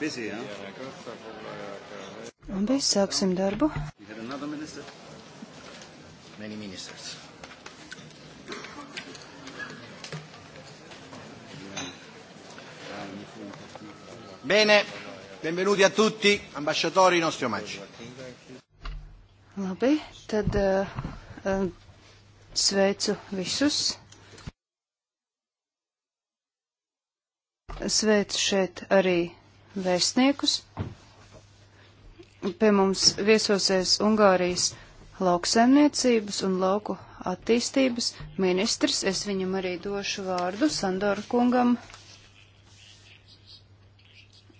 busy, huh? Labi, sāksim darbu. Minister? Many ministers. Bene, benvenuti a tutti, ambasciatori, i nostri omaggi. Labi, tad uh, sveicu visus. Sveicu šeit arī vēstniekus. Pie mums viesosies Ungārijas lauksaimniecības un lauku attīstības ministrs. Es viņam arī došu vārdu Sandoru kungam.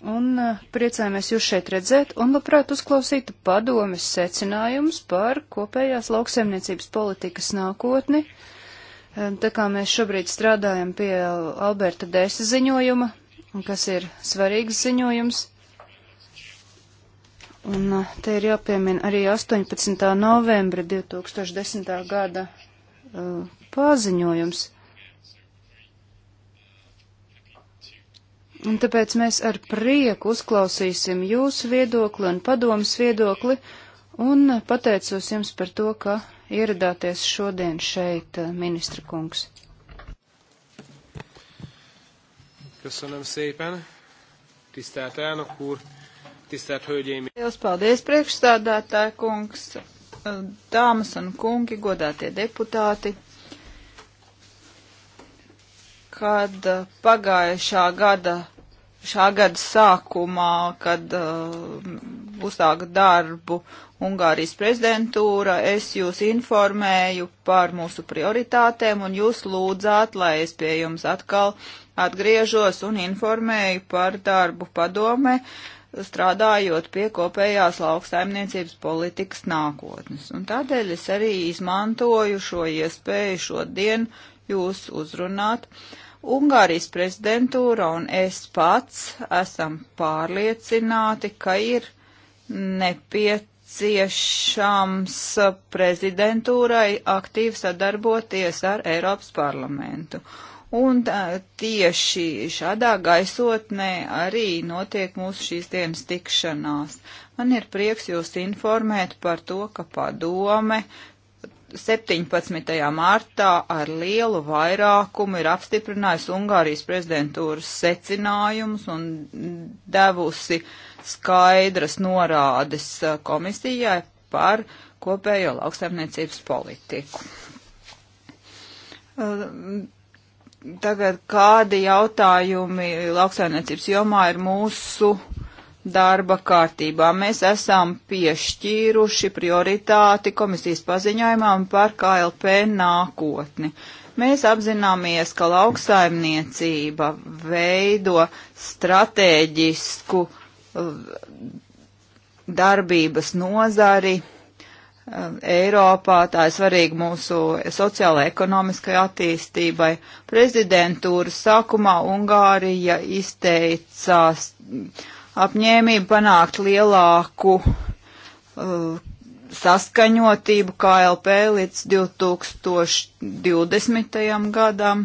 Un eh, priecājamies jūs šeit redzēt un labprāt uzklausītu padomis secinājumus par kopējās lauksaimniecības politikas nākotni. Eh, Tā kā mēs šobrīd strādājam pie Alberta Dēsa ziņojuma, kas ir svarīgs ziņojums. Un uh, te ir jāpiemina arī 18. novembra 2010. gada uh, paziņojums. Un tāpēc mēs ar prieku uzklausīsim jūsu viedokli un padomas viedokli, un pateicos jums par to, ka ieradāties šodien šeit, uh, ministra kungs. Köszönöm szépen. Tisztelt elnök úr, tisztelt hölgyeim. Liels paldies, priekšstādātāja kungs, dāmas un kungi, godātie deputāti. Kad uh, pagājušā gada, šā gada sākumā, kad uh, uzsāka darbu Ungārijas prezidentūra, es jūs informēju par mūsu prioritātēm un jūs lūdzāt, lai es pie jums atkal atgriežos un informēju par darbu padome, strādājot pie kopējās lauksaimniecības politikas nākotnes. Un tādēļ es arī izmantoju šo iespēju šodien jūs uzrunāt. Ungārijas prezidentūra un es pats esam pārliecināti, ka ir nepieciešams prezidentūrai aktīvi sadarboties ar Eiropas parlamentu. Uh, Un tieši šādā gaisotnē arī notiek mūsu šīs dienas tikšanās. Man ir prieks jūs informēt par to, ka padome 17. martā ar lielu vairākumu ir apstiprinājusi Ungārijas prezidentūras secinājumus un devusi skaidras norādes komisijai par kopējo lauksaimniecības politiku tagad kādi jautājumi lauksaimniecības jomā ir mūsu darba kārtībā. Mēs esam piešķīruši prioritāti komisijas paziņojumam par KLP nākotni. Mēs apzināmies, ka lauksaimniecība veido stratēģisku uh, darbības nozari Um, Eiropā, tā ir svarīga mūsu sociālai ekonomiskai attīstībai. Prezidentūras sākumā Ungārija izteicās mm, apņēmību panākt lielāku uh, saskaņotību KLP līdz 2020. gadam.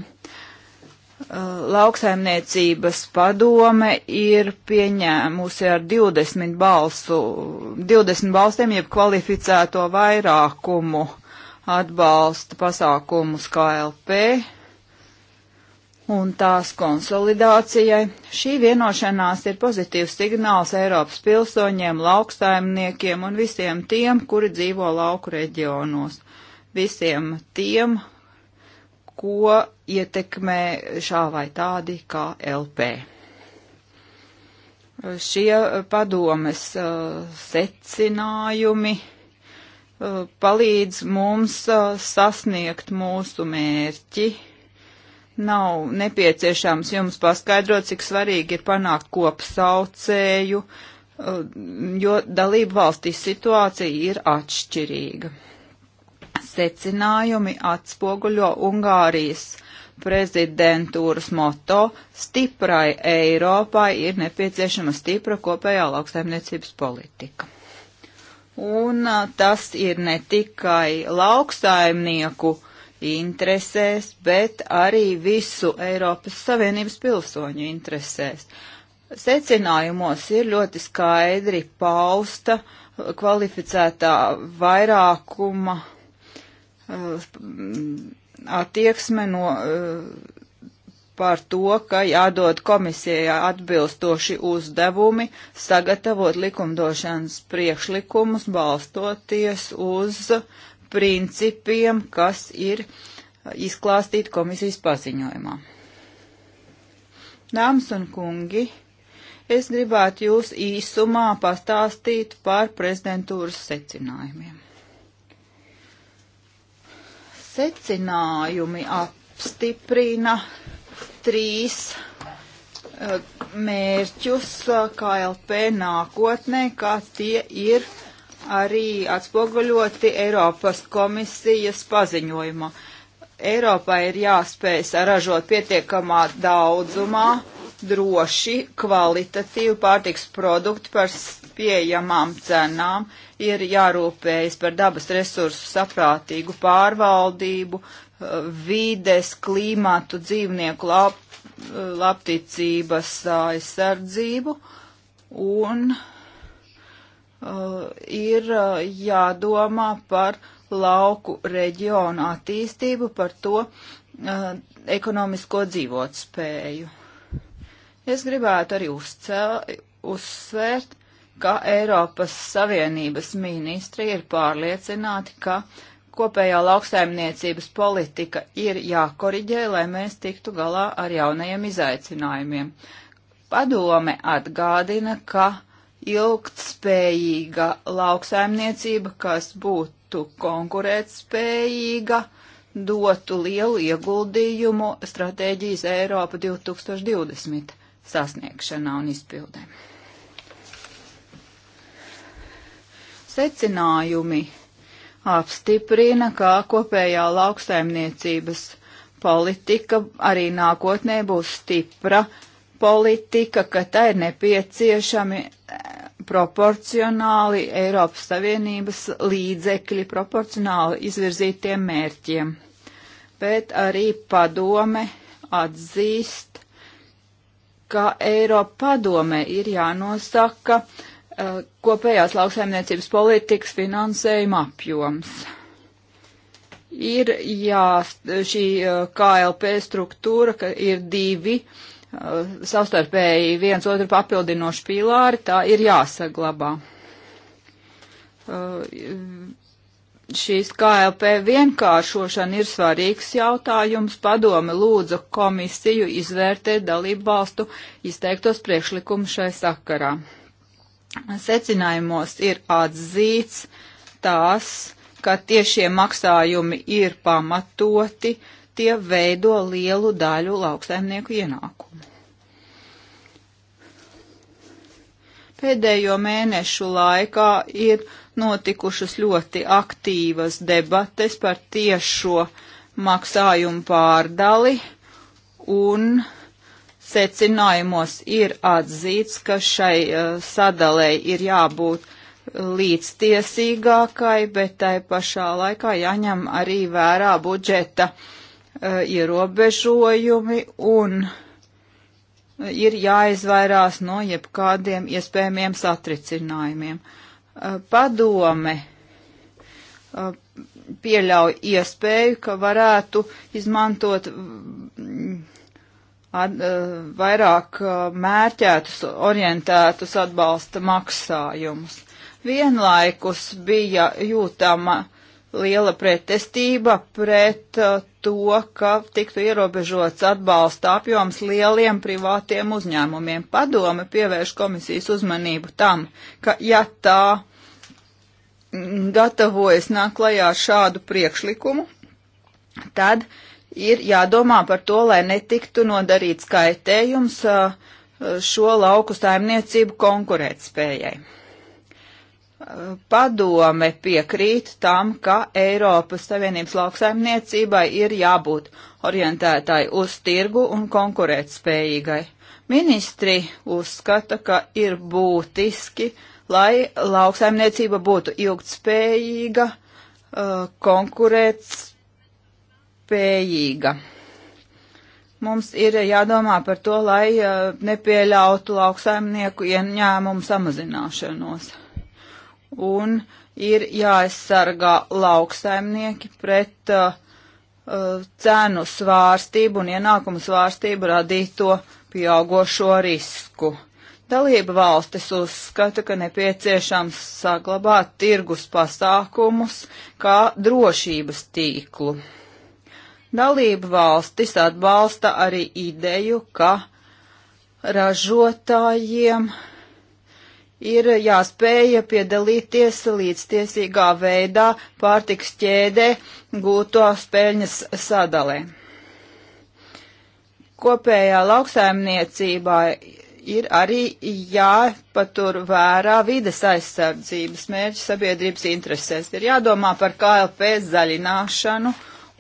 Eh, lauksaimniecības padome ir pieņēmusi ar 20 balsu, 20 balstiem jeb kvalificēto vairākumu atbalsta pasākumus KLP un tās konsolidācijai. Šī vienošanās ir pozitīvs signāls Eiropas pilsoņiem, lauksaimniekiem un visiem tiem, kuri dzīvo lauku reģionos. Visiem tiem, ko ietekmē šā vai tādi kā LP. Šie padomes uh, secinājumi uh, palīdz mums uh, sasniegt mūsu mērķi. Nav nepieciešams jums paskaidrot, cik svarīgi ir panākt kopsaucēju, uh, jo dalību valstīs situācija ir atšķirīga secinājumi atspoguļo Ungārijas prezidentūras moto stiprai Eiropai ir nepieciešama stipra kopējā lauksaimniecības politika. Un tas ir ne tikai lauksaimnieku interesēs, bet arī visu Eiropas Savienības pilsoņu interesēs. Secinājumos ir ļoti skaidri pausta kvalificētā vairākuma uh, attieksme no, par to, ka jādod komisijai atbilstoši uzdevumi sagatavot likumdošanas priekšlikumus balstoties uz principiem, kas ir izklāstīti komisijas paziņojumā. Dāmas un kungi, es gribētu jūs īsumā pastāstīt par prezidentūras secinājumiem. Secinājumi apstiprina trīs eh, mērķus eh, KLP nākotnē, kā tie ir arī atspoguļoti Eiropas komisijas paziņojumā. Eiropai ir jāspēj saražot pietiekamā daudzumā droši, kvalitatīvi pārtiks produkti par pieejamām cenām, ir jārūpējas par dabas resursu saprātīgu pārvaldību, eh, vides, klimatu, dzīvnieku lab, eh, labticības aizsardzību un uh, ir jādomā par lauku reģionu attīstību, par to uh, ekonomisko dzīvotspēju. Es gribētu arī uzcel, uzsvērt, ka Eiropas Savienības ministri ir pārliecināti, ka kopējā lauksaimniecības politika ir jākoriģē, lai mēs tiktu galā ar jaunajiem izaicinājumiem. Padome atgādina, ka ilgtspējīga lauksaimniecība, kas būtu konkurētspējīga, dotu lielu ieguldījumu stratēģijas Eiropa 2020 sasniegšanā un izpildē. Secinājumi apstiprina, ka kopējā lauksaimniecības politika arī nākotnē būs stipra politika, ka tā ir nepieciešami eh, proporcionāli Eiropas Savienības līdzekļi, proporcionāli izvirzītiem mērķiem. Bet arī padome atzīst, ka Eiropa padomē ir jānosaka uh, kopējās lauksaimniecības politikas finansējuma apjoms. Ir jā, šī eh, KLP struktūra, ka ir divi uh, savstarpēji viens otru papildinoši pīlāri, tā ir jāsaglabā. Uh, šīs KLP vienkāršošana ir svarīgs jautājums. Padome lūdza komisiju izvērtēt dalību valstu izteiktos priekšlikumus šai sakarā. Secinājumos ir atzīts tās, ka tiešie maksājumi ir pamatoti, tie veido lielu daļu lauksaimnieku ienākumu. Pēdējo mēnešu laikā ir notikušas ļoti aktīvas debates par tiešo maksājumu pārdali un secinājumos ir atzīts, ka šai uh, eh, sadalēji ir jābūt līdztiesīgākai, bet tai pašā laikā jāņem arī vērā budžeta uh, ierobežojumi un eh, ir jāizvairās no jebkādiem iespējamiem satricinājumiem. Uh, Eh, padome eh, pieļauj iespēju, ka varētu izmantot mm, ad, eh, vairāk mērķētus, orientētus atbalsta maksājumus. Vienlaikus bija jūtama liela pretestība pret to, ka tiktu ierobežots atbalsta apjoms lieliem privātiem uzņēmumiem. Padome pievērš komisijas uzmanību tam, ka ja tā mm, gatavojas nāk klajā šādu priekšlikumu, tad ir jādomā par to, lai netiktu nodarīts kaitējums uh, šo lauku saimniecību konkurētspējai padome piekrīt tam, ka Eiropas Savienības lauksaimniecībai ir jābūt orientētai uz tirgu un konkurētspējīgai. Ministri uzskata, ka ir būtiski, lai lauksaimniecība būtu ilgtspējīga, uh, konkurētspējīga. Mums ir jādomā par to, lai uh, nepieļautu lauksaimnieku ieņēmumu samazināšanos un ir jāaizsargā lauksaimnieki pret uh, uh, cenu svārstību un ienākumu svārstību radīto pieaugošo risku. Dalība valstis uzskata, ka nepieciešams saglabāt tirgus pasākumus kā drošības tīklu. Dalība valstis atbalsta arī ideju, ka ražotājiem uh, ir jāspēja piedalīties līdztiesīgā veidā pārtiks ķēdē gūto spēļņas sadalē. Kopējā lauksaimniecībā ir arī jāpatur vērā vides aizsardzības mērķi sabiedrības interesēs. Ir jādomā par KLP zaļināšanu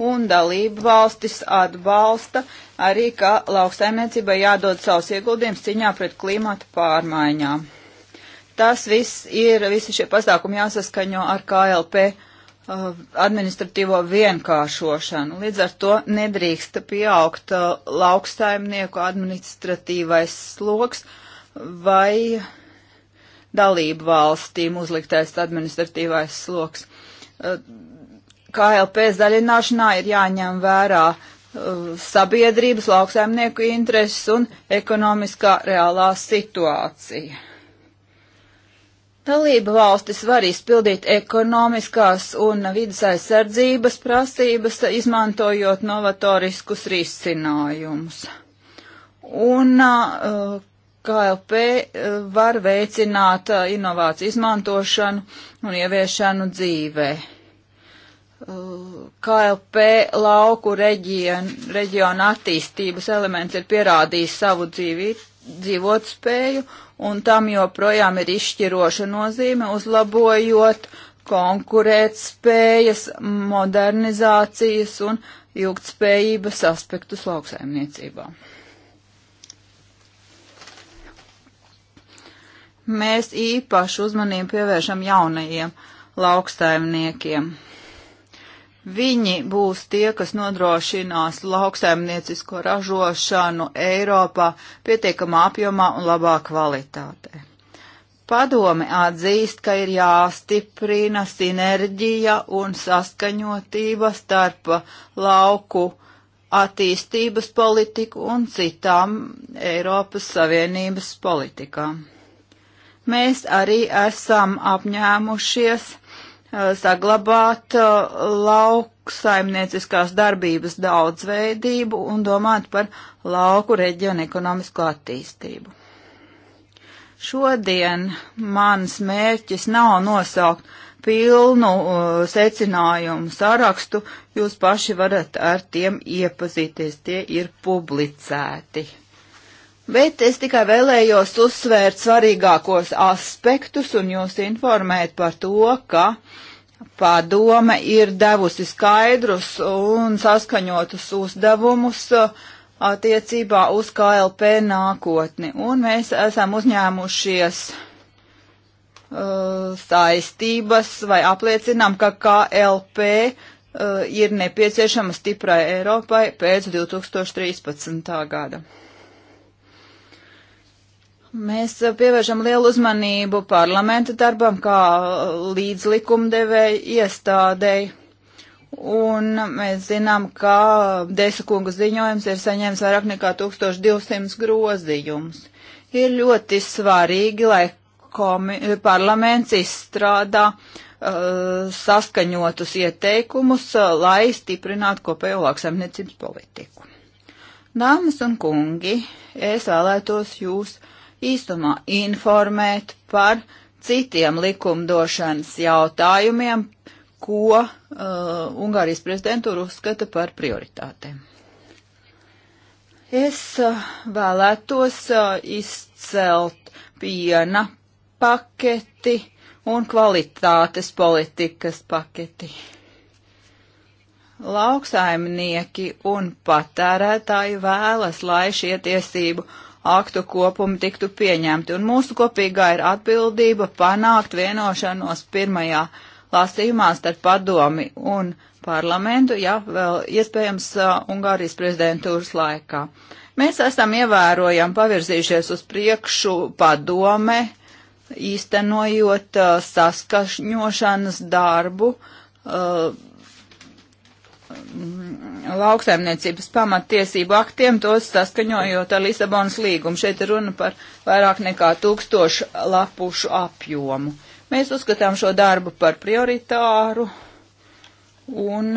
un dalību valstis atbalsta arī, ka lauksaimniecībai jādod savus ieguldījums ciņā pret klimata pārmaiņām Tas viss ir, visi šie pasākumi jāsaskaņo ar KLP uh, administratīvo vienkāršošanu. Līdz ar to nedrīkst pieaugt uh, lauksaimnieku administratīvais sloks vai dalību valstīm uzliktais administratīvais sloks. Uh, KLP zaļināšanā ir jāņem vērā sabiedrības lauksaimnieku intereses un ekonomiskā reālā situācija. Dalība valstis var izpildīt ekonomiskās un vidas aizsardzības prasības, izmantojot novatoriskus risinājumus. Un uh, KLP uh, var veicināt uh, inovāciju izmantošanu un ieviešanu dzīvē. KLP lauku reģionu attīstības elements ir pierādījis savu dzīvību dzīvot spēju, un tam joprojām ir izšķiroša nozīme, uzlabojot konkurēt spējas, modernizācijas un ilgtspējības aspektus lauksaimniecībā. Mēs īpašu uzmanību pievēršam jaunajiem lauksaimniekiem. Viņi būs tie, kas nodrošinās lauksaimniecisko ražošanu Eiropā pietiekamā apjomā un labā kvalitātē. Padome atzīst, ka ir jāstiprina sinerģija un saskaņotība starp lauku attīstības politiku un citām Eiropas Savienības politikām. Mēs arī esam apņēmušies Uh, saglabāt uh, lauksaimnieciskās darbības daudzveidību un domāt par lauku reģionu ekonomisko attīstību. Šodien mans mērķis nav nosaukt pilnu uh, secinājumu sarakstu, jūs paši varat ar tiem iepazīties, tie ir publicēti. Bet es tikai vēlējos uzsvērt svarīgākos aspektus un jūs informēt par to, ka padome ir devusi skaidrus un saskaņotus uzdevumus uh, attiecībā uz KLP nākotni. Un mēs esam uzņēmušies uh, saistības vai apliecinām, ka KLP uh, ir nepieciešama stiprai Eiropai pēc 2013. gada. Mēs pievēršam lielu uzmanību parlamenta darbam kā līdzlikumdevēja iestādēji. Un mēs zinām, ka Desa kungu ziņojums ir saņēmis vairāk nekā 1200 grozījumus. Ir ļoti svarīgi, lai komi, parlaments izstrādā uh, saskaņotus ieteikumus, uh, lai stiprinātu kopējo lauksaimniecības politiku. Dāmas un kungi, es vēlētos jūs īstumā informēt par citiem likumdošanas jautājumiem, ko uh, Ungārijas prezidentūra uzskata par prioritātēm. Es uh, vēlētos uh, izcelt piena paketi un kvalitātes politikas paketi. Lauksaimnieki un patērētāji vēlas, lai šie tiesību aktu kopumi tiktu pieņemti. Un mūsu kopīgā ir atbildība panākt vienošanos pirmajā lasījumā starp padomi un parlamentu, ja vēl iespējams uh, Ungārijas prezidentūras laikā. Mēs esam ievērojami pavirzījušies uz priekšu padome, īstenojot uh, saskaņošanas darbu, uh, Mm, lauksaimniecības pamattiesību aktiem, tos saskaņojot ar Lisabonas līgumu. Šeit ir runa par vairāk nekā tūkstošu lapušu apjomu. Mēs uzskatām šo darbu par prioritāru un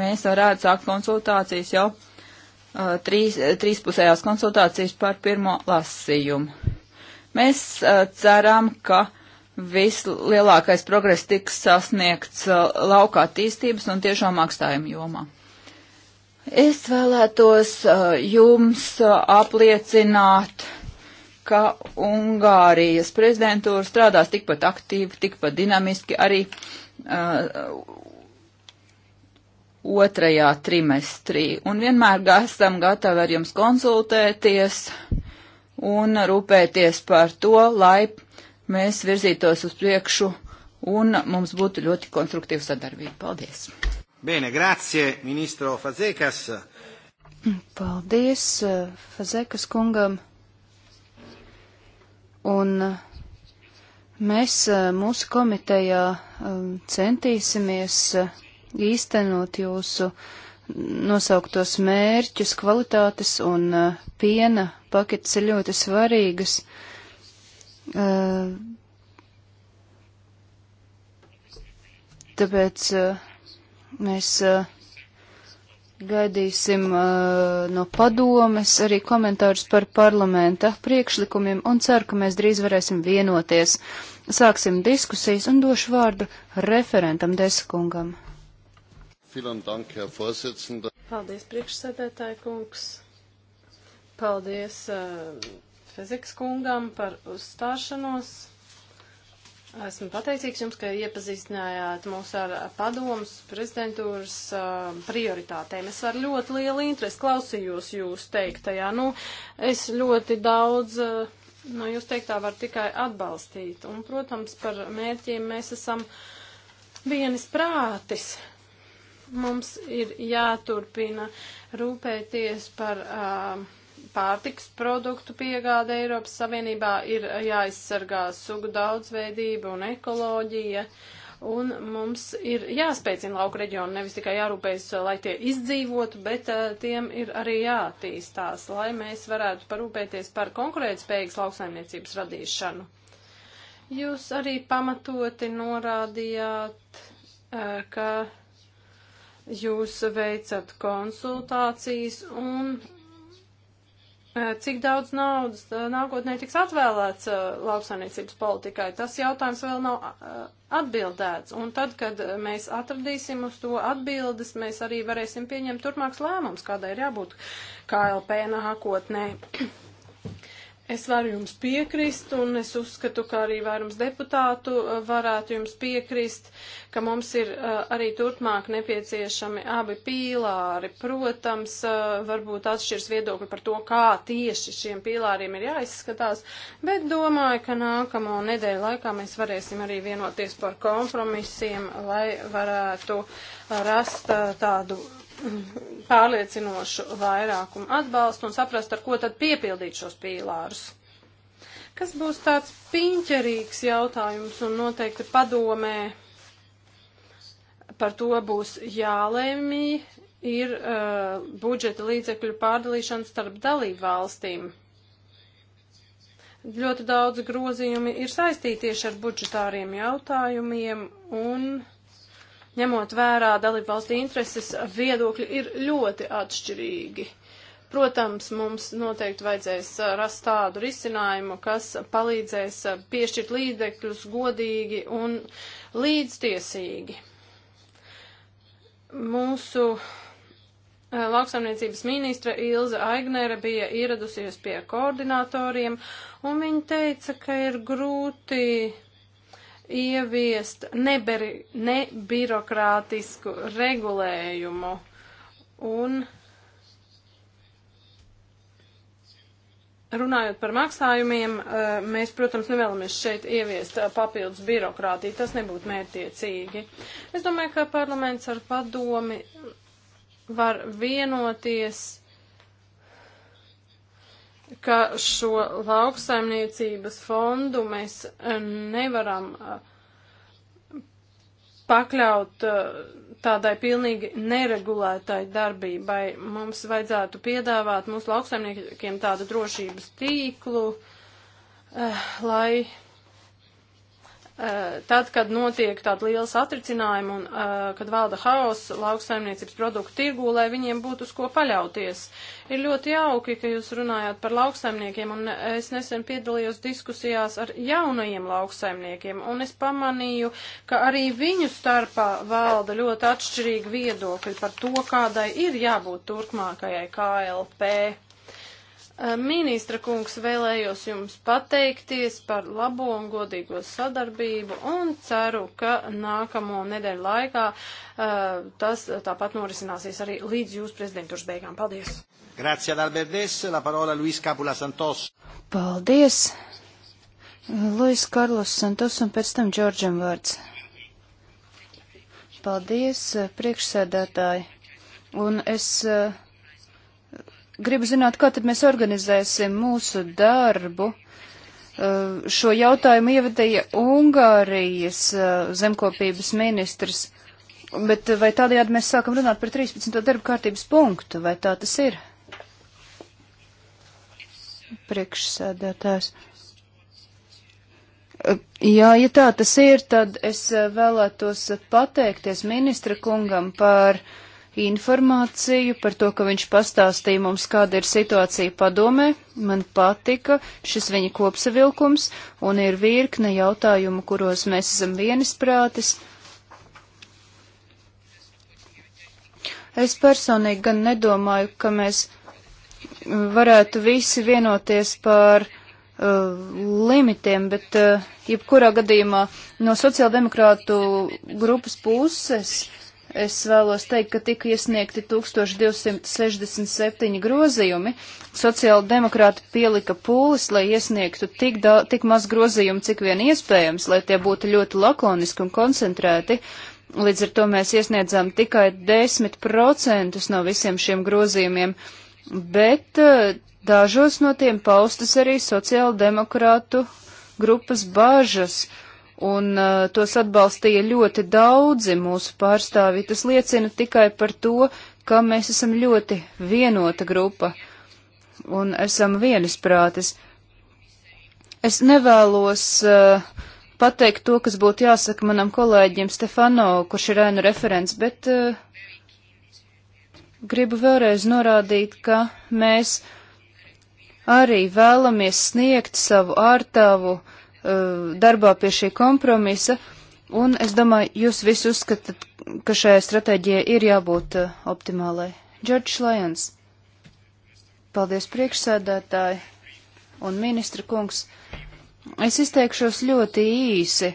mēs varētu sākt konsultācijas jau uh, trīs, trīspusējās konsultācijas par pirmo lasījumu. Mēs uh, ceram, ka uh, vislielākais progress tiks sasniegts uh, laukā attīstības un tiešām maksājuma jomā. Es vēlētos uh, jums uh, apliecināt, ka Ungārijas prezidentūra strādās tikpat aktīvi, tikpat dinamiski arī uh, otrajā trimestrī. Un vienmēr esam gatavi ar jums konsultēties un rūpēties par to, lai mēs virzītos uz priekšu un mums būtu ļoti konstruktīva sadarbība. Paldies! Bene, grazie, ministro Fazekas. Paldies eh, Fazekas kungam. Un eh, mēs eh, mūsu komitejā centīsimies īstenot jūsu nosauktos mērķus, kvalitātes un piena paketes ir ļoti svarīgas. Eh, tāpēc eh, mēs eh, gaidīsim no padomes arī komentārus par parlamenta priekšlikumiem un ceru, ka mēs drīz varēsim vienoties. Sāksim diskusijas un došu vārdu referentam Desikungam. Paldies, priekšsēdētāji kungs. Paldies. Uh Fezikas kungam par uzstāšanos. Esmu pateicīgs jums, ka iepazīstinājāt mūs ar padomus prezidentūras uh, prioritātēm. Es ar ļoti lielu interesi klausījos jūs teiktajā. Nu, es ļoti daudz, uh, nu, jūs teiktā var tikai atbalstīt. Un, protams, par mērķiem mēs esam vienis prātis. Mums ir jāturpina rūpēties par. Uh, pārtiks produktu piegāde Eiropas Savienībā ir jāizsargā sugu daudzveidība un ekoloģija. Un mums ir jāspēcina lauku reģionu, nevis tikai jārūpējas, lai tie izdzīvotu, bet uh, tiem ir arī jātīstās, lai mēs varētu parūpēties par konkurētspējīgas lauksaimniecības radīšanu. Jūs arī pamatoti norādījāt, uh, ka jūs veicat konsultācijas un Eh, cik daudz naudas eh, nākotnē tiks atvēlēts eh, lauksaimniecības politikai, tas jautājums vēl nav atbildēts. Un tad, kad mēs atradīsim uz to atbildes, mēs arī varēsim pieņemt turpmāks lēmums, kādai ir jābūt KLP nākotnē. Es varu jums piekrist, un es uzskatu, ka arī vairums deputātu uh, varētu jums piekrist, ka mums ir uh, arī turpmāk nepieciešami abi pīlāri. Protams, uh, varbūt atšķirs viedokļi par to, kā tieši šiem pīlāriem ir jāizskatās, bet domāju, ka nākamo nedēļu laikā mēs varēsim arī vienoties par kompromisiem, lai varētu rast tādu pārliecinošu vairākumu atbalstu un saprast, ar ko tad piepildīt šos pīlārus. Kas būs tāds piņķerīgs jautājums un noteikti padomē par to būs jālēmī, ir uh, budžeta līdzekļu pārdalīšana starp dalību valstīm. Ļoti daudz grozījumi ir saistīti tieši ar budžetāriem jautājumiem un ņemot vērā dalību valstu intereses, viedokļi ir ļoti atšķirīgi. Protams, mums noteikti vajadzēs uh, rast tādu risinājumu, kas palīdzēs uh, piešķirt līdzekļus godīgi un līdztiesīgi. Mūsu uh, lauksaimniecības ministre Ilze Aignere bija ieradusies pie koordinatoriem, un viņa teica, ka ir grūti ieviest neberi, nebirokrātisku regulējumu un Runājot par maksājumiem, eh, mēs, protams, nevēlamies šeit ieviest eh, papildus birokrātiju. Tas nebūtu mērtiecīgi. Es domāju, ka parlaments ar padomi var vienoties ka šo lauksaimniecības fondu mēs eh, nevaram eh, pakļaut eh, tādai pilnīgi neregulētai darbībai. Mums vajadzētu piedāvāt mūsu lauksaimniekiem tādu drošības tīklu, lai Eh, tad, kad notiek tāda liela satricinājuma un eh, kad valda haoss lauksaimniecības produktu tirgū, lai viņiem būtu uz ko paļauties. Ir ļoti jauki, ka jūs runājāt par lauksaimniekiem, un es nesen piedalījos diskusijās ar jaunajiem lauksaimniekiem, un es pamanīju, ka arī viņu starpā valda ļoti atšķirīgi viedokļi par to, kādai ir jābūt turpmākajai KLP. Ministra kungs vēlējos jums pateikties par labo un godīgo sadarbību un ceru, ka nākamo nedēļu laikā uh, tas tāpat norisināsies arī līdz jūsu prezidentūras beigām. Paldies! Grazie, Alberdes. La parola Luis Capula Santos. Paldies! Luis Karlos Santos un pēc tam Džordžam vārds. Paldies, priekšsēdētāji. Un es uh, gribu zināt, kā tad mēs organizēsim mūsu darbu. Eh, šo jautājumu ievadīja Ungārijas eh, zemkopības ministrs, bet vai tādējādi mēs sākam runāt par 13. darba kārtības punktu, vai tā tas ir? Priekšsēdētājs. Eh, jā, ja tā tas ir, tad es vēlētos pateikties ministra kungam par uh, informāciju par to, ka viņš pastāstīja mums, kāda ir situācija padomē. Man patika šis viņa kopsavilkums un ir virkne jautājumu, kuros mēs esam vienisprātis. Es personīgi gan nedomāju, ka mēs varētu visi vienoties par uh, limitiem, bet uh, jebkurā gadījumā no sociāldemokrātu grupas puses uh, Es vēlos teikt, ka tika iesniegti 1267 grozījumi. Sociāla demokrāti pielika pūles, lai iesniegtu tik, da, tik maz grozījumu, cik vien iespējams, lai tie būtu ļoti lakoniski un koncentrēti. Līdz ar to mēs iesniedzām tikai 10% no visiem šiem grozījumiem, bet eh, dažos no tiem paustas arī sociāla demokrātu grupas bažas. Uh, un uh, tos atbalstīja ļoti daudzi mūsu pārstāvji. Tas liecina tikai par to, ka mēs esam ļoti vienota grupa un esam vienisprātis. Es nevēlos uh, pateikt to, kas būtu jāsaka manam kolēģim Stefano, kurš ir ēnu referents, bet uh, gribu vēlreiz norādīt, ka mēs arī vēlamies sniegt savu ārtavu uh, Eh, darbā pie šī kompromisa, un es domāju, jūs visi uzskatāt, ka šajā stratēģijai ir jābūt eh, optimālai. Džordžs Lajons. Paldies priekšsēdētāji un ministra kungs. Es izteikšos ļoti īsi.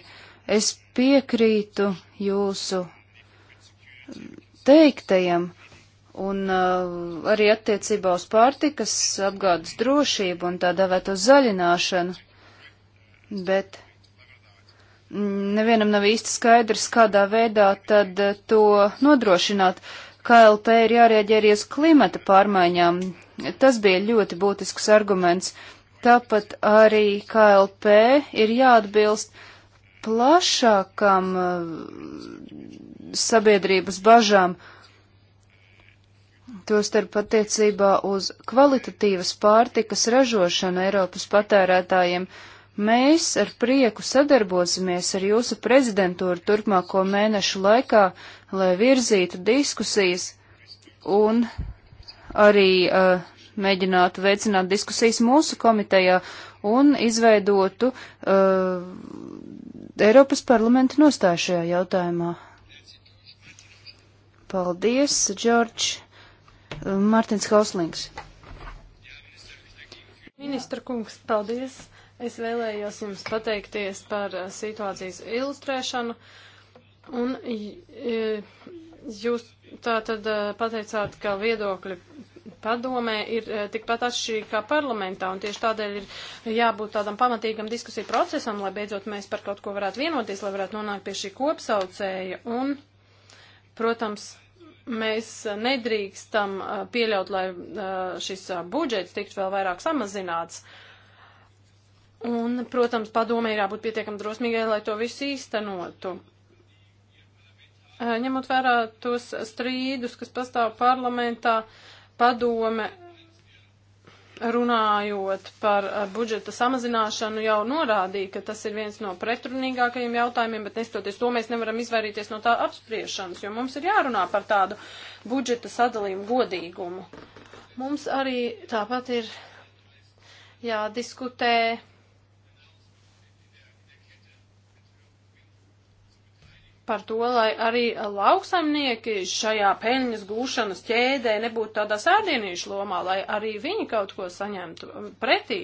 Es piekrītu jūsu teiktajam un uh, arī attiecībā uz pārtikas apgādes drošību un tā dēvēto zaļināšanu bet nevienam nav īsti skaidrs, kādā veidā tad to nodrošināt. KLP ir jārēģē arī uz klimata pārmaiņām. Tas bija ļoti būtisks arguments. Tāpat arī KLP ir jāatbilst plašākam eh, sabiedrības bažām, tostarp attiecībā uz kvalitatīvas pārtikas ražošanu Eiropas patērētājiem. Uh, Mēs ar prieku sadarbosimies ar jūsu prezidentūru turpmāko mēnešu laikā, lai virzītu diskusijas un arī uh, mēģinātu veicināt diskusijas mūsu komitejā un izveidotu uh, Eiropas parlamenta nostāju šajā jautājumā. Paldies, Džordž. Uh, Mārtiņš Hauslings. Ministra kungs, paldies. Es vēlējos jums pateikties par eh, situācijas ilustrēšanu, un eh, jūs tā tad eh, pateicāt, ka viedokļi padomē ir tikpat atšķirīgi kā parlamentā, un tieši tādēļ ir jābūt tādam pamatīgam diskusiju procesam, lai beidzot mēs par kaut ko varētu vienoties, lai varētu nonākt pie šī kopsaucēja, un, protams, mēs nedrīkstam pieļaut, lai šis budžets tiktu vēl vairāk samazināts. Uh, Un, protams, padomē ir jābūt pietiekam drosmīgai, lai to visu īstenotu. Ņemot vērā tos strīdus, kas pastāv parlamentā, padome runājot par budžeta samazināšanu, jau norādīja, ka tas ir viens no pretrunīgākajiem jautājumiem, bet nestoties to, mēs nevaram izvairīties no tā apspriešanas, jo mums ir jārunā par tādu budžeta sadalījumu godīgumu. Mums arī tāpat ir jādiskutē par to, lai arī lauksaimnieki šajā peļņas gūšanas ķēdē nebūtu tādā sārdienīšu lomā, lai arī viņi kaut ko saņemtu um, pretī.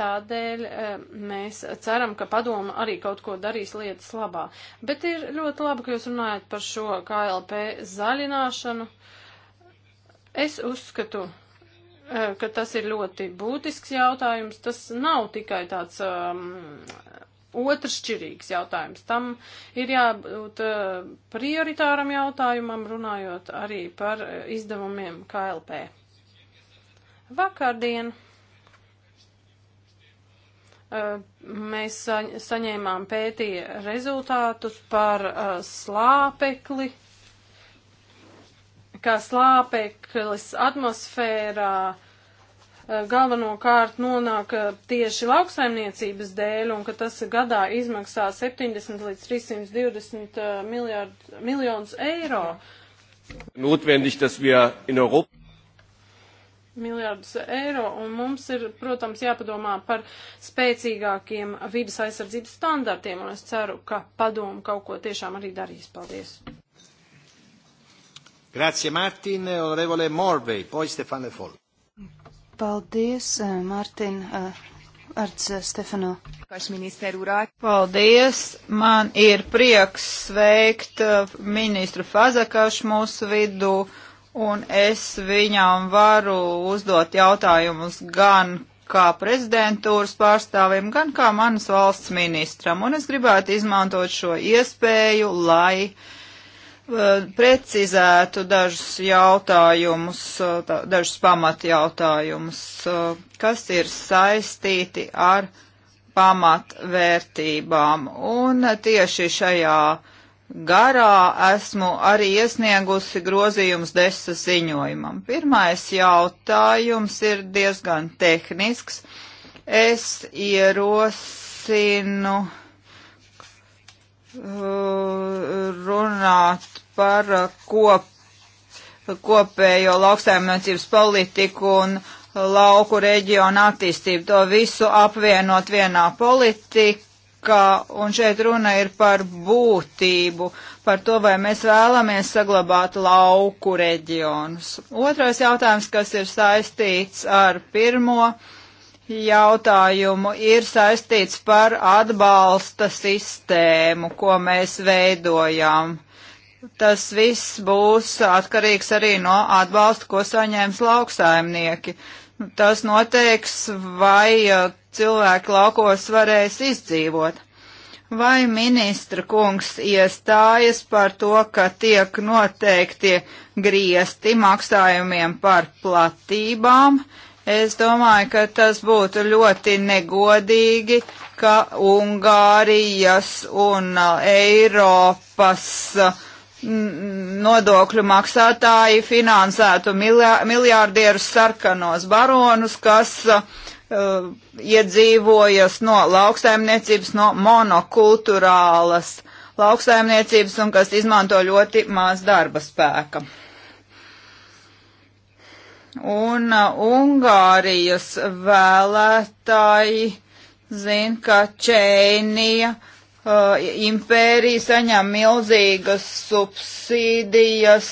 Tādēļ um, mēs ceram, ka padoma arī kaut ko darīs lietas labā. Bet ir ļoti labi, ka jūs runājat par šo KLP zaļināšanu. Es uzskatu, uh, ka tas ir ļoti būtisks jautājums. Tas nav tikai tāds um, otršķirīgs jautājums. Tam ir jābūt eh, prioritāram jautājumam, runājot arī par eh, izdevumiem KLP. Vakardien eh, mēs saņēmām pētīja rezultātus par slāpekli, kā slāpeklis atmosfērā uh, galvenokārt nonāk eh, tieši lauksaimniecības dēļ un ka tas gadā izmaksā 70 līdz 320 eh, miljārd, miljonus eiro. Notwendig, dass wir in Europa miljardus eiro, un mums ir, protams, jāpadomā par spēcīgākiem vidas aizsardzības standartiem, un es ceru, ka padomu kaut ko tiešām arī darīs. Paldies! Grazie Martin, onorevole Morvei, poi Stefan Lefol. Paldies, eh, Mārtiņ, eh, Arts eh, Stefano. Paldies, man ir prieks sveikt ministru Fazakašu mūsu vidū, un es viņām varu uzdot jautājumus gan kā prezidentūras pārstāvim, gan kā manas valsts ministram, un es gribētu izmantot šo iespēju, lai uh, Eh, precizētu dažus jautājumus, eh, dažus pamatjautājumus, eh, kas ir saistīti ar pamatvērtībām. Un tieši šajā garā esmu arī iesniegusi grozījums desa ziņojumam. Pirmais jautājums ir diezgan tehnisks. Es ierosinu Uh, runāt par uh, kop, kopējo lauksaimniecības politiku un lauku reģionu attīstību. To visu apvienot vienā politikā, un šeit runa ir par būtību, par to, vai mēs vēlamies saglabāt lauku reģionus. Otrais jautājums, kas ir saistīts ar pirmo jautājumu ir saistīts par atbalsta sistēmu, ko mēs veidojam. Tas viss būs atkarīgs arī no atbalsta, ko saņēms lauksaimnieki. Tas noteiks, vai uh, cilvēki laukos varēs izdzīvot. Vai ministra kungs iestājas par to, ka tiek noteikti griesti maksājumiem par platībām, uh, Es domāju, ka tas būtu ļoti negodīgi, ka Ungārijas un Eiropas nodokļu maksātāji finansētu miljārdierus sarkanos baronus, kas uh, iedzīvojas no lauksaimniecības, no monokulturālas lauksaimniecības un kas izmanto ļoti maz darba spēka un uh, Ungārijas vēlētāji zina, ka Čēnija uh, impērija saņem milzīgas subsīdijas,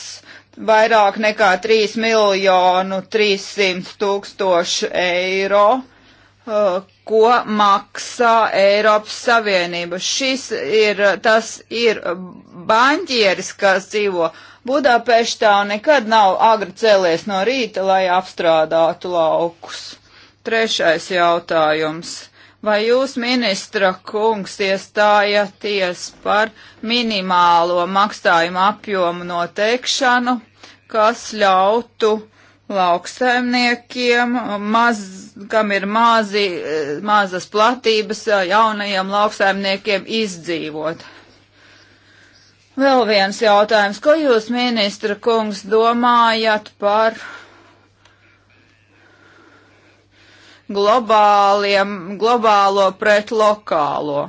vairāk nekā 3 miljonu 300 tūkstošu eiro uh, ko maksā Eiropas Savienība. Šis ir, tas ir baņķieris, kas dzīvo Budapeštā nekad nav agri cēlies no rīta, lai apstrādātu laukus. Trešais jautājums. Vai jūs, ministra kungs, iestājaties par minimālo maksājumu apjomu noteikšanu, kas ļautu lauksaimniekiem, maz, kam ir mazi, mazas platības, jaunajiem lauksaimniekiem izdzīvot? Vēl viens jautājums. Ko jūs, ministra kungs, domājat par globāliem, globālo pret lokālo?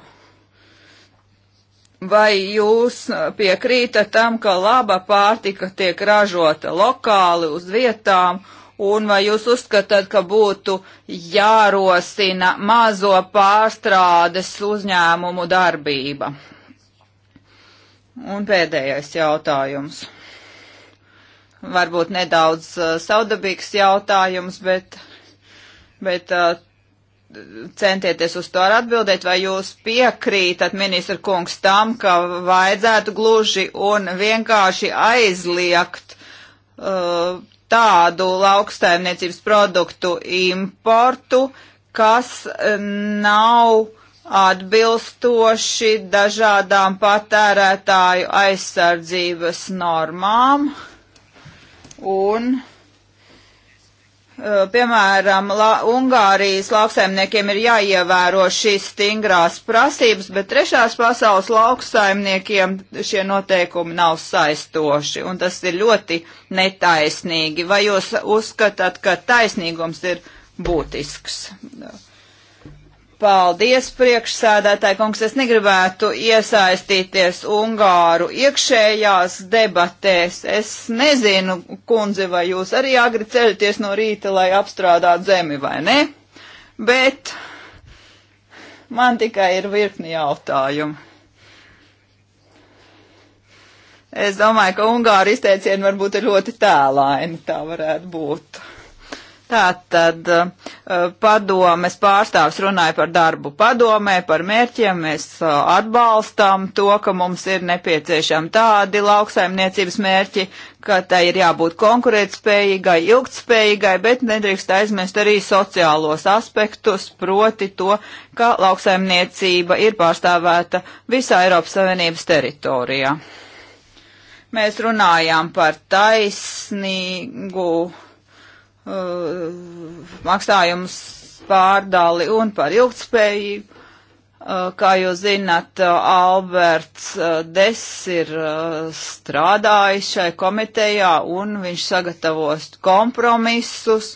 Vai jūs piekrītat tam, ka laba pārtika tiek ražota lokāli uz vietām un vai jūs uzskatāt, ka būtu jārosina mazo pārstrādes uzņēmumu darbība? Un pēdējais jautājums. Varbūt nedaudz uh, saudabīgs jautājums, bet, bet uh, centieties uz to atbildēt, vai jūs piekrītat, ministra kungs, tam, ka vajadzētu gluži un vienkārši aizliegt uh, tādu lauksaimniecības produktu importu, kas nav atbilstoši dažādām patērētāju aizsardzības normām un eh, piemēram, la, Ungārijas lauksaimniekiem ir jāievēro šīs stingrās prasības, bet trešās pasaules lauksaimniekiem šie noteikumi nav saistoši, un tas ir ļoti netaisnīgi. Vai jūs uzskatāt, ka taisnīgums ir būtisks? Paldies, priekšsēdētāji kungs. Es negribētu iesaistīties Ungāru iekšējās debatēs. Es nezinu, kundze, vai jūs arī agri ceļaties no rīta, lai apstrādātu zemi vai ne, bet man tikai ir virkni jautājumu. Es domāju, ka Ungāra izteicieni varbūt ir ļoti tēlaini, tā varētu būt. Tātad eh, padomes pārstāvs runāja par darbu padomē, par mērķiem. Mēs eh, atbalstam to, ka mums ir nepieciešami tādi lauksaimniecības mērķi, ka tai ir jābūt konkurētspējīgai, ilgtspējīgai, bet nedrīkst aizmirst arī sociālos aspektus, proti to, ka lauksaimniecība ir pārstāvēta visā Eiropas Savienības teritorijā. Mēs runājām par taisnīgu Uh, maksājumus pārdali un par ilgtspējību. Uh, kā jūs zināt, uh, Alberts Des ir strādājis šai komitejā un viņš sagatavos kompromisus.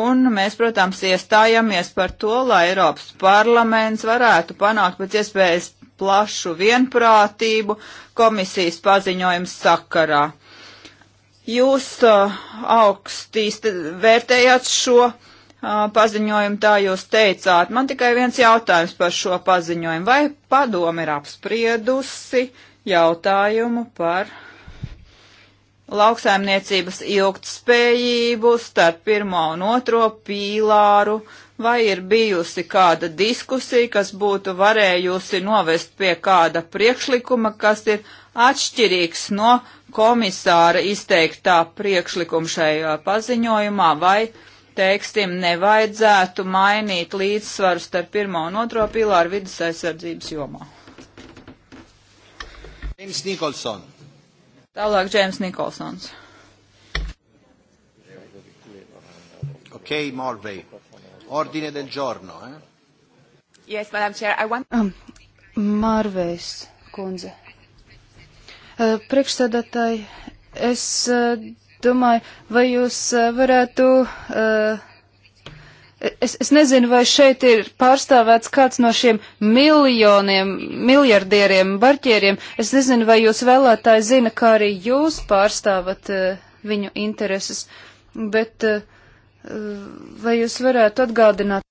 Un mēs, protams, iestājamies par to, lai Eiropas parlaments varētu panākt pēc iespējas plašu vienprātību komisijas paziņojums sakarā. Jūs uh, augstī vērtējāt šo uh, paziņojumu, tā jūs teicāt. Man tikai viens jautājums par šo paziņojumu. Vai padomi ir apspriedusi jautājumu par lauksaimniecības ilgtspējību starp pirmo un otro pīlāru, vai ir bijusi kāda diskusija, kas būtu varējusi novest pie kāda priekšlikuma, kas ir atšķirīgs no komisāra izteiktā priekšlikuma šajā paziņojumā, vai, teiksim, nevajadzētu mainīt līdzsvaru starp pirmo un otro pilāru vidas aizsardzības jomā. James Nicholson. Tālāk Džēms Nikolsons. Ok, Morvei. Ordine del giorno, eh? Yes, Madam Chair, I want... Um, Marvejs, kundze. Eh, priekšsēdētāji, es eh, domāju, vai jūs eh, varētu. Es, es nezinu, vai šeit ir pārstāvēts kāds no šiem miljoniem, miljardieriem, barķieriem. Es nezinu, vai jūs vēlētāji zina, kā arī jūs pārstāvat viņu intereses, bet vai jūs varētu atgādināt?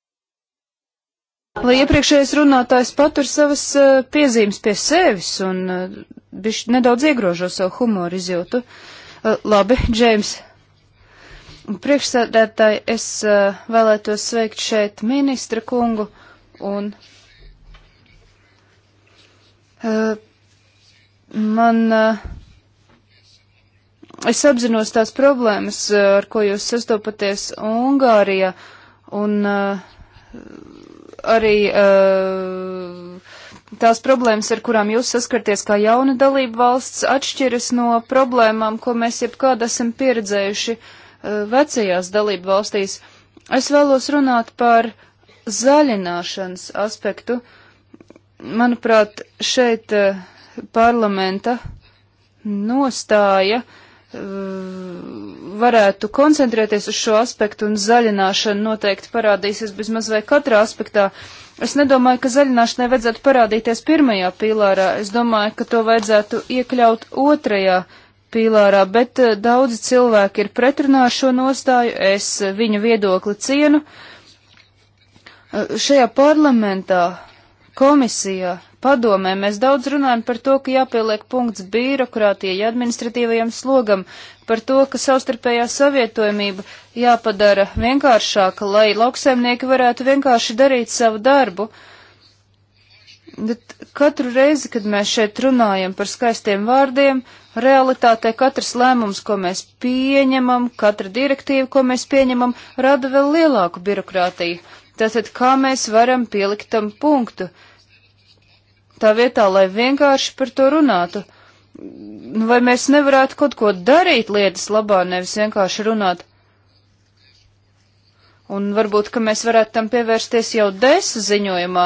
Lai iepriekšējais runātājs patur savas piezīmes pie sevis un bišķi nedaudz iegrožo savu humoru izjūtu. Eh, labi, Džeims. Priekšsēdētāji, es eh, vēlētos sveikt šeit ministra kungu un. Eh, man. Es apzinos tās problēmas, ar ko jūs sastopaties Ungārijā, un arī uh, Tās problēmas, ar kurām jūs saskarties kā jauna dalība valsts, atšķiras no problēmām, ko mēs jebkād esam pieredzējuši uh, vecajās dalību valstīs. Es vēlos runāt par zaļināšanas aspektu. Manuprāt, šeit uh, parlamenta nostāja uh, varētu koncentrēties uz šo aspektu, un zaļināšana noteikti parādīsies bezmaz vai katrā aspektā. Uh, Es nedomāju, ka zaļināšanai vajadzētu parādīties pirmajā pīlārā. Es domāju, ka to vajadzētu iekļaut otrajā pīlārā, bet eh, daudzi cilvēki ir pretrunā ar šo nostāju. Es eh, viņu viedokli cienu. Eh, šajā parlamentā, komisijā, padomē mēs daudz runājam par to, ka jāpieliek punkts birokrātijai, administratīvajam slogam, par to, ka savstarpējā savietojamība jāpadara vienkāršāka, lai lauksaimnieki varētu vienkārši darīt savu darbu. Bet katru reizi, kad mēs šeit runājam par skaistiem vārdiem, realitātē katrs lēmums, ko mēs pieņemam, katra direktīva, ko mēs pieņemam, rada vēl lielāku birokrātiju. Tātad, kā mēs varam pielikt tam punktu? Tā vietā, lai vienkārši par to runātu. Nu, vai mēs nevarētu kaut ko darīt lietas labā, nevis vienkārši runāt? Un varbūt, ka mēs varētu tam pievērsties jau desa ziņojumā.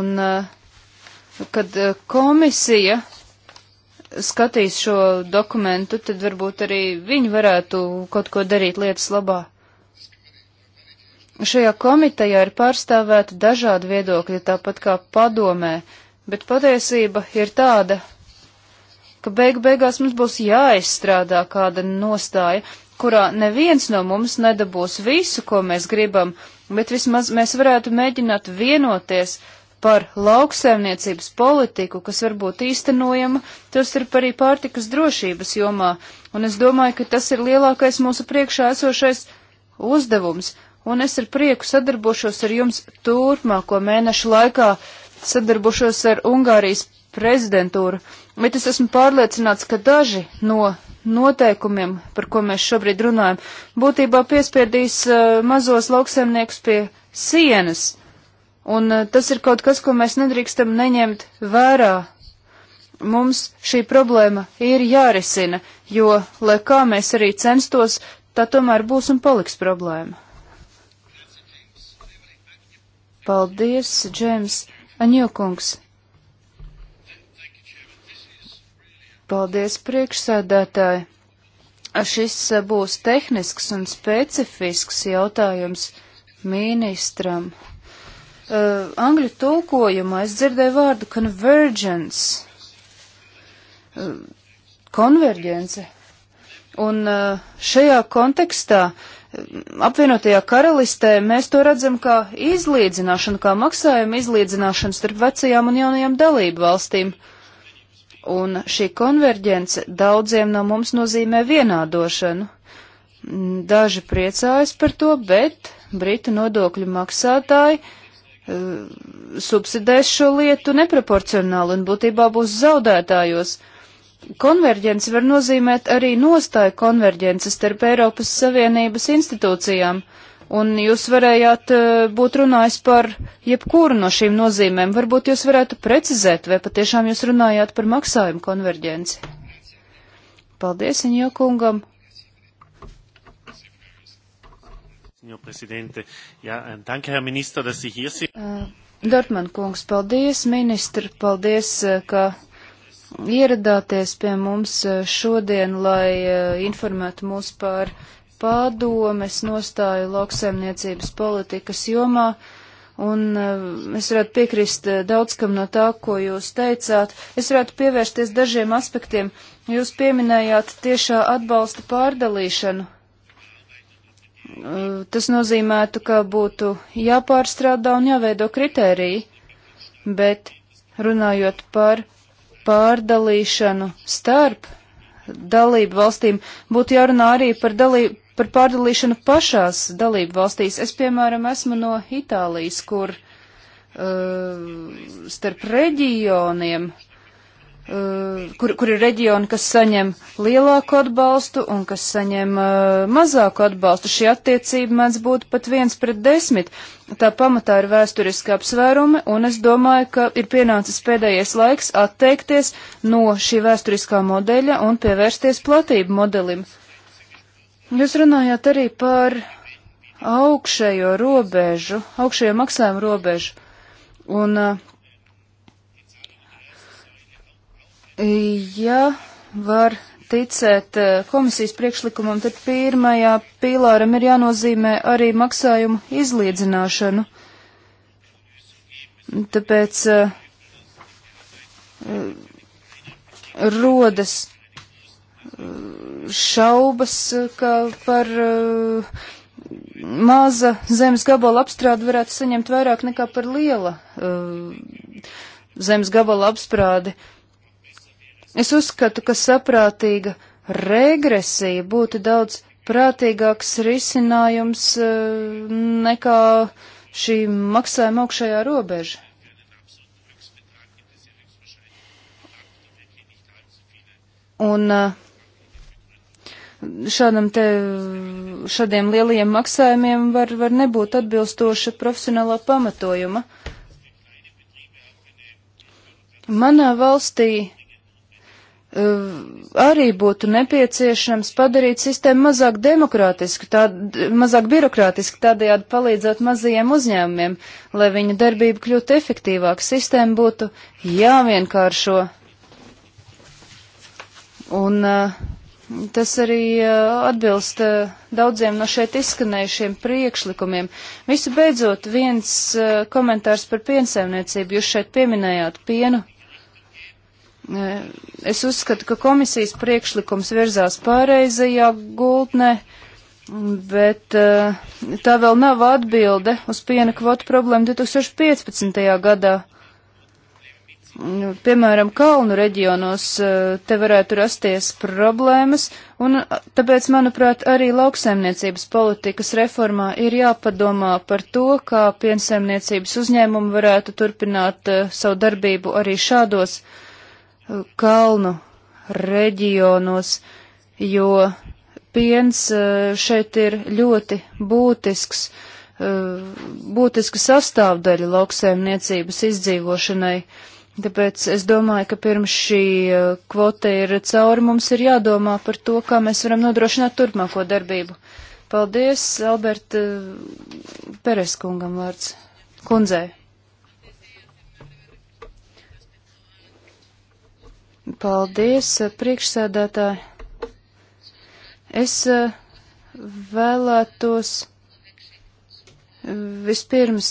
Un uh, kad uh, komisija skatīs šo dokumentu, tad varbūt arī viņi varētu kaut ko darīt lietas labā. Šajā komitejā ir pārstāvēti dažādi viedokļi, tāpat kā padomē. Uh, bet patiesība ir tāda, ka beigu beigās mums būs jāizstrādā kāda nostāja, kurā neviens no mums nedabūs visu, ko mēs gribam, bet vismaz mēs varētu mēģināt vienoties par lauksaimniecības politiku, kas varbūt īstenojama, tas ir arī pārtikas drošības jomā, un es domāju, ka tas ir lielākais mūsu priekšā esošais uzdevums, un es ar prieku sadarbošos ar jums turpmāko mēnešu laikā, sadarbošos ar Ungārijas prezidentūru, bet es esmu pārliecināts, ka daži no noteikumiem, par ko mēs šobrīd runājam, būtībā piespiedīs uh, mazos lauksaimniekus pie sienas, un uh, tas ir kaut kas, ko mēs nedrīkstam neņemt vērā. Mums šī problēma ir jārisina, jo, lai kā mēs arī censtos, tā tomēr būs un paliks problēma. Paldies, Džēms. Aņokungs. Paldies, priekšsēdētāji. Šis būs tehnisks un specifisks jautājums ministram. Uh, angļu tulkojumā es dzirdēju vārdu convergence, uh, konverģence. Un uh, šajā kontekstā uh, apvienotajā karalistē mēs to redzam kā izlīdzināšanu, kā maksājumu izlīdzināšanu starp vecajām un jaunajām dalību valstīm. Un šī konverģence daudziem no mums nozīmē vienādošanu. Daži priecājas par to, bet Britu nodokļu maksātāji eh, subsidēs šo lietu neproporcionāli un būtībā būs zaudētājos. Uh, konverģence var nozīmēt arī nostāju konverģences starp Eiropas Savienības institūcijām, un jūs varējāt eh, būt runājis par jebkuru no šīm nozīmēm. Varbūt jūs varētu precizēt, vai patiešām jūs runājāt par maksājumu konverģenci. Paldies, Iņo kungam! Eh, eh, Dortman kungs, paldies, ministri, paldies, ka ieradāties pie mums eh, šodien, lai eh, informētu mūs par pārdomes nostāju lauksaimniecības politikas jomā. Un eh, es varētu piekrist daudz kam no tā, ko jūs teicāt. Es varētu pievērsties dažiem aspektiem. Jūs pieminējāt tiešā atbalsta pārdalīšanu. Tas nozīmētu, ka būtu jāpārstrādā un jāveido kritēriji, bet runājot par pārdalīšanu starp dalību valstīm, būtu jārunā arī par, dalību, par pārdalīšanu pašās dalību valstīs. Es, piemēram, esmu no Itālijas, kur uh, starp reģioniem uh, Eh, kur, kur ir reģioni, kas saņem lielāku atbalstu un kas saņem uh, mazāku atbalstu. Šī attiecība mēdz būt pat viens pret desmit. Tā pamatā ir vēsturiski apsvērumi, un es domāju, ka ir pienācis pēdējais laiks atteikties no šī vēsturiskā modeļa un pievērsties platību modelim. Jūs runājāt arī par augšējo robežu, augšējo maksājumu robežu. Un uh, Ja var ticēt eh, komisijas priekšlikumam, tad pirmajā pīlāram ir jānozīmē arī maksājumu izlīdzināšanu. Tāpēc eh, eh, rodas šaubas, ka par maza zemes gabala apstrādi varētu saņemt vairāk nekā par liela zemes gabala apstrādi. Uh, Es uzskatu, ka saprātīga regresija būtu daudz prātīgāks risinājums eh, nekā šī maksājuma augšējā robeža. Un eh, šādam te, šādiem lielajiem maksājumiem var, var nebūt atbilstoša profesionālā pamatojuma. Manā valstī Eh, arī būtu nepieciešams padarīt sistēmu mazāk demokrātisku, tā, mazāk birokrātisku, tādējādi palīdzot mazajiem uzņēmumiem, lai viņa darbība kļūtu efektīvāka. Sistēma būtu jāvienkāršo. Un uh, Tas arī uh, atbilst uh, daudziem no šeit izskanējušiem priekšlikumiem. Visu beidzot, viens uh, komentārs par piensaimniecību. Jūs šeit pieminējāt pienu Es uzskatu, ka komisijas priekšlikums virzās pareizajā gultnē, bet eh, tā vēl nav atbilde uz piena kvotu problēmu 2015. gadā. Piemēram, kalnu reģionos eh, te varētu rasties problēmas, un tāpēc, manuprāt, arī lauksaimniecības politikas reformā ir jāpadomā par to, kā piensaimniecības uzņēmumi varētu turpināt eh, savu darbību arī šādos reģionos kalnu reģionos, jo piens eh, šeit ir ļoti būtisks, eh, būtiska sastāvdaļa lauksaimniecības izdzīvošanai. Tāpēc es domāju, ka pirms šī eh, kvota ir cauri, mums ir jādomā par to, kā mēs varam nodrošināt turpmāko darbību. Paldies, Alberta Pereskungam vārds. Kundzei. Paldies, priekšsēdētāji. Es eh, vēlētos eh, vispirms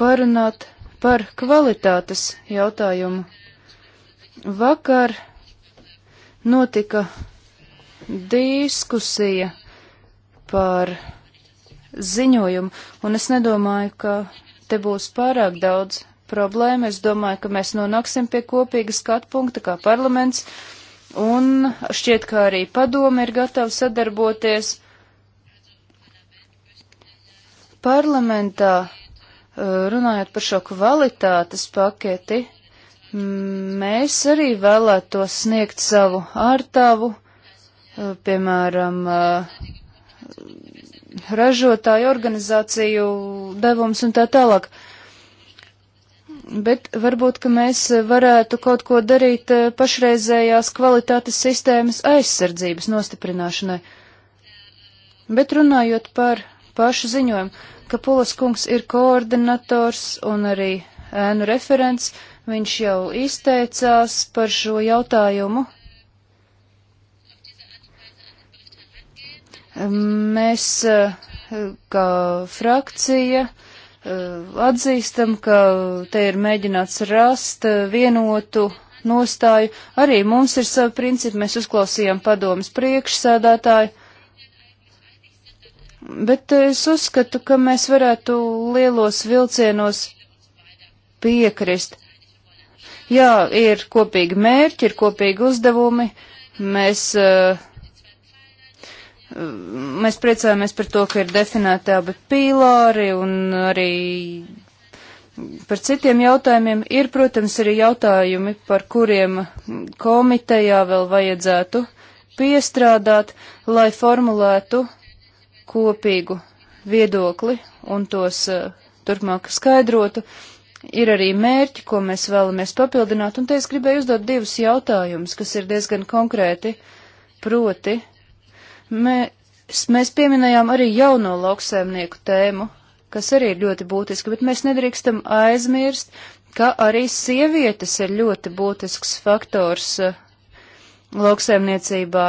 parunāt par kvalitātes jautājumu. Vakar notika diskusija par ziņojumu, un es nedomāju, ka te būs pārāk daudz problēma. Es domāju, ka mēs nonāksim pie kopīga skatu punkta kā parlaments, un šķiet, ka arī padome ir gatava sadarboties. Parlamentā, eh, runājot par šo kvalitātes paketi, mēs arī vēlētos sniegt savu ārtavu, eh, piemēram, eh, ražotāju organizāciju devums un tā tālāk bet varbūt, ka mēs varētu kaut ko darīt eh, pašreizējās kvalitātes sistēmas aizsardzības nostiprināšanai. Bet runājot par pašu ziņojumu, ka Pulas kungs ir koordinators un arī ēnu referents, viņš jau izteicās par šo jautājumu. Mēs, eh, kā frakcija, uh, Eh, atzīstam, ka te ir mēģināts rast eh, vienotu nostāju. Arī mums ir savi principi, mēs uzklausījām padomas priekšsēdētāju. Bet eh, es uzskatu, ka mēs varētu lielos vilcienos piekrist. Jā, ir kopīgi mērķi, ir kopīgi uzdevumi. Mēs uh, mēs priecājamies par to, ka ir definēti abi pīlāri un arī par citiem jautājumiem. Ir, protams, arī jautājumi, par kuriem komitejā vēl vajadzētu piestrādāt, lai formulētu kopīgu viedokli un tos uh, turpmāk skaidrotu. Ir arī mērķi, ko mēs vēlamies papildināt, un te es gribēju uzdot divus jautājumus, kas ir diezgan konkrēti, proti, uh, Mēs, mēs pieminējām arī jauno lauksaimnieku tēmu, kas arī ir ļoti būtiska, bet mēs nedrīkstam aizmirst, ka arī sievietes ir ļoti būtisks faktors eh, lauksaimniecībā.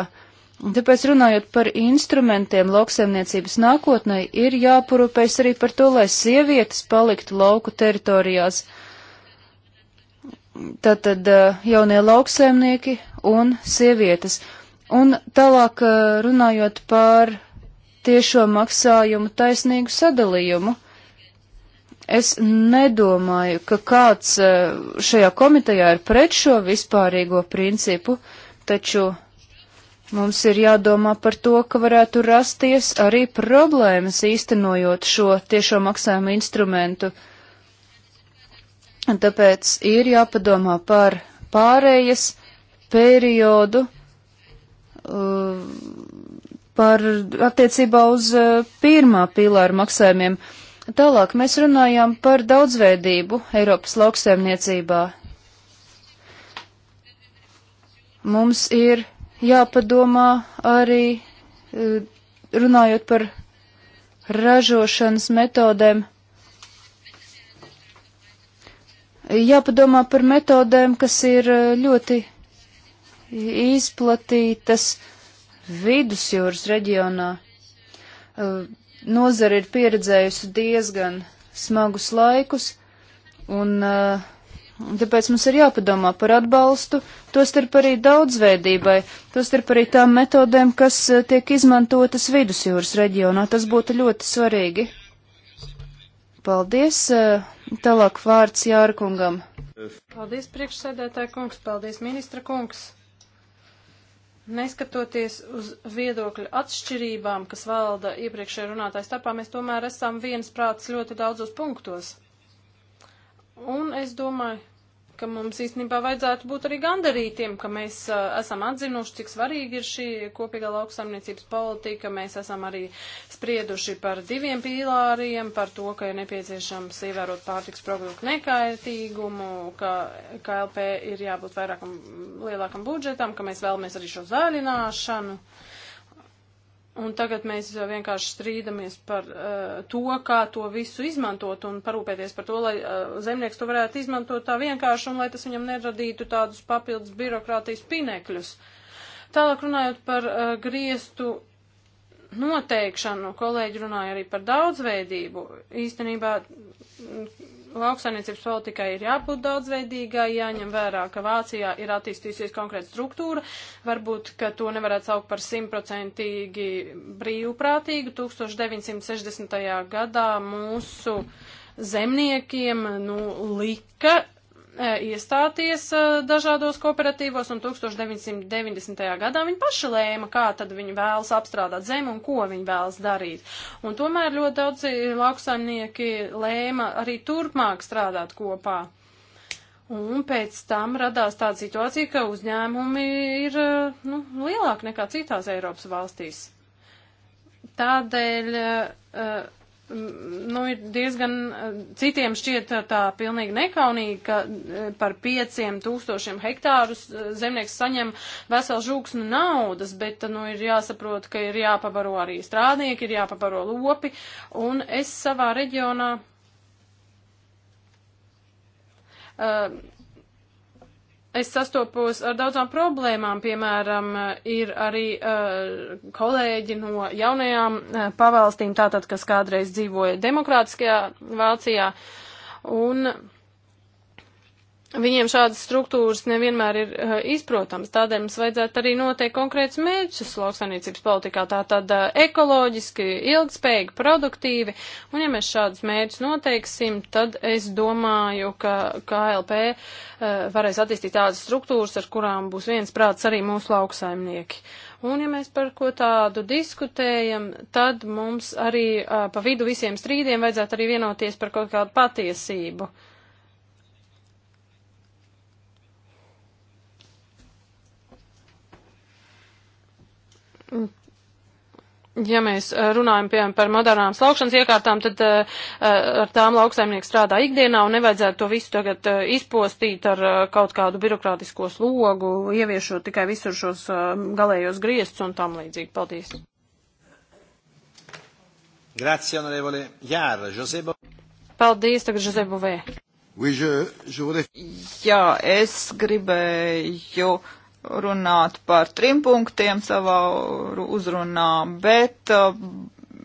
Tāpēc runājot par instrumentiem lauksaimniecības nākotnē, ir jāparūpējas arī par to, lai sievietes paliktu lauku teritorijās. Tātad eh, jaunie lauksaimnieki un sievietes. Un tālāk eh, runājot par tiešo maksājumu taisnīgu sadalījumu, es nedomāju, ka kāds eh, šajā komitejā ir pret šo vispārīgo principu, taču mums ir jādomā par to, ka varētu rasties arī problēmas īstenojot šo tiešo maksājumu instrumentu. Un tāpēc ir jāpadomā par pārējas periodu Uh, par attiecībā uz uh, pirmā pīlāra maksājumiem. Tālāk mēs runājām par daudzveidību Eiropas lauksaimniecībā. Mums ir jāpadomā arī uh, runājot par ražošanas metodēm. Jāpadomā par metodēm, kas ir ļoti izplatītas vidusjūras reģionā. Nozara ir pieredzējusi diezgan smagus laikus, un tāpēc mums ir jāpadomā par atbalstu, tostarp arī daudzveidībai, tostarp arī tām metodēm, kas tiek izmantotas vidusjūras reģionā. Tas būtu ļoti svarīgi. Paldies. Tālāk vārds Jārkungam. Paldies, priekšsēdētāja kungs, paldies, ministra kungs. Neskatoties uz viedokļu atšķirībām, kas valda iepriekšējā runātāja starpā, mēs tomēr esam viens prāts ļoti daudzos punktos. Un es domāju, ka mums īstenībā vajadzētu būt arī gandarītiem, ka mēs uh, esam atzinuši, cik svarīgi ir šī kopīgā lauksaimniecības politika. Mēs esam arī sprieduši par diviem pīlāriem, par to, ka ir nepieciešams ievērot pārtiks produktu nekaitīgumu, ka KLP ir jābūt vairākam lielākam budžetam, ka mēs vēlamies arī šo zaļināšanu. Uh, Un tagad mēs vienkārši strīdamies par uh, to, kā to visu izmantot un parūpēties par to, lai uh, zemnieks to varētu izmantot tā vienkārši un lai tas viņam neradītu tādus papildus birokrātijas pinekļus. Tālāk runājot par uh, griestu noteikšanu, kolēģi runāja arī par daudzveidību. Īstenībā lauksainiecības politikai ir jābūt daudzveidīgai, jāņem vērā, ka Vācijā ir attīstījusies konkrēta struktūra, varbūt, ka to nevarētu saukt par simtprocentīgi brīvprātīgu. 1960. gadā mūsu zemniekiem nu, lika E, iestāties e, dažādos kooperatīvos, un 1990. gadā viņi paši lēma, kā tad viņi vēlas apstrādāt zemi un ko viņi vēlas darīt. Un tomēr ļoti daudzi lauksaimnieki lēma arī turpmāk strādāt kopā. Un pēc tam radās tāda situācija, ka uzņēmumi ir e, nu, lielāki nekā citās Eiropas valstīs. Tādēļ uh, Mm, nu, ir diezgan eh, citiem šķiet eh, tā pilnīgi nekaunīgi, ka eh, par pieciem tūkstošiem hektārus zemnieks saņem veselu žūksnu naudas, bet, nu, ir jāsaprot, ka ir jāpabaro arī strādnieki, ir jāpabaro lopi, un es savā reģionā. Uh, es sastopos ar daudzām problēmām, piemēram, ir arī uh, kolēģi no jaunajām uh, pavalstīm, tātad, kas kādreiz dzīvoja demokrātiskajā Vācijā, un uh, Viņiem šādas struktūras nevienmēr ir uh, izprotams, tādēļ mums vajadzētu arī noteikt konkrēts mērķus lauksainīcības politikā, tā tad uh, eh, ekoloģiski, ilgspējīgi, produktīvi, un ja mēs šādus mērķus noteiksim, tad es domāju, ka KLP uh, eh, varēs attīstīt tādas struktūras, ar kurām būs viens prāts arī mūsu lauksaimnieki. Un ja mēs par ko tādu diskutējam, tad mums arī uh, pa vidu visiem strīdiem vajadzētu arī vienoties par kaut kādu patiesību. Uh, Ja mēs eh, runājam, piemēram, par modernām slaukšanas iekārtām, tad uh, ar tām lauksaimnieks strādā ikdienā un nevajadzētu to visu tagad uh, izpostīt ar uh, kaut kādu birokrātisko slogu, ieviešot tikai visur šos galējos griestus un tam līdzīgi. Paldies! Grazie, onorevole Jāra, Josebo. Paldies, tagad Josebo V. Oui, je, je voulais... Jā, es gribēju runāt par trim punktiem savā uzrunā, bet uh,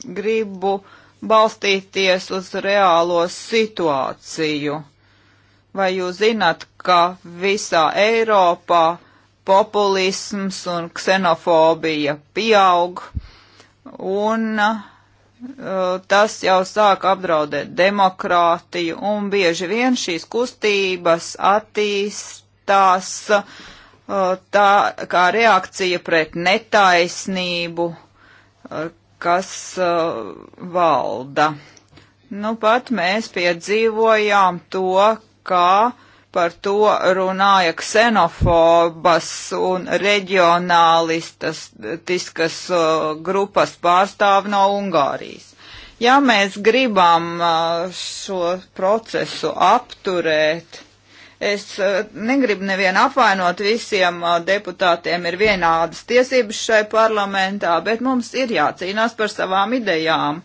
gribu balstīties uz reālo situāciju. Vai jūs zināt, ka visā Eiropā populisms un ksenofobija pieaug, un uh, tas jau sāk apdraudēt demokrātiju, un bieži vien šīs kustības attīstās uh, tā kā reakcija pret netaisnību, kas valda. Nu pat mēs piedzīvojām to, kā par to runāja ksenofobas un reģionālistiskas grupas pārstāv no Ungārijas. Ja mēs gribam šo procesu apturēt, Es eh, negribu nevienu apvainot, visiem eh, deputātiem ir vienādas tiesības šai parlamentā, bet mums ir jācīnās par savām idejām.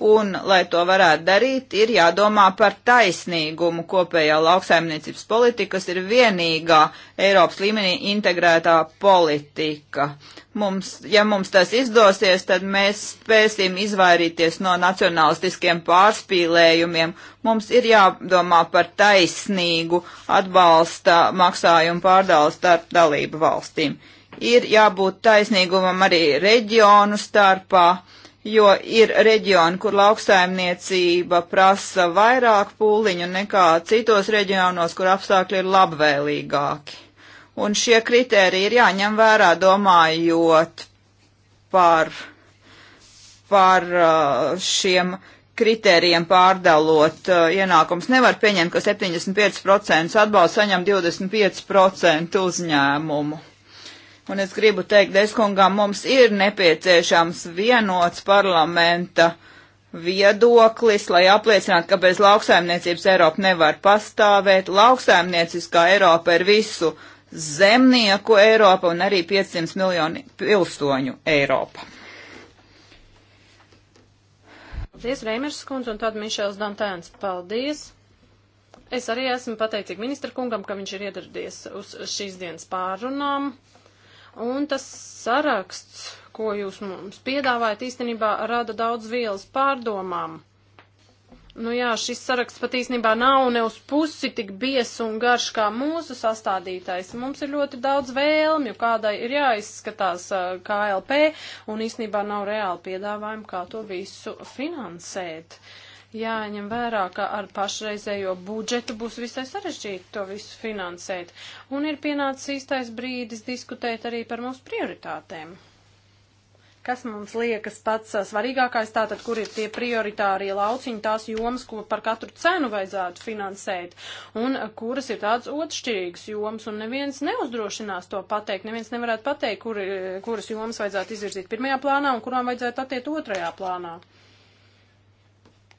Un, lai to varētu darīt, ir jādomā par taisnīgumu kopējā lauksaimniecības politika, kas ir vienīgā Eiropas līmenī integrētā politika. Mums, ja mums tas izdosies, tad mēs spēsim izvairīties no nacionalistiskiem pārspīlējumiem. Mums ir jādomā par taisnīgu atbalsta maksājumu pārdalu starp dalību valstīm. Ir jābūt taisnīgumam arī reģionu starpā jo ir reģioni, kur lauksaimniecība prasa vairāk pūliņu nekā citos reģionos, kur apstākļi ir labvēlīgāki. Un šie kriteriji ir jāņem vērā domājot par, par uh, šiem kriterijiem pārdalot uh, ienākums. Nevar pieņemt, ka 75% atbalstu saņem 25% uzņēmumu. Un es gribu teikt, Deskungam, mums ir nepieciešams vienots parlamenta viedoklis, lai apliecinātu, ka bez lauksaimniecības Eiropa nevar pastāvēt. Lauksaimnieciskā Eiropa ir visu zemnieku Eiropa un arī 500 miljoni pilsoņu Eiropa. Paldies, Reimers skundze, un tad Mišels Dantēns. Paldies! Es arī esmu pateicīga ministra kungam, ka viņš ir ieradies uz šīs dienas pārunām. Un tas saraksts, ko jūs mums piedāvājat, īstenībā rada daudz vielas pārdomām. Nu jā, šis saraksts pat īstenībā nav ne uz pusi tik bies un garš kā mūsu sastādītais. Mums ir ļoti daudz vēlmju, kādai ir jāizskatās KLP, un īstenībā nav reāli piedāvājumu, kā to visu finansēt. Uh, jāņem vērā, ka ar pašreizējo budžetu būs visai sarežģīti to visu finansēt. Un ir pienācis īstais brīdis diskutēt arī par mūsu prioritātēm. Kas mums liekas pats svarīgākais, tātad, kur ir tie prioritārie lauciņi, tās jomas, ko par katru cenu vajadzētu finansēt, un kuras ir tādas otšķirīgas jomas, un neviens neuzdrošinās to pateikt, neviens nevarētu pateikt, kur, kuras jomas vajadzētu izvirzīt pirmajā plānā un kurām vajadzētu attiekt otrajā plānā. Uh,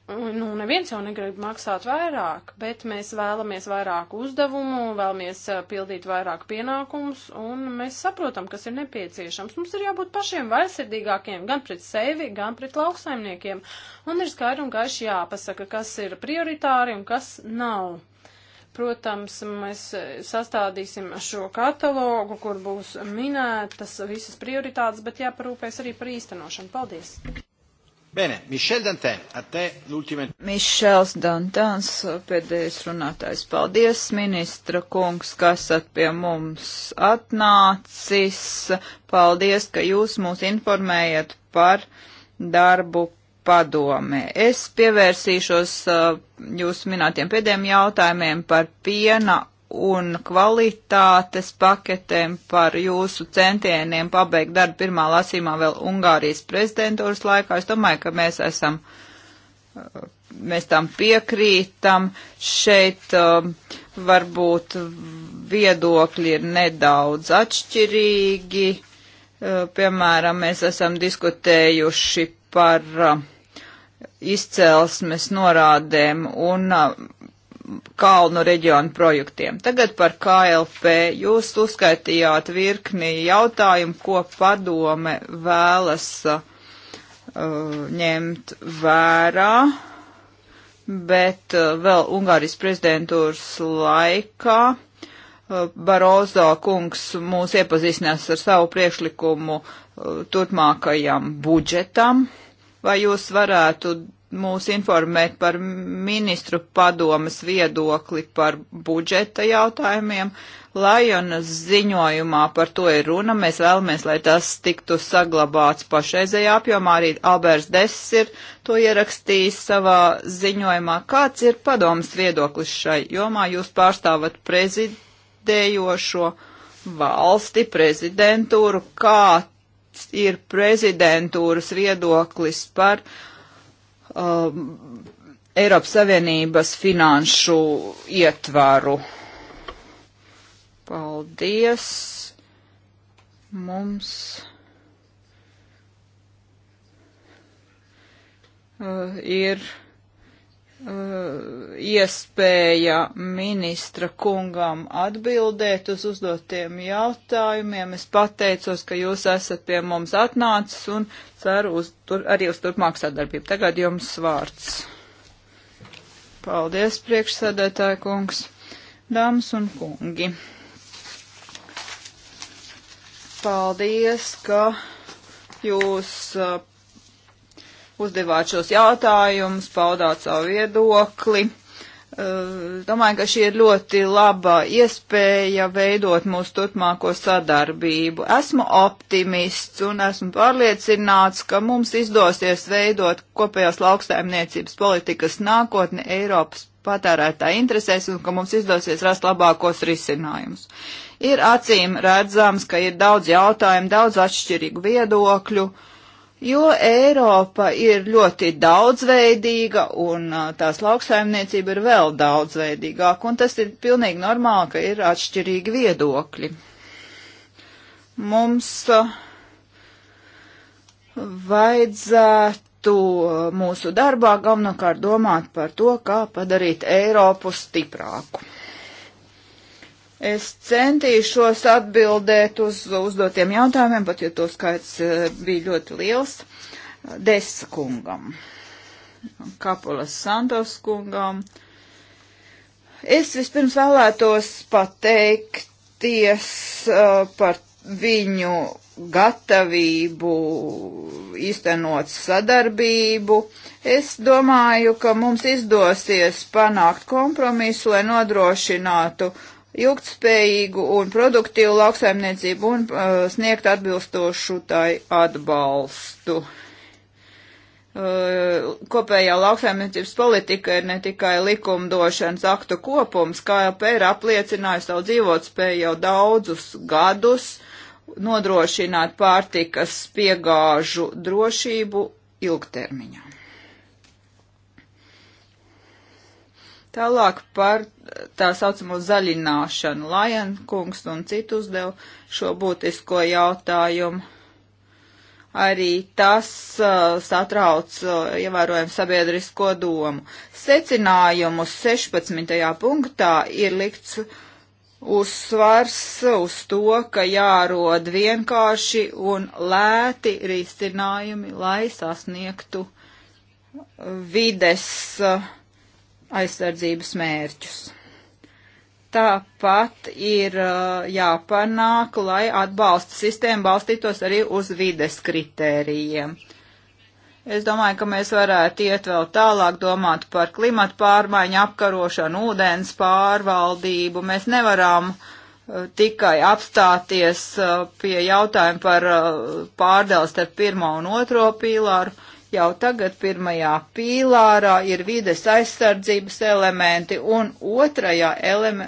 Nu, neviens jau negrib maksāt vairāk, bet mēs vēlamies vairāk uzdevumu, vēlamies eh, pildīt vairāk pienākumus, un mēs saprotam, kas ir nepieciešams. Mums ir jābūt pašiem vaisirdīgākiem gan pret sevi, gan pret lauksaimniekiem, un ir skaidri un gaiši jāpasaka, kas ir prioritāri un kas nav. Protams, mēs eh, sastādīsim šo katalogu, kur būs minētas visas prioritātes, bet jāparūpēs arī par īstenošanu. Paldies! Bene, Mišel Dantē, a te l'ultima. Mišels Dantēns, pēdējais runātājs. Paldies, ministra kungs, ka esat pie mums atnācis. Paldies, ka jūs mūs informējat par darbu padomē. Es pievērsīšos uh, jūs minētiem pēdējiem jautājumiem par piena un kvalitātes paketēm par jūsu centieniem pabeigt darbu pirmā lasīmā vēl Ungārijas prezidentūras laikā. Es domāju, ka mēs esam, eh, mēs tam piekrītam. Šeit eh, varbūt viedokļi ir nedaudz atšķirīgi. Eh, piemēram, mēs esam diskutējuši par izcelsmes norādēm un kalnu reģionu projektiem. Tagad par KLP. Jūs uzskaitījāt virkni jautājumu, ko padome vēlas uh, ņemt vērā, bet uh, vēl Ungārijas prezidentūras laikā uh, Barozo kungs mūs iepazīstinās ar savu priekšlikumu uh, turpmākajam budžetam. Vai jūs varētu mūs informēt par ministru padomas viedokli par budžeta jautājumiem. Lajonas ziņojumā par to ir runa. Mēs vēlamies, lai tas tiktu saglabāts pašreizējā apjomā. Arī Alberts Dess ir to ierakstījis savā ziņojumā. Kāds ir padomas viedoklis šai jomā? Jūs pārstāvat prezidējošo valsti, prezidentūru. Kāds ir prezidentūras viedoklis par uh, um, Eiropas Savienības finanšu ietvaru. Paldies! Mums. Uh, ir Eh, iespēja ministra kungam atbildēt uz uzdotiem jautājumiem. Es pateicos, ka jūs esat pie mums atnācis un ceru uz, tur, arī uz turpmāk sadarbību. Tagad jums vārds. Paldies, priekšsēdētāja kungs, dāmas un kungi. Paldies, ka jūs uh, uzdevāt šos jautājumus, paudāt savu viedokli. Uh, domāju, ka šī ir ļoti laba iespēja veidot mūsu turpmāko sadarbību. Esmu optimists un esmu pārliecināts, ka mums izdosies veidot kopējās lauksaimniecības politikas nākotni Eiropas patērētāja interesēs un ka mums izdosies rast labākos risinājumus. Ir acīm redzams, ka ir daudz jautājumu, daudz atšķirīgu viedokļu jo Eiropa ir ļoti daudzveidīga un tās lauksaimniecība ir vēl daudzveidīgāka, un tas ir pilnīgi normāli, ka ir atšķirīgi viedokļi. Mums vajadzētu mūsu darbā galvenokārt domāt par to, kā padarīt Eiropu stiprāku. Es centīšos atbildēt uz uzdotiem jautājumiem, pat ja to skaits eh, bija ļoti liels, Deskungam, Kapulas Santos kungam. Es vispirms vēlētos pateikties uh, par viņu gatavību īstenot sadarbību. Es domāju, ka mums izdosies panākt kompromisu, lai nodrošinātu uh, ilgtspējīgu un produktīvu lauksaimniecību un uh, sniegt atbilstošu tai atbalstu. Uh, kopējā lauksaimniecības politika ir ne tikai likumdošanas aktu kopums, KLP ir apliecinājusi savu dzīvotspēju jau daudzus gadus, nodrošināt pārtikas piegāžu drošību ilgtermiņā. Tālāk par tā saucamo zaļināšanu. Lajankungs un citu uzdev šo būtisko jautājumu. Arī tas uh, satrauc uh, ievērojumu sabiedrisko domu. Secinājumus 16. punktā ir likts uzsvars uz to, ka jārod vienkārši un lēti risinājumi, lai sasniegtu vides uh, aizsardzības mērķus. Tāpat ir uh, jāpanāk, lai atbalsta sistēma balstītos arī uz vides kritērijiem. Es domāju, ka mēs varētu iet vēl tālāk, domāt par klimatu pārmaiņu, apkarošanu, ūdens pārvaldību. Mēs nevaram uh, tikai apstāties uh, pie jautājuma par pārdeles te pirmo un otro pīlāru Jau tagad pirmajā pīlārā ir vides aizsardzības elementi, un otrajā eleme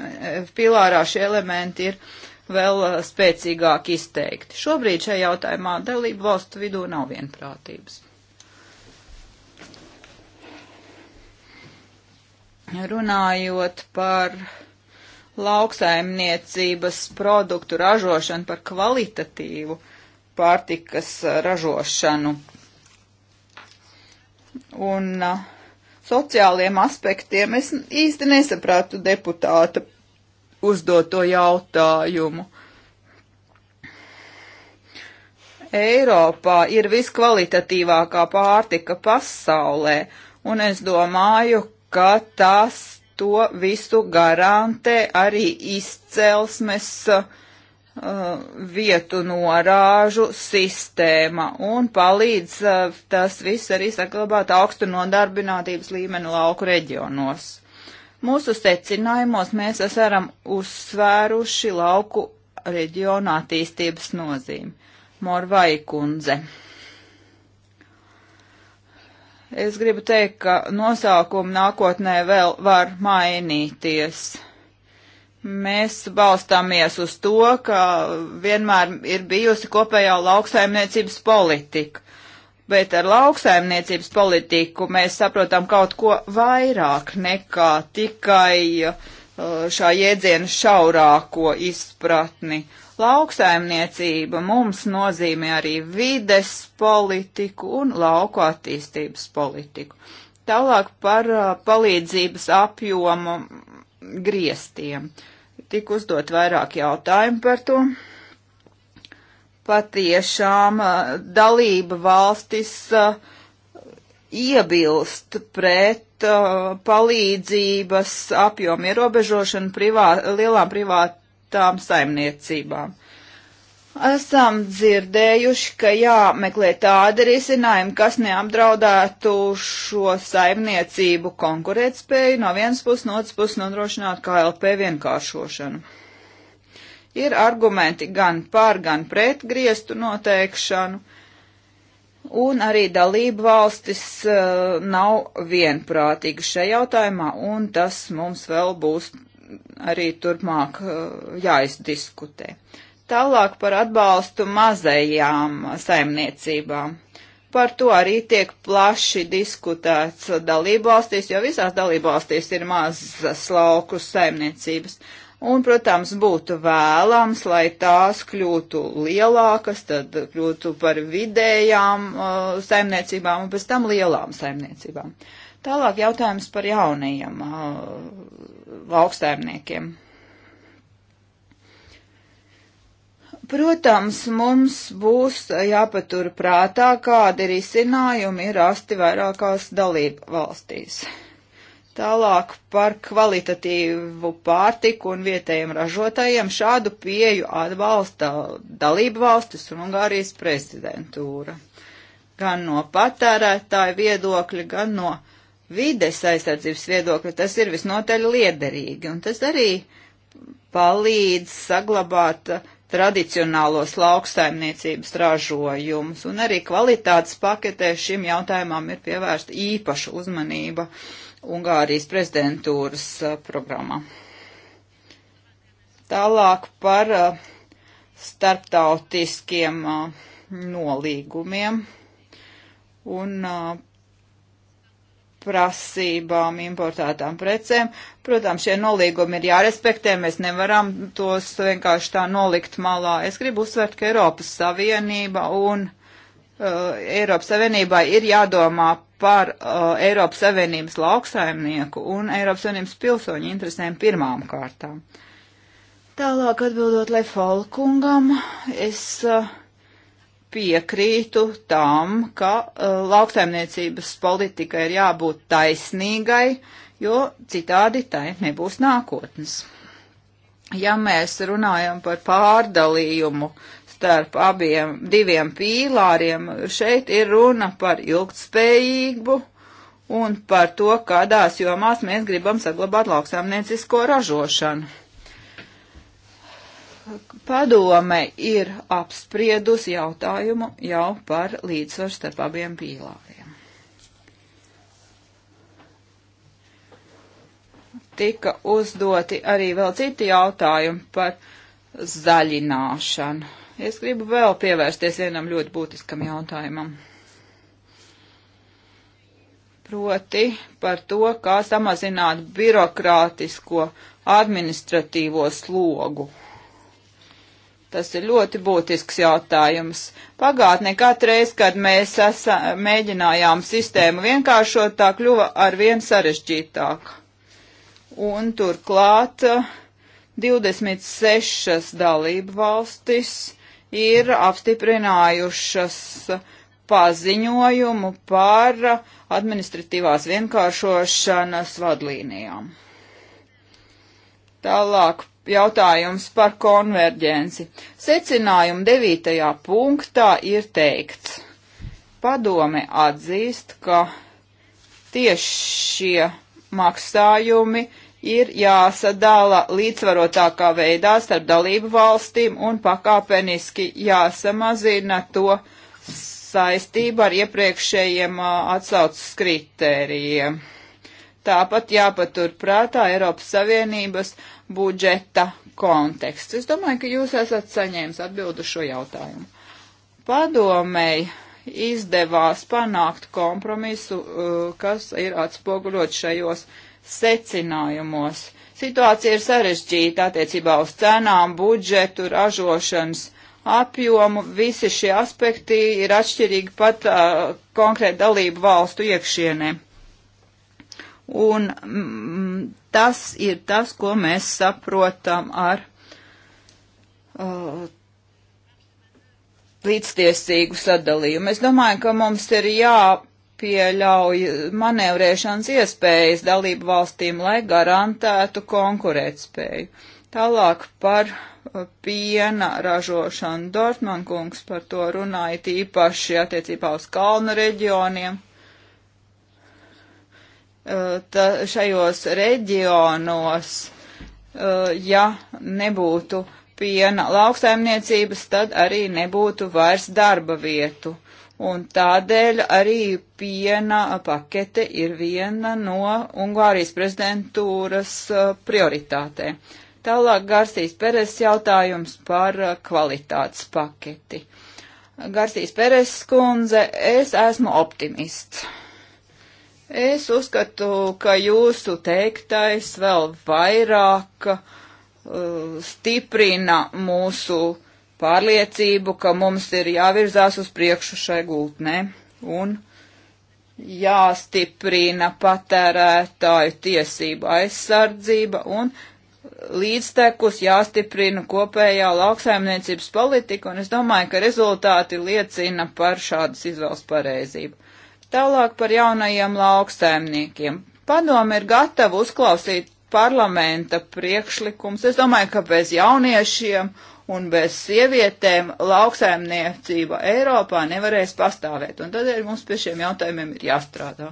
pīlārā šie elementi ir vēl eh, spēcīgāk izteikti. Šobrīd šajā jautājumā dalību valstu vidū nav vienprātības. Runājot par lauksaimniecības produktu ražošanu, par kvalitatīvu pārtikas ražošanu un uh, sociāliem aspektiem. Es īsti nesapratu deputāta uzdoto jautājumu. Eiropā ir viskvalitatīvākā pārtika pasaulē, un es domāju, ka tas to visu garantē arī izcelsmes uh, Uh, vietu norāžu sistēma un palīdz uh, tas viss arī saglabāt augstu nodarbinātības līmeni lauku reģionos. Mūsu secinājumos mēs esam uzsvēruši lauku reģionu attīstības nozīmi. Morvai kundze. Es gribu teikt, ka nosaukumi nākotnē vēl var mainīties Mēs balstāmies uz to, ka vienmēr ir bijusi kopējā lauksaimniecības politika bet ar lauksaimniecības politiku mēs saprotam kaut ko vairāk nekā tikai uh, šā jēdziena šaurāko izpratni. Lauksaimniecība mums nozīmē arī vides politiku un lauku attīstības politiku. Tālāk par uh, palīdzības apjomu griestiem. Uh, tik uzdot vairāk jautājumu par to. Patiešām dalība valstis iebilst pret palīdzības apjomu ierobežošanu privā, lielām privātām saimniecībām esam dzirdējuši, ka jāmeklē tāda risinājuma, kas neapdraudētu šo saimniecību konkurētspēju no vienas puses, no otras puses nodrošināt KLP vienkāršošanu. Ir argumenti gan par, gan pret griestu noteikšanu, un arī dalību valstis uh, nav vienprātīgi šajā jautājumā, un tas mums vēl būs arī turpmāk uh, jāizdiskutē. Uh, Tālāk par atbalstu mazajām saimniecībām. Par to arī tiek plaši diskutēts dalībvalstīs, jo visās dalībvalstīs ir mazas lauku saimniecības. Un, protams, būtu vēlams, lai tās kļūtu lielākas, tad kļūtu par vidējām uh, saimniecībām un pēc tam lielām saimniecībām. Tālāk jautājums par jaunajiem uh, lauksaimniekiem. Protams, mums būs jāpatur prātā, kādi risinājumi ir asti vairākās dalību valstīs. Tālāk par kvalitatīvu pārtiku un vietējiem ražotājiem šādu pieju atbalsta dalību valstis un Ungārijas prezidentūra. Gan no patērētāja viedokļa, gan no vides aizsardzības viedokļa tas ir visnotaļ liederīgi, un tas arī palīdz saglabāt uh, tradicionālos lauksaimniecības ražojumus, un arī kvalitātes paketē šim jautājumam ir pievērsta īpaša uzmanība Ungārijas prezidentūras eh, programmā. Tālāk par eh, starptautiskiem eh, nolīgumiem un prasībām, importētām precēm. Protams, šie nolīgumi ir jārespektē, mēs nevaram tos vienkārši tā nolikt malā. Es gribu uzsvērt, ka Eiropas Savienība un uh, Eiropas Savienībai ir jādomā par uh, Eiropas Savienības lauksaimnieku un Eiropas Savienības pilsoņu interesēm pirmām kārtām. Tālāk atbildot Lefolkungam, es uh, piekrītu tam, ka uh, lauksaimniecības politika ir jābūt taisnīgai, jo citādi tai nebūs nākotnes. Ja mēs runājam par pārdalījumu starp abiem diviem pīlāriem, šeit ir runa par ilgtspējību un par to, kādās jomās mēs gribam saglabāt lauksaimniecisko ražošanu Padome ir apspriedusi jautājumu jau par līdzsvaru starp abiem pīlāriem. Tika uzdoti arī vēl citi jautājumi par zaļināšanu. Es gribu vēl pievērsties vienam ļoti būtiskam jautājumam proti par to, kā samazināt birokrātisko administratīvo slogu. Tas ir ļoti būtisks jautājums. Pagātnē katreiz, kad mēs esā, mēģinājām sistēmu vienkāršot, tā kļuva ar vien sarežģītāk. Un turklāt 26 eh, dalību valstis ir apstiprinājušas paziņojumu par administratīvās vienkāršošanas vadlīnijām. Tālāk jautājums par konverģenci. Secinājuma devītajā punktā ir teikts, padome atzīst, ka tieši šie maksājumi ir jāsadala līdzvarotākā veidā starp dalību valstīm un pakāpeniski jāsamazina to saistību ar iepriekšējiem atsaucas kritērijiem. Tāpat jāpatur prātā Eiropas Savienības budžeta konteksts. Es domāju, ka jūs esat saņēmis atbildu šo jautājumu. Padomēji izdevās panākt kompromisu, uh, kas ir atspoguļot šajos secinājumos. Situācija ir sarežģīta attiecībā uz cenām, budžetu, ražošanas apjomu. Visi šie aspekti ir atšķirīgi pat uh, konkrēti dalību valstu iekšienē. Un mm, tas ir tas, ko mēs saprotam ar uh, līdztiesīgu sadalījumu. Es domāju, ka mums ir jāpieļauj manevrēšanas iespējas dalību valstīm, lai garantētu konkurētspēju. Tālāk par uh, piena ražošanu. Dortmankungs par to runāja tīpaši attiecībā uz kalnu reģioniem tā, šajos reģionos, eh, ja nebūtu piena lauksaimniecības, tad arī nebūtu vairs darba vietu. Un tādēļ arī piena pakete ir viena no Ungārijas prezidentūras eh, prioritātēm. Tālāk Garstīs Peres jautājums par eh, kvalitātes paketi. Garstīs Peres skundze, es esmu optimists. Es uzskatu, ka jūsu teiktais vēl vairāk uh, stiprina mūsu pārliecību, ka mums ir jāvirzās uz priekšu šai gultnē un jāstiprina patērētāju tiesību aizsardzība un līdztekus jāstiprina kopējā lauksaimniecības politika, un es domāju, ka rezultāti liecina par šādas izvēles pareizību. Tālāk par jaunajiem lauksaimniekiem. Padomi ir gatavi uzklausīt parlamenta priekšlikums. Es domāju, ka bez jauniešiem un bez sievietēm lauksaimniecība Eiropā nevarēs pastāvēt. Un tādēļ mums pie šiem jautājumiem ir jāstrādā.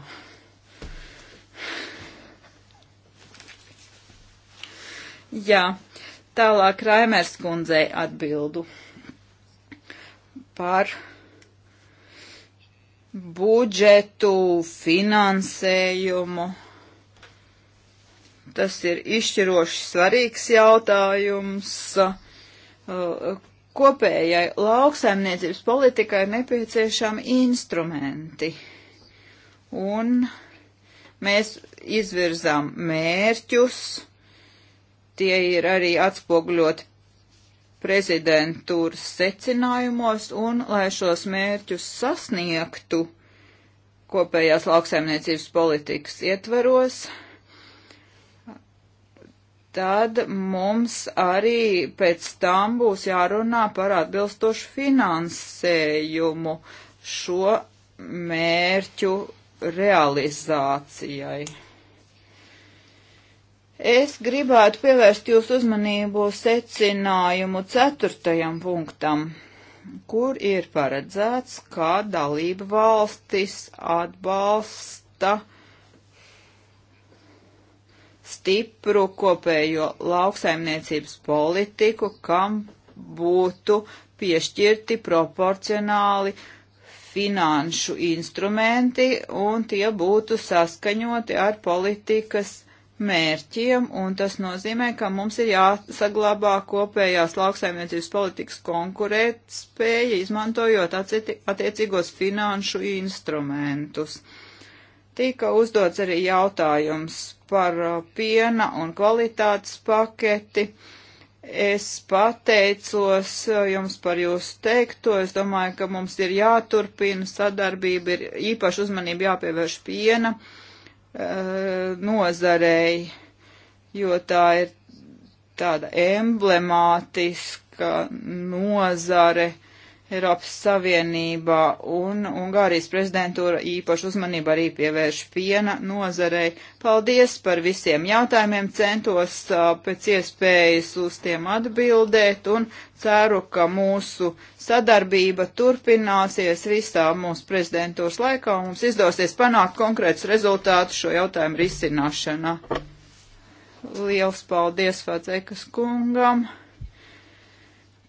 Jā, tālāk Raimers kundzei atbildu par budžetu, finansējumu. Tas ir izšķiroši svarīgs jautājums. Uh, kopējai lauksaimniecības politikai ir nepieciešami instrumenti. Un mēs izvirzām mērķus, tie ir arī atspoguļoti prezidentūras secinājumos, un, lai šos mērķus sasniegtu, kopējās lauksaimniecības politikas ietvaros, tad mums arī pēc tam būs jārunā par atbilstošu finansējumu šo mērķu realizācijai. Es gribētu pievērst jūsu uzmanību secinājumu ceturtajam punktam kur ir paredzēts, kā dalība valstis atbalsta stipru kopējo lauksaimniecības politiku, kam būtu piešķirti proporcionāli finanšu instrumenti un tie būtu saskaņoti ar politikas mērķiem, un tas nozīmē, ka mums ir jāsaglabā kopējās lauksaimniecības politikas konkurētspēja, izmantojot attiecīgos finanšu instrumentus. Tika uzdots arī jautājums par uh, piena un kvalitātes paketi. Es pateicos uh, jums par jūsu teikto. Es domāju, ka mums ir jāturpina sadarbība, ir īpaši uzmanība jāpievērš piena uh, Eh, nozarei, jo tā ir tāda emblemātiska nozare Eiropas Savienībā un Ungārijas prezidentūra īpašu uzmanību arī pievērš piena nozarei. Paldies par visiem jautājumiem, centos pēc iespējas uz tiem atbildēt un ceru, ka mūsu sadarbība turpināsies visā mūsu prezidentūras laikā un mums izdosies panākt konkrēts rezultātu šo jautājumu risināšanā. Liels paldies Facekas kungam!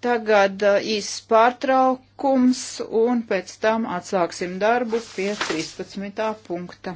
Tagad uh, īsts pārtraukums un pēc tam atsāksim darbu pie 13. punkta.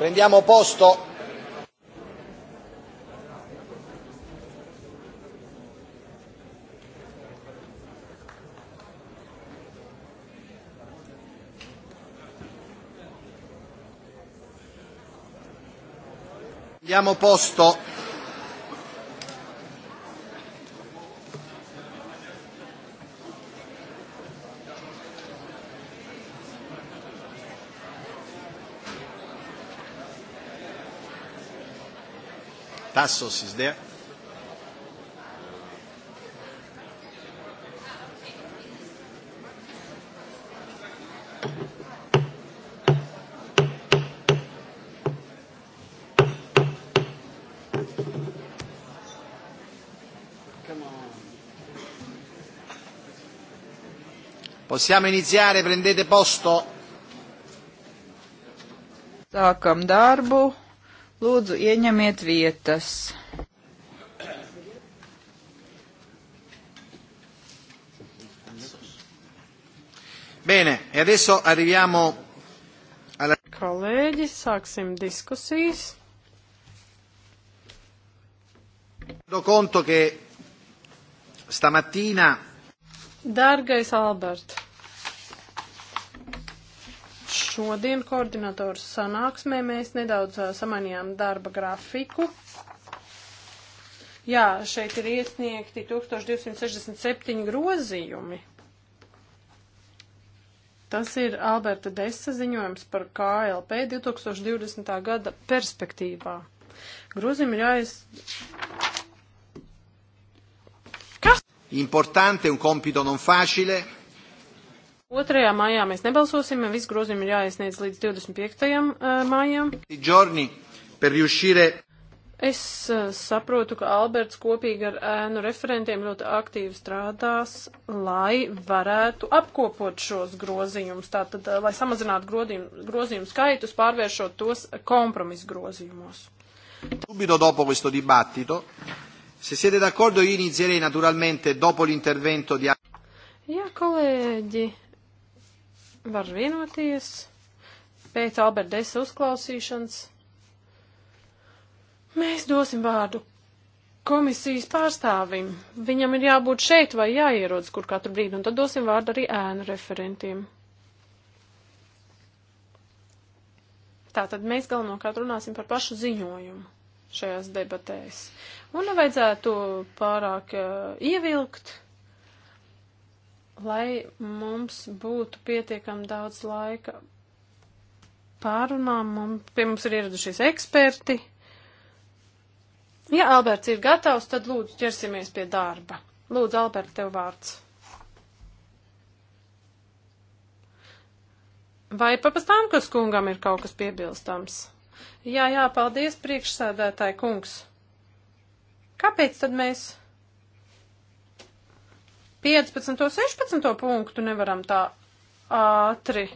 Prendiamo posto. Prendiamo posto. Tassos is there. Possiamo iniziare, prendete posto. Sākam darbu. Lūdzu, ieņemiet vietas. Bene, e adesso arriviamo alla... Kolēģi, sāksim diskusijas. Do conto che stamattina... Dargais Albert šodien koordinatoru sanāksmē mēs nedaudz samainījām darba grafiku. Jā, šeit ir iesniegti 1267 grozījumi. Tas ir Alberta Desa ziņojums par KLP 2020. gada perspektīvā. Grozījumi ir jāies. Kas? Importante, un compito non facile. 2. maijā mēs nebalsosim, ja viss grozījumi ir jāiesniedz līdz 25. maijām. Giorni, per riuscire... Es saprotu, ka Alberts kopīgi ar ēnu referentiem ļoti aktīvi strādās, lai varētu apkopot šos grozījumus, tātad, lai samazinātu grozījumu, grozījumu skaitus, pārvēršot tos kompromisu grozījumos. Subito dopo questo dibattito, se siete d'accordo, io inizierei naturalmente dopo l'intervento di. Ja, kolēģi, var vienoties pēc Alberta Desa uzklausīšanas. Mēs dosim vārdu komisijas pārstāvim. Viņam ir jābūt šeit vai jāierodas kur katru brīdi, un tad dosim vārdu arī ēnu referentiem. Tātad mēs galvenokārt runāsim par pašu ziņojumu šajās debatēs. Un nevajadzētu pārāk uh, ievilkt lai mums būtu pietiekami daudz laika pārunām. Mums, pie mums ir ieradušies eksperti. Ja Alberts ir gatavs, tad lūdzu ķersimies pie darba. Lūdzu, Alberts, tev vārds. Vai papastām, kas kungam ir kaut kas piebilstams? Jā, jā, paldies, priekšsēdētāji kungs. Kāpēc tad mēs 15. un 16. punktu nevaram tā ātri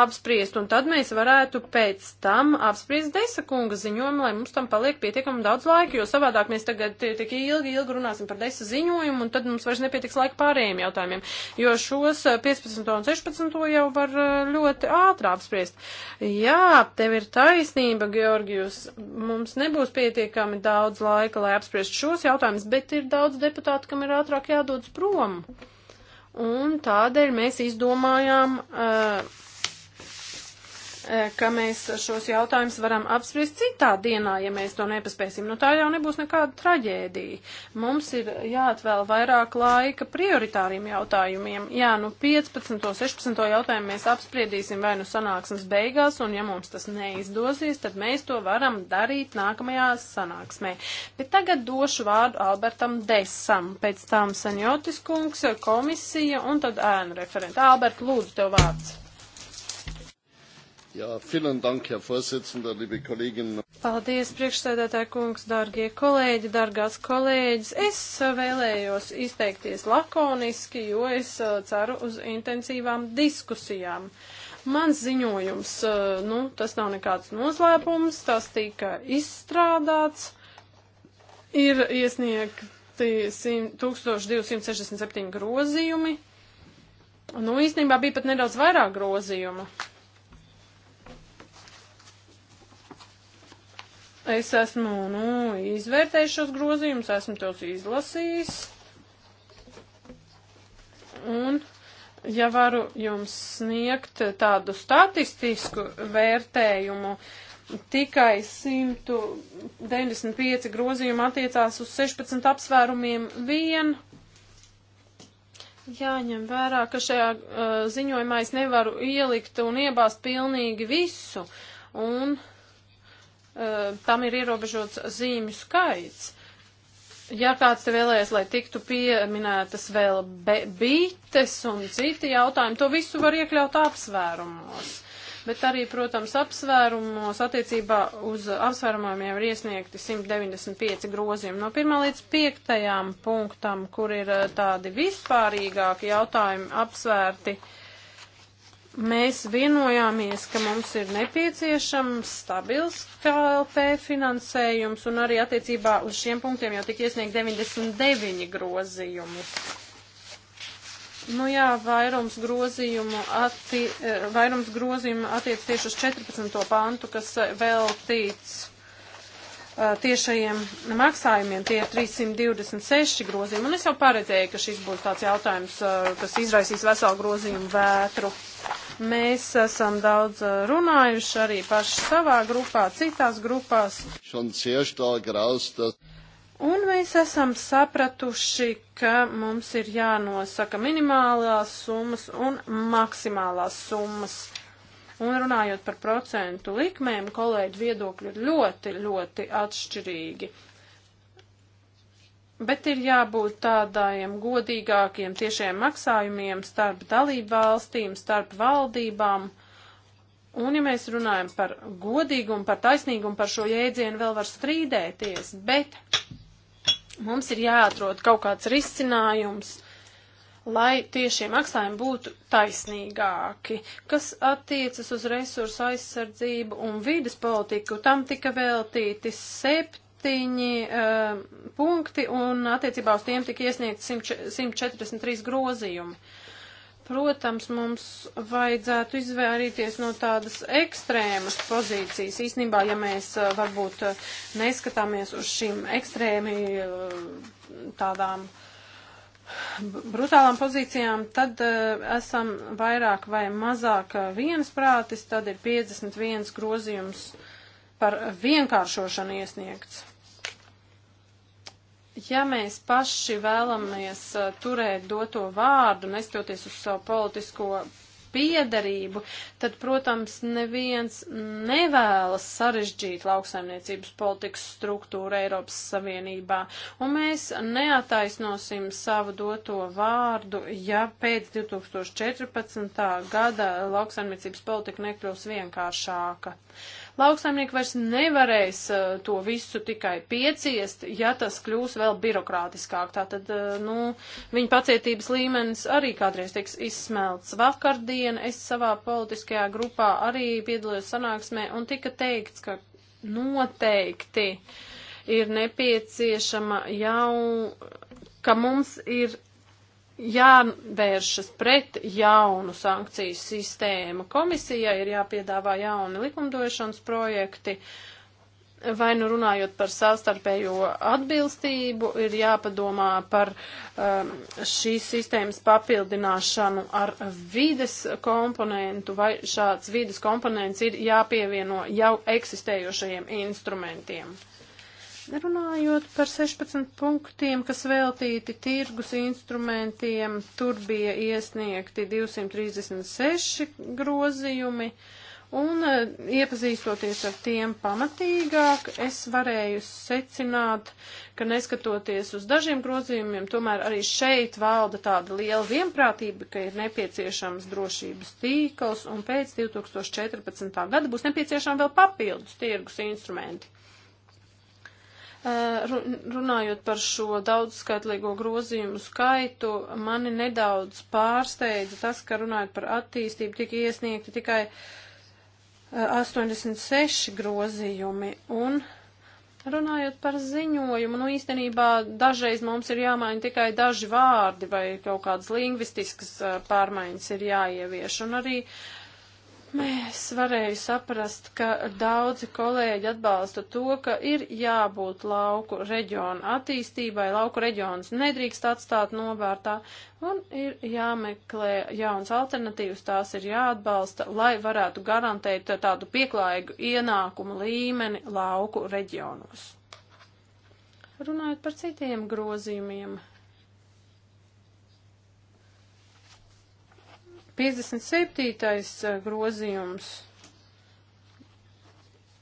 apspriest, un tad mēs varētu pēc tam apspriest desakunga ziņojumu, lai mums tam paliek pietiekami daudz laika, jo savādāk mēs tagad tik ilgi, ilgi runāsim par desa ziņojumu, un tad mums vairs nepietiks laika pārējiem jautājumiem, jo šos 15. Eh, un 16. jau var eh, ļoti ātri apspriest. Jā, tev ir taisnība, Georgijus, mums nebūs pietiekami daudz laika, lai apspriest šos jautājumus, bet ir daudz deputātu, kam ir ātrāk jādodas prom. Un tādēļ mēs izdomājām uh, Eh, ka mēs šos jautājumus varam apspriest citā dienā, ja mēs to nepaspēsim. Nu, tā jau nebūs nekāda traģēdija. Mums ir jāatvēl vairāk laika prioritāriem jautājumiem. Jā, nu 15. 16. jautājumu mēs apspriedīsim vai nu sanāksmes beigās, un ja mums tas neizdosies, tad mēs to varam darīt nākamajā sanāksmē. Bet tagad došu vārdu Albertam Desam, pēc tam Sanjotis kungs, komisija un tad ēnu referenta. Albert, lūdzu, tev vārds. Jā, vielen dank, Herr Vorsitzender, liebe Kolleginnen. Paldies, priekšsēdētāji kungs, dārgie kolēģi, dārgās kolēģis. Es eh, vēlējos izteikties lakoniski, jo es eh, ceru uz intensīvām diskusijām. Mans ziņojums, eh, nu, tas nav nekāds noslēpums, tas tika izstrādāts, ir iesniegti 1267 grozījumi. Nu, īstenībā bija pat nedaudz vairāk grozījumu. Es esmu, nu, izvērtējis šos grozījumus, esmu tos izlasījis. Un, ja varu jums sniegt tādu statistisku vērtējumu, tikai 195 grozījumi attiecās uz 16 apsvērumiem vien. Jāņem vērā, ka šajā uh, ziņojumā es nevaru ielikt un iebāzt pilnīgi visu. Un, uh, Eh, tam ir ierobežots zīmju skaits. Ja kāds te vēlēs, lai tiktu pieminētas vēl bites un citi jautājumi, to visu var iekļaut apsvērumos. Bet arī, protams, apsvērumos attiecībā uz apsvērumiem ir iesniegti 195 grozījumi no 1 līdz 5 punktam, kur ir eh, tādi vispārīgāki jautājumi apsvērti. Uh, mēs vienojāmies, ka mums ir nepieciešams stabils KLP finansējums, un arī attiecībā uz šiem punktiem jau tika iesniegt 99 grozījumi. Nu jā, vairums grozījumu, atti, eh, vairums grozījumu attiec tieši uz 14. pantu, kas eh, veltīts eh, tiešajiem maksājumiem tie ir 326 grozījumi, un es jau paredzēju, ka šis būs tāds jautājums, kas izraisīs veselu grozījumu vētru. Uh, Mēs esam daudz eh, runājuši arī paši savā grupā, citās grupās. Un mēs esam sapratuši, ka mums ir jānosaka minimālās summas un maksimālās summas. Un runājot par procentu likmēm, kolēģi viedokļi ir ļoti, ļoti atšķirīgi bet ir jābūt tādiem godīgākiem tiešiem maksājumiem starp dalību valstīm, starp valdībām. Un ja mēs runājam par godīgumu, par taisnīgumu, par šo jēdzienu vēl var strīdēties, bet mums ir jāatrod kaut kāds risinājums, lai tiešie maksājumi būtu taisnīgāki. Kas attiecas uz resursu aizsardzību un vīdes politiku, tam tika veltīti sept septiņi uh, punkti un attiecībā uz tiem tika iesniegts 143 grozījumi. Protams, mums vajadzētu izvairīties no tādas ekstrēmas pozīcijas. Īsnībā, ja mēs uh, varbūt uh, neskatāmies uz šīm ekstrēmi tādām brutālām pozīcijām, tad uh, esam vairāk vai mazāk viensprātis, tad ir 51 grozījums uh, par vienkāršošanu iesniegts. Ja mēs paši vēlamies uh, turēt doto vārdu, nestoties uz savu politisko piedarību, tad, protams, neviens nevēlas sarežģīt lauksaimniecības politikas struktūru Eiropas Savienībā, un mēs neataisnosim savu doto vārdu, ja pēc 2014. gada lauksaimniecības politika nekļūs vienkāršāka. Uh, Lauksaimnieki vairs nevarēs uh, to visu tikai pieciest, ja tas kļūs vēl birokrātiskāk. Tātad, uh, nu, viņa pacietības līmenis arī kādreiz tiks izsmelts. Vakardien es savā politiskajā grupā arī piedalījos sanāksmē un tika teikts, ka noteikti ir nepieciešama jau ka mums ir jāvēršas pret jaunu sankciju sistēmu. Komisijai ir jāpiedāvā jauni likumdošanas projekti, vai nu runājot par savstarpējo atbilstību, ir jāpadomā par um, šīs sistēmas papildināšanu ar vides komponentu, vai šāds vides komponents ir jāpievieno jau eksistējošajiem instrumentiem. Runājot par 16 punktiem, kas veltīti tirgus instrumentiem, tur bija iesniegti 236 grozījumi, un eh, iepazīstoties ar tiem pamatīgāk, es varēju secināt, ka neskatoties uz dažiem grozījumiem, tomēr arī šeit valda tāda liela vienprātība, ka ir nepieciešams drošības tīkls, un pēc 2014. gada būs nepieciešami vēl papildus tirgus instrumenti. Eh, runājot par šo daudzskaitlīgo grozījumu skaitu, mani nedaudz pārsteidza tas, ka runājot par attīstību tika iesniegti tikai 86 eh, grozījumi un Runājot par ziņojumu, nu īstenībā dažreiz mums ir jāmaina tikai daži vārdi vai kaut kādas lingvistiskas eh, pārmaiņas ir jāievieš. Un arī Mēs varēju saprast, ka daudzi kolēģi atbalsta to, ka ir jābūt lauku reģionu attīstībai, lauku reģionus nedrīkst atstāt novērtā un ir jāmeklē jauns alternatīvas, tās ir jāatbalsta, lai varētu garantēt tādu pieklājīgu ienākumu līmeni lauku reģionos. Runājot par citiem grozījumiem, 57. Eh, grozījums.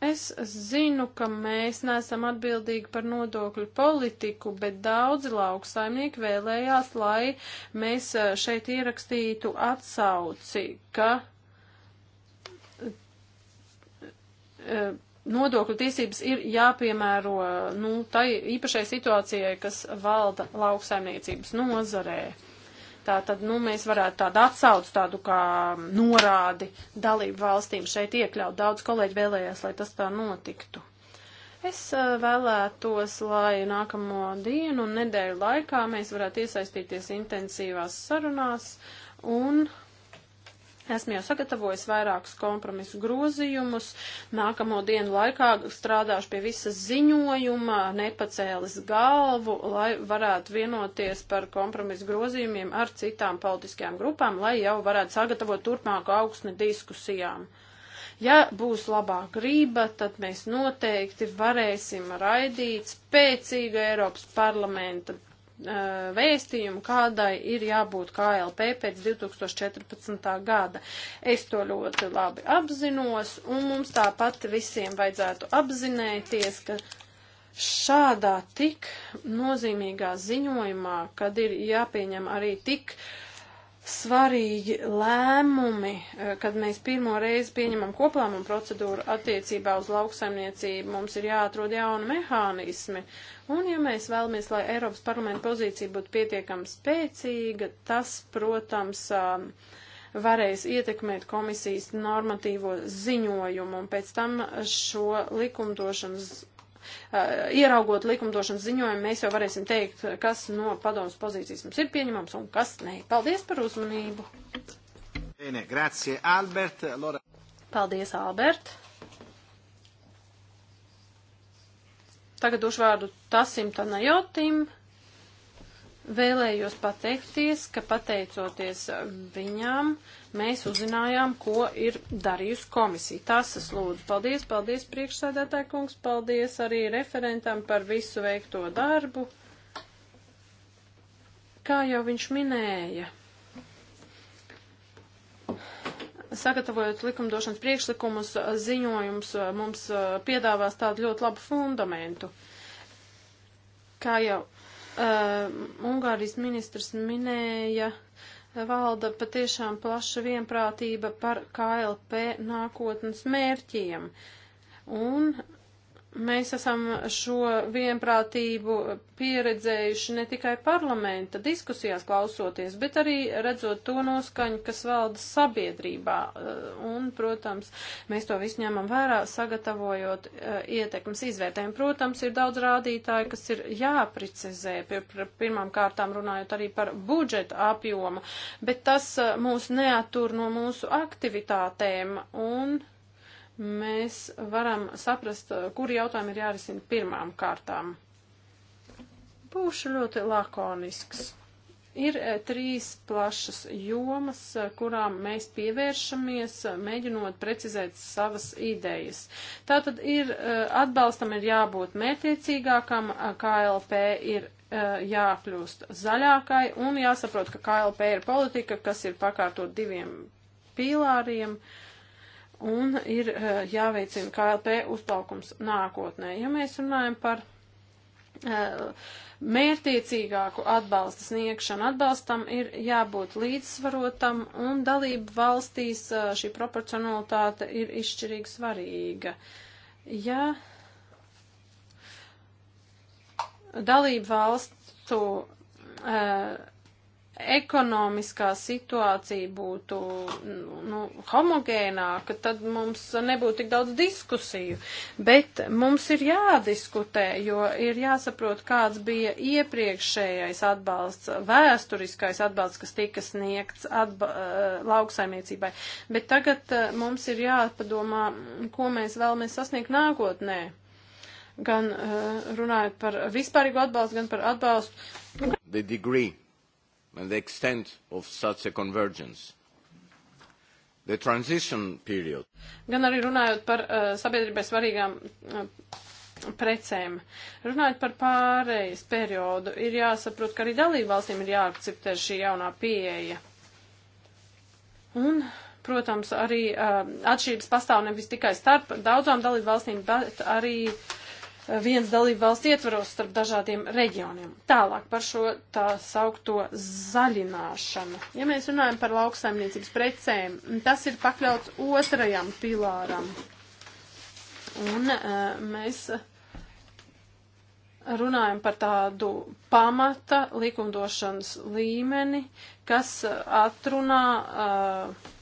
Es zinu, ka mēs neesam atbildīgi par nodokļu politiku, bet daudzi lauksaimnieki vēlējās, lai mēs eh, šeit ierakstītu atsauci, ka eh, nodokļu tiesības ir jāpiemēro nu, tai īpašai situācijai, kas valda lauksaimniecības nozarē. Tā tad, nu, mēs varētu tādu atsaucu, tādu kā norādi dalību valstīm šeit iekļaut. Daudz kolēģi vēlējās, lai tas tā notiktu. Es vēlētos, lai nākamo dienu un nedēļu laikā mēs varētu iesaistīties intensīvās sarunās un uh, Esmu jau sagatavojis vairākus kompromisu grozījumus. Nākamo dienu laikā strādāšu pie visas ziņojuma, nepacēlis galvu, lai varētu vienoties par kompromisu grozījumiem ar citām politiskajām grupām, lai jau varētu sagatavot turpmāku augsni diskusijām. Ja būs labā grība, tad mēs noteikti varēsim raidīt spēcīgu Eiropas parlamenta vēstījumu, kādai ir jābūt KLP pēc 2014. gada. Es to ļoti labi apzinos, un mums tāpat visiem vajadzētu apzinēties, ka šādā tik nozīmīgā ziņojumā, kad ir jāpieņem arī tik uh, svarīgi lēmumi, eh, kad mēs pirmo reizi pieņemam koplēmumu procedūru attiecībā uz lauksaimniecību, mums ir jāatrod jauni mehānismi. Un ja mēs vēlamies, lai Eiropas parlamenta pozīcija būtu pietiekami spēcīga, tas, protams, um, varēs ietekmēt komisijas normatīvo ziņojumu un pēc tam šo likumdošanas Eh, ieraugot likumdošanas ziņojumu, mēs jau varēsim teikt, kas no padomas pozīcijas mums ir pieņemams un kas nē. Paldies par uzmanību! Bene, grazie, Albert. Allora... Paldies, Albert! Tagad došu vārdu Tasim Tanajotim. Vēlējos pateikties, ka pateicoties viņām, uh, mēs uzzinājām, ko ir darījusi komisija. Tas es lūdzu. Paldies, paldies priekšsēdētāji kungs, paldies arī referentam par visu veikto darbu. Kā jau viņš minēja, sagatavojot likumdošanas priekšlikumus, ziņojums uh, mums uh, piedāvās tādu ļoti labu fundamentu. Kā jau uh, Ungārijas ministrs minēja, uh, valda patiešām plaša vienprātība par KLP nākotnes mērķiem. Un Mēs esam šo vienprātību pieredzējuši ne tikai parlamenta diskusijās klausoties, bet arī redzot to noskaņu, kas valda sabiedrībā. Eh, un, protams, mēs to visu ņemam vērā, sagatavojot eh, ietekmes izvērtējumu. Protams, ir daudz rādītāju, kas ir jāprecizē, pirmām kārtām runājot arī par budžeta apjomu, bet tas eh, mūs neatur no mūsu aktivitātēm. Un, mēs varam saprast, eh, kuri jautājumi ir jārisina pirmām kārtām. Būšu ļoti lakonisks. Ir eh, trīs plašas jomas, eh, kurām mēs pievēršamies, mēģinot precizēt savas idejas. Tātad ir atbalstam ir jābūt mētiecīgākam, KLP ir jākļūst zaļākai un jāsaprot, ka KLP ir politika, kas ir pakārtot diviem pīlāriem. Uh, un ir eh, jāveicina KLP uzplaukums nākotnē. Ja mēs runājam par eh, mērtiecīgāku atbalsta sniegšanu, atbalstam ir jābūt līdzsvarotam un dalību valstīs eh, šī proporcionalitāte ir izšķirīgi svarīga. Ja dalību valstu uh, ekonomiskā situācija būtu nu, homogēnāka, tad mums nebūtu tik daudz diskusiju. Bet mums ir jādiskutē, jo ir jāsaprot, kāds bija iepriekšējais atbalsts, vēsturiskais atbalsts, kas tika sniegts atba, eh, lauksaimniecībai. Bet tagad eh, mums ir jāpadomā, ko mēs vēlamies sasniegt nākotnē. Gan uh, runājot par vispārīgu atbalstu, gan par atbalstu. The degree and the extent of such a convergence. The transition period. Gan arī runājot par uh, sabiedrībai svarīgām uh, precēm. Runājot par pārējais periodu, ir jāsaprot, ka arī dalībvalstīm ir jāakceptē šī jaunā pieeja. Un protams, arī uh, atšķirības pastāv nevis tikai starp daudzām dalību valstīm, bet arī uh, viens dalību valsts ietvaros starp dažādiem reģioniem. Tālāk par šo tā saukto zaļināšanu. Ja mēs runājam par lauksaimniecības precēm, tas ir pakļauts otrajam pilāram. Un e, mēs runājam par tādu pamata likumdošanas līmeni, kas atrunā e,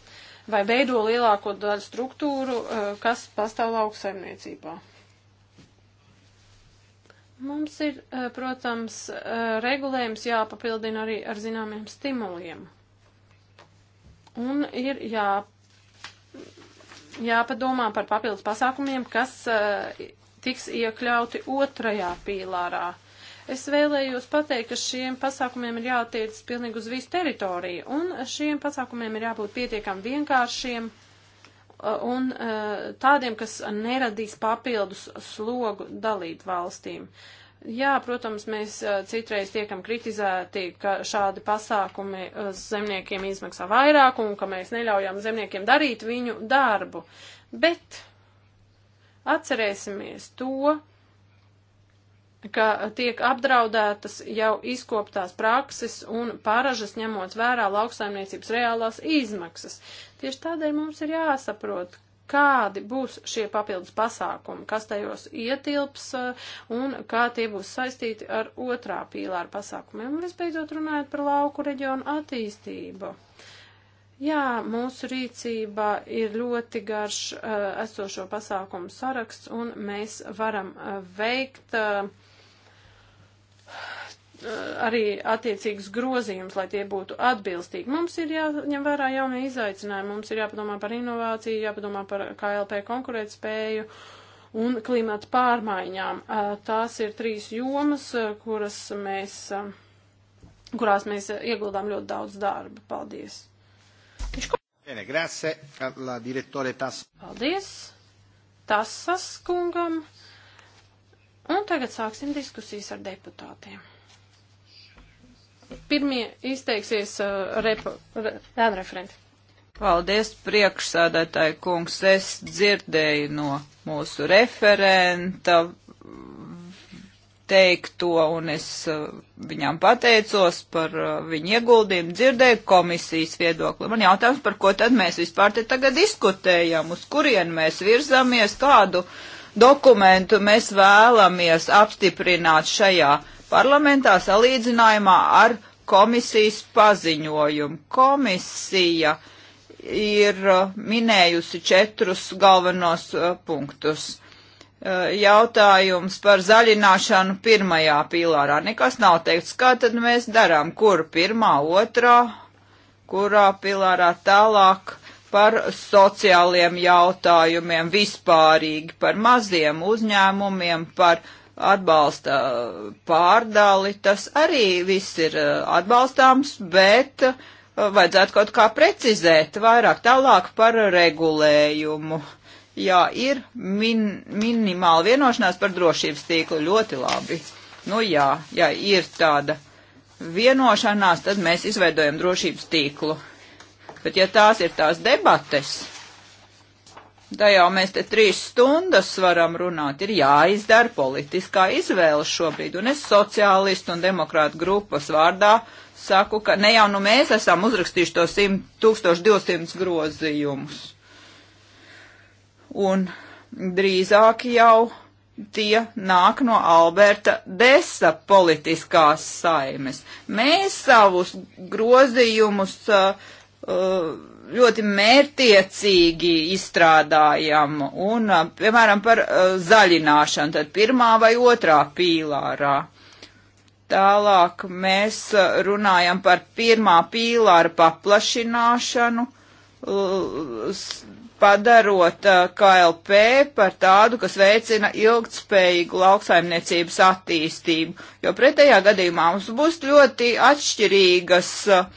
vai veido lielāko daļu struktūru, e, kas pastāv lauksaimniecībā. Mums ir, eh, protams, eh, regulējums jāpapildina arī ar zināmiem stimuliem. Un ir jā, jāpadomā par papildus pasākumiem, kas eh, tiks iekļauti otrajā pīlārā. Es vēlējos pateikt, ka šiem pasākumiem ir jātiec pilnīgi uz visu teritoriju, un šiem pasākumiem ir jābūt pietiekami vienkāršiem un e, tādiem, kas neradīs papildus slogu dalību valstīm. Jā, protams, mēs e, citreiz tiekam kritizēti, ka šādi pasākumi e, zemniekiem izmaksā vairāk un ka mēs neļaujam zemniekiem darīt viņu darbu. Bet atcerēsimies to, ka tiek apdraudētas jau izkoptās prakses un paražas ņemot vērā lauksaimniecības reālās izmaksas. Tieši tādēļ mums ir jāsaprot, kādi būs šie papildus pasākumi, kas tajos ietilps eh, un kā tie būs saistīti ar otrā pīlāra pasākumiem. Un visbeidzot runājot par lauku reģionu attīstību. Jā, mūsu rīcībā ir ļoti garš uh, esošo pasākumu saraksts, un mēs varam uh, veikt uh, Eh, arī attiecīgus grozījumus, lai tie būtu atbilstīgi. Mums ir jāņem vērā jaunie izaicinājumi, mums ir jāpadomā par inovāciju, jāpadomā par KLP konkurētspēju un klimata pārmaiņām. Eh, tās ir trīs jomas, eh, kuras mēs, kurās mēs ieguldām ļoti daudz darba. Paldies! Bene, grazie alla direttore Tas. Paldies Tasas kungam. Un tagad sāksim diskusijas ar deputātiem. Pirmie izteiksies uh, repo, re, referenti. Paldies, priekšsādātāji kungs. Es dzirdēju no mūsu referenta teikto, un es uh, viņām pateicos par uh, viņu ieguldījumu, dzirdēju komisijas viedokli. Man jautājums, par ko tad mēs vispār te tagad diskutējam, uz kurien mēs virzamies, kādu dokumentu mēs vēlamies apstiprināt šajā parlamentā salīdzinājumā ar komisijas paziņojumu. Komisija ir uh, minējusi četrus galvenos uh, punktus. Uh, jautājums par zaļināšanu pirmajā pīlārā. Nekas nav teikts, kā tad mēs darām, kur pirmā, otrā, kurā pilārā tālāk par sociāliem jautājumiem vispārīgi, par maziem uzņēmumiem, par uh, atbalsta pārdali, tas arī viss ir eh, atbalstāms, bet eh, vajadzētu kaut kā precizēt vairāk tālāk par regulējumu. Jā, ir min, minimāla vienošanās par drošības tīklu ļoti labi. Nu jā, ja ir tāda vienošanās, tad mēs izveidojam drošības tīklu. Bet ja tās ir tās debates, Da jau mēs te trīs stundas varam runāt, ir jāizdara politiskā izvēle šobrīd, un es sociālistu un demokrātu grupas vārdā saku, ka ne jau nu mēs esam uzrakstījuši to 100, 1200 grozījumus, un drīzāk jau tie nāk no Alberta Desa politiskās saimes. Mēs savus grozījumus uh, uh, ļoti mērtiecīgi izstrādājam un, piemēram, par zaļināšanu, tad pirmā vai otrā pīlārā. Tālāk mēs runājam par pirmā pīlāra paplašināšanu, padarot KLP par tādu, kas veicina ilgtspējīgu lauksaimniecības attīstību, jo pretējā gadījumā mums būs ļoti atšķirīgas uh,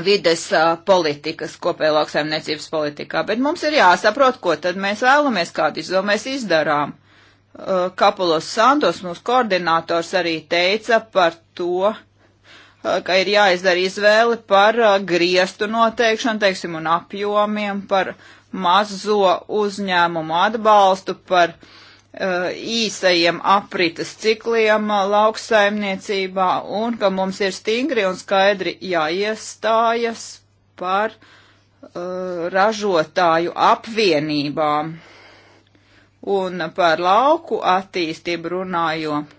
vides politikas, kopēja lauksaimniecības politikā, bet mums ir jāsaprot, ko tad mēs vēlamies, kādu izvēlu mēs izdarām. Kapulos Sandos, mūsu koordinators, arī teica par to, ka ir jāizdara izvēle par griestu noteikšanu, teiksim, un apjomiem, par mazo uzņēmumu atbalstu, par uh, Uh, īsajiem aprites cikliem uh, lauksaimniecībā un ka mums ir stingri un skaidri jāiestājas par uh, ražotāju apvienībām. Un par lauku attīstību runājot,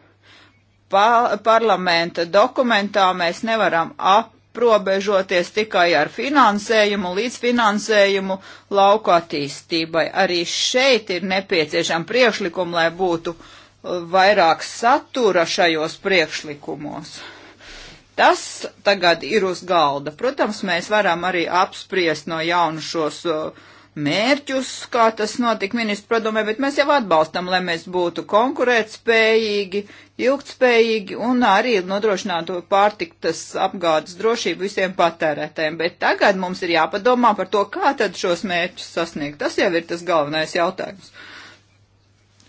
pa parlamenta dokumentā mēs nevaram ap aprobežoties tikai ar finansējumu, līdzfinansējumu lauku attīstībai. Arī šeit ir nepieciešama priekšlikuma, lai būtu uh, vairāk satura šajos priekšlikumos. Tas tagad ir uz galda. Protams, mēs varam arī apspriest no jaunu šos uh, mērķus, kā tas notika ministru padomē, bet mēs jau atbalstam, lai mēs būtu konkurētspējīgi, ilgtspējīgi un arī nodrošinātu pārtiktas apgādes drošību visiem patērētēm. Bet tagad mums ir jāpadomā par to, kā tad šos mērķus sasniegt. Tas jau ir tas galvenais jautājums.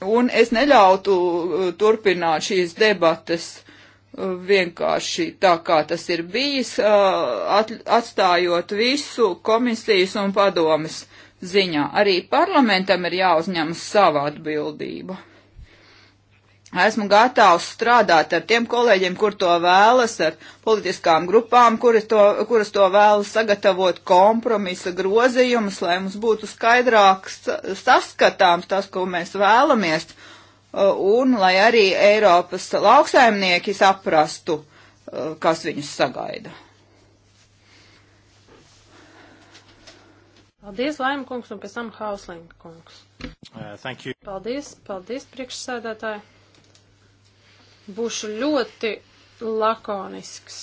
Un es neļautu uh, turpināt šīs debates uh, vienkārši tā, kā tas ir bijis, uh, atstājot visu komisijas un padomas ziņā. Arī parlamentam ir jāuzņemas sava atbildība. Esmu gatavs strādāt ar tiem kolēģiem, kur to vēlas, ar politiskām grupām, kuras to, kuras to vēlas sagatavot kompromisa grozījumus, lai mums būtu skaidrāks saskatāms tas, ko mēs vēlamies, uh, un lai arī Eiropas lauksaimnieki saprastu, uh, kas viņus sagaida. Paldies, Laima kungs, un pēc tam Hauslinga kungs. Uh, thank you. Paldies, paldies, priekšsēdētāji. Būšu ļoti lakonisks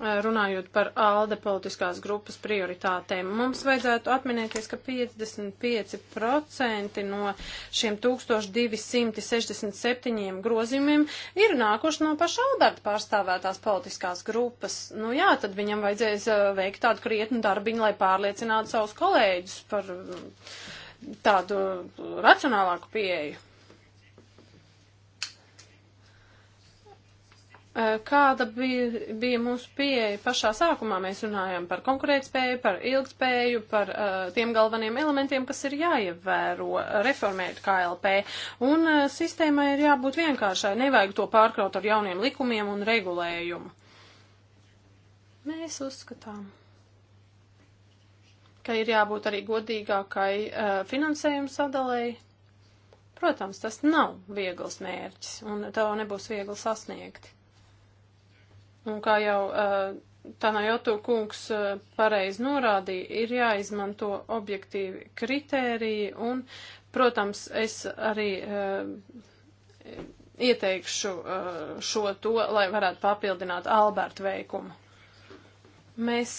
runājot par ALDE politiskās grupas prioritātēm, mums vajadzētu atminēties, ka 55% no šiem 1267 grozījumiem ir nākuši no paša Alberta pārstāvētās politiskās grupas. Nu jā, tad viņam vajadzēs uh, veikt tādu krietnu darbiņu, lai pārliecinātu savus kolēģus par um, tādu racionālāku pieeju. Eh, kāda bija, bija mūsu pieeja pašā sākumā? Mēs runājām par konkurētspēju, par ilgspēju, par uh, tiem galveniem elementiem, kas ir jāievēro reformēt KLP. Un uh, sistēmai ir jābūt vienkāršai, nevajag to pārkraut ar jauniem likumiem un regulējumu. Mēs uzskatām, ka ir jābūt arī godīgākai uh, finansējuma sadalēji. Protams, tas nav viegls mērķis, un to nebūs viegli sasniegt. Un kā jau eh, Tanajoto kungs eh, pareizi norādīja, ir jāizmanto objektīvi kritēriji un, protams, es arī eh, ieteikšu šo to, lai varētu papildināt Alberta veikumu. Mēs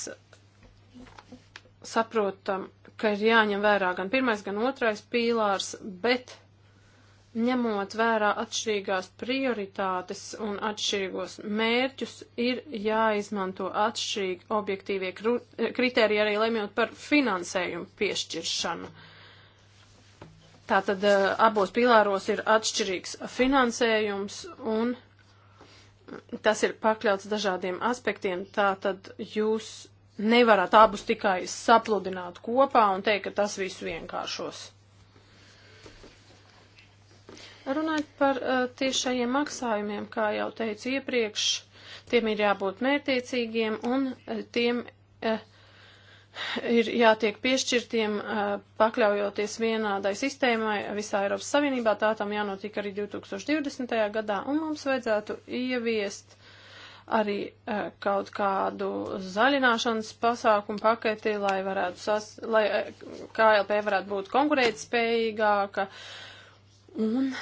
saprotam, ka ir jāņem vērā gan pirmais, gan otrais pīlārs, bet ņemot vērā atšķirīgās prioritātes un atšķirīgos mērķus, ir jāizmanto atšķirīgi objektīvie eh, kriteriji arī lemjot par finansējumu piešķiršanu. Tātad eh, abos pilāros ir atšķirīgs finansējums un tas ir pakļauts dažādiem aspektiem, tātad jūs nevarat abus tikai sapludināt kopā un teikt, ka tas visu vienkāršos. Runājot par uh, tiešajiem maksājumiem, kā jau teicu iepriekš, tiem ir jābūt mērtiecīgiem un uh, tiem uh, ir jātiek piešķirtiem, uh, pakļaujoties vienādai sistēmai visā Eiropas Savienībā. Tā tam jānotiek arī 2020. gadā, un mums vajadzētu ieviest arī uh, kaut kādu zaļināšanas pasākumu paketi, lai varētu, sas, lai uh, KLP varētu būt konkurētspējīgāka. Uh, Un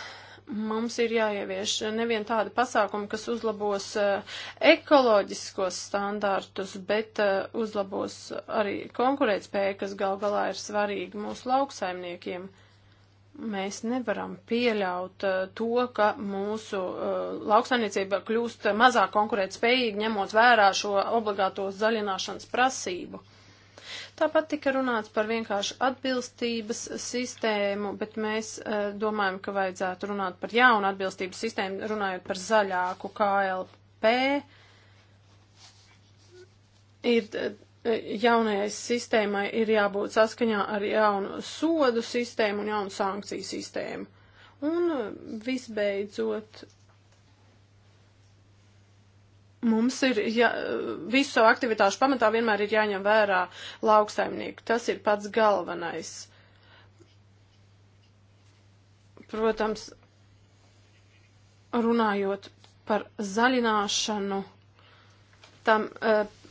mums ir jāievieš nevien tādi pasākumi, kas uzlabos eh, ekoloģiskos standartus, bet eh, uzlabos arī konkurētspēju, kas gal galā ir svarīga mūsu lauksaimniekiem. Mēs nevaram pieļaut eh, to, ka mūsu lauksaimniecība kļūst mazāk konkurētspējīga, ņemot vērā šo obligāto zaļināšanas prasību. Tāpat tika runāts par vienkāršu atbilstības sistēmu, bet mēs e, domājam, ka vajadzētu runāt par jaunu atbilstības sistēmu, runājot par zaļāku KLP. Ir, e, jaunajai sistēmai ir jābūt saskaņā ar jaunu sodu sistēmu un jaunu sankciju sistēmu. Un eh, visbeidzot, mums ir, ja, visu savu aktivitāšu pamatā vienmēr ir jāņem vērā lauksaimnieku. Tas ir pats galvenais. Protams, runājot par zaļināšanu, tam. Uh,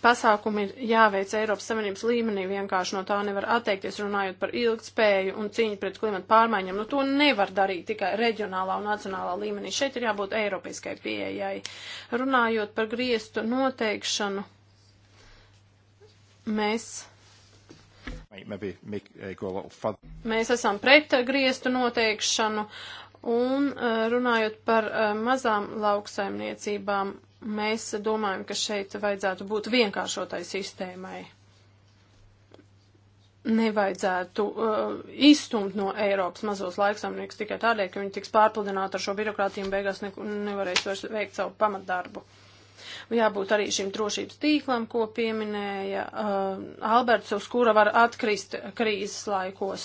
pasākumi ir jāveic Eiropas Savienības līmenī, vienkārši no tā nevar atteikties runājot par ilgtspēju un cīņu pret klimatu pārmaiņām. Nu, to nevar darīt tikai reģionālā un nacionālā līmenī. Šeit ir jābūt eiropiskai pieejai. Runājot par griestu noteikšanu, mēs. Uh, mēs esam pret griestu noteikšanu un uh, runājot par uh, mazām lauksaimniecībām Mēs domājam, ka šeit vajadzētu būt vienkāršotai sistēmai. Nevajadzētu uh, izstumt no Eiropas mazos laiksamniekus tikai tādēļ, ka viņi tiks pārpludināti ar šo birokrātiju un beigās ne, nevarēs vairs veikt savu pamatdarbu. Jābūt arī šim drošības tīklam, ko pieminēja uh, Alberts, uz kura var atkrist krīzes laikos.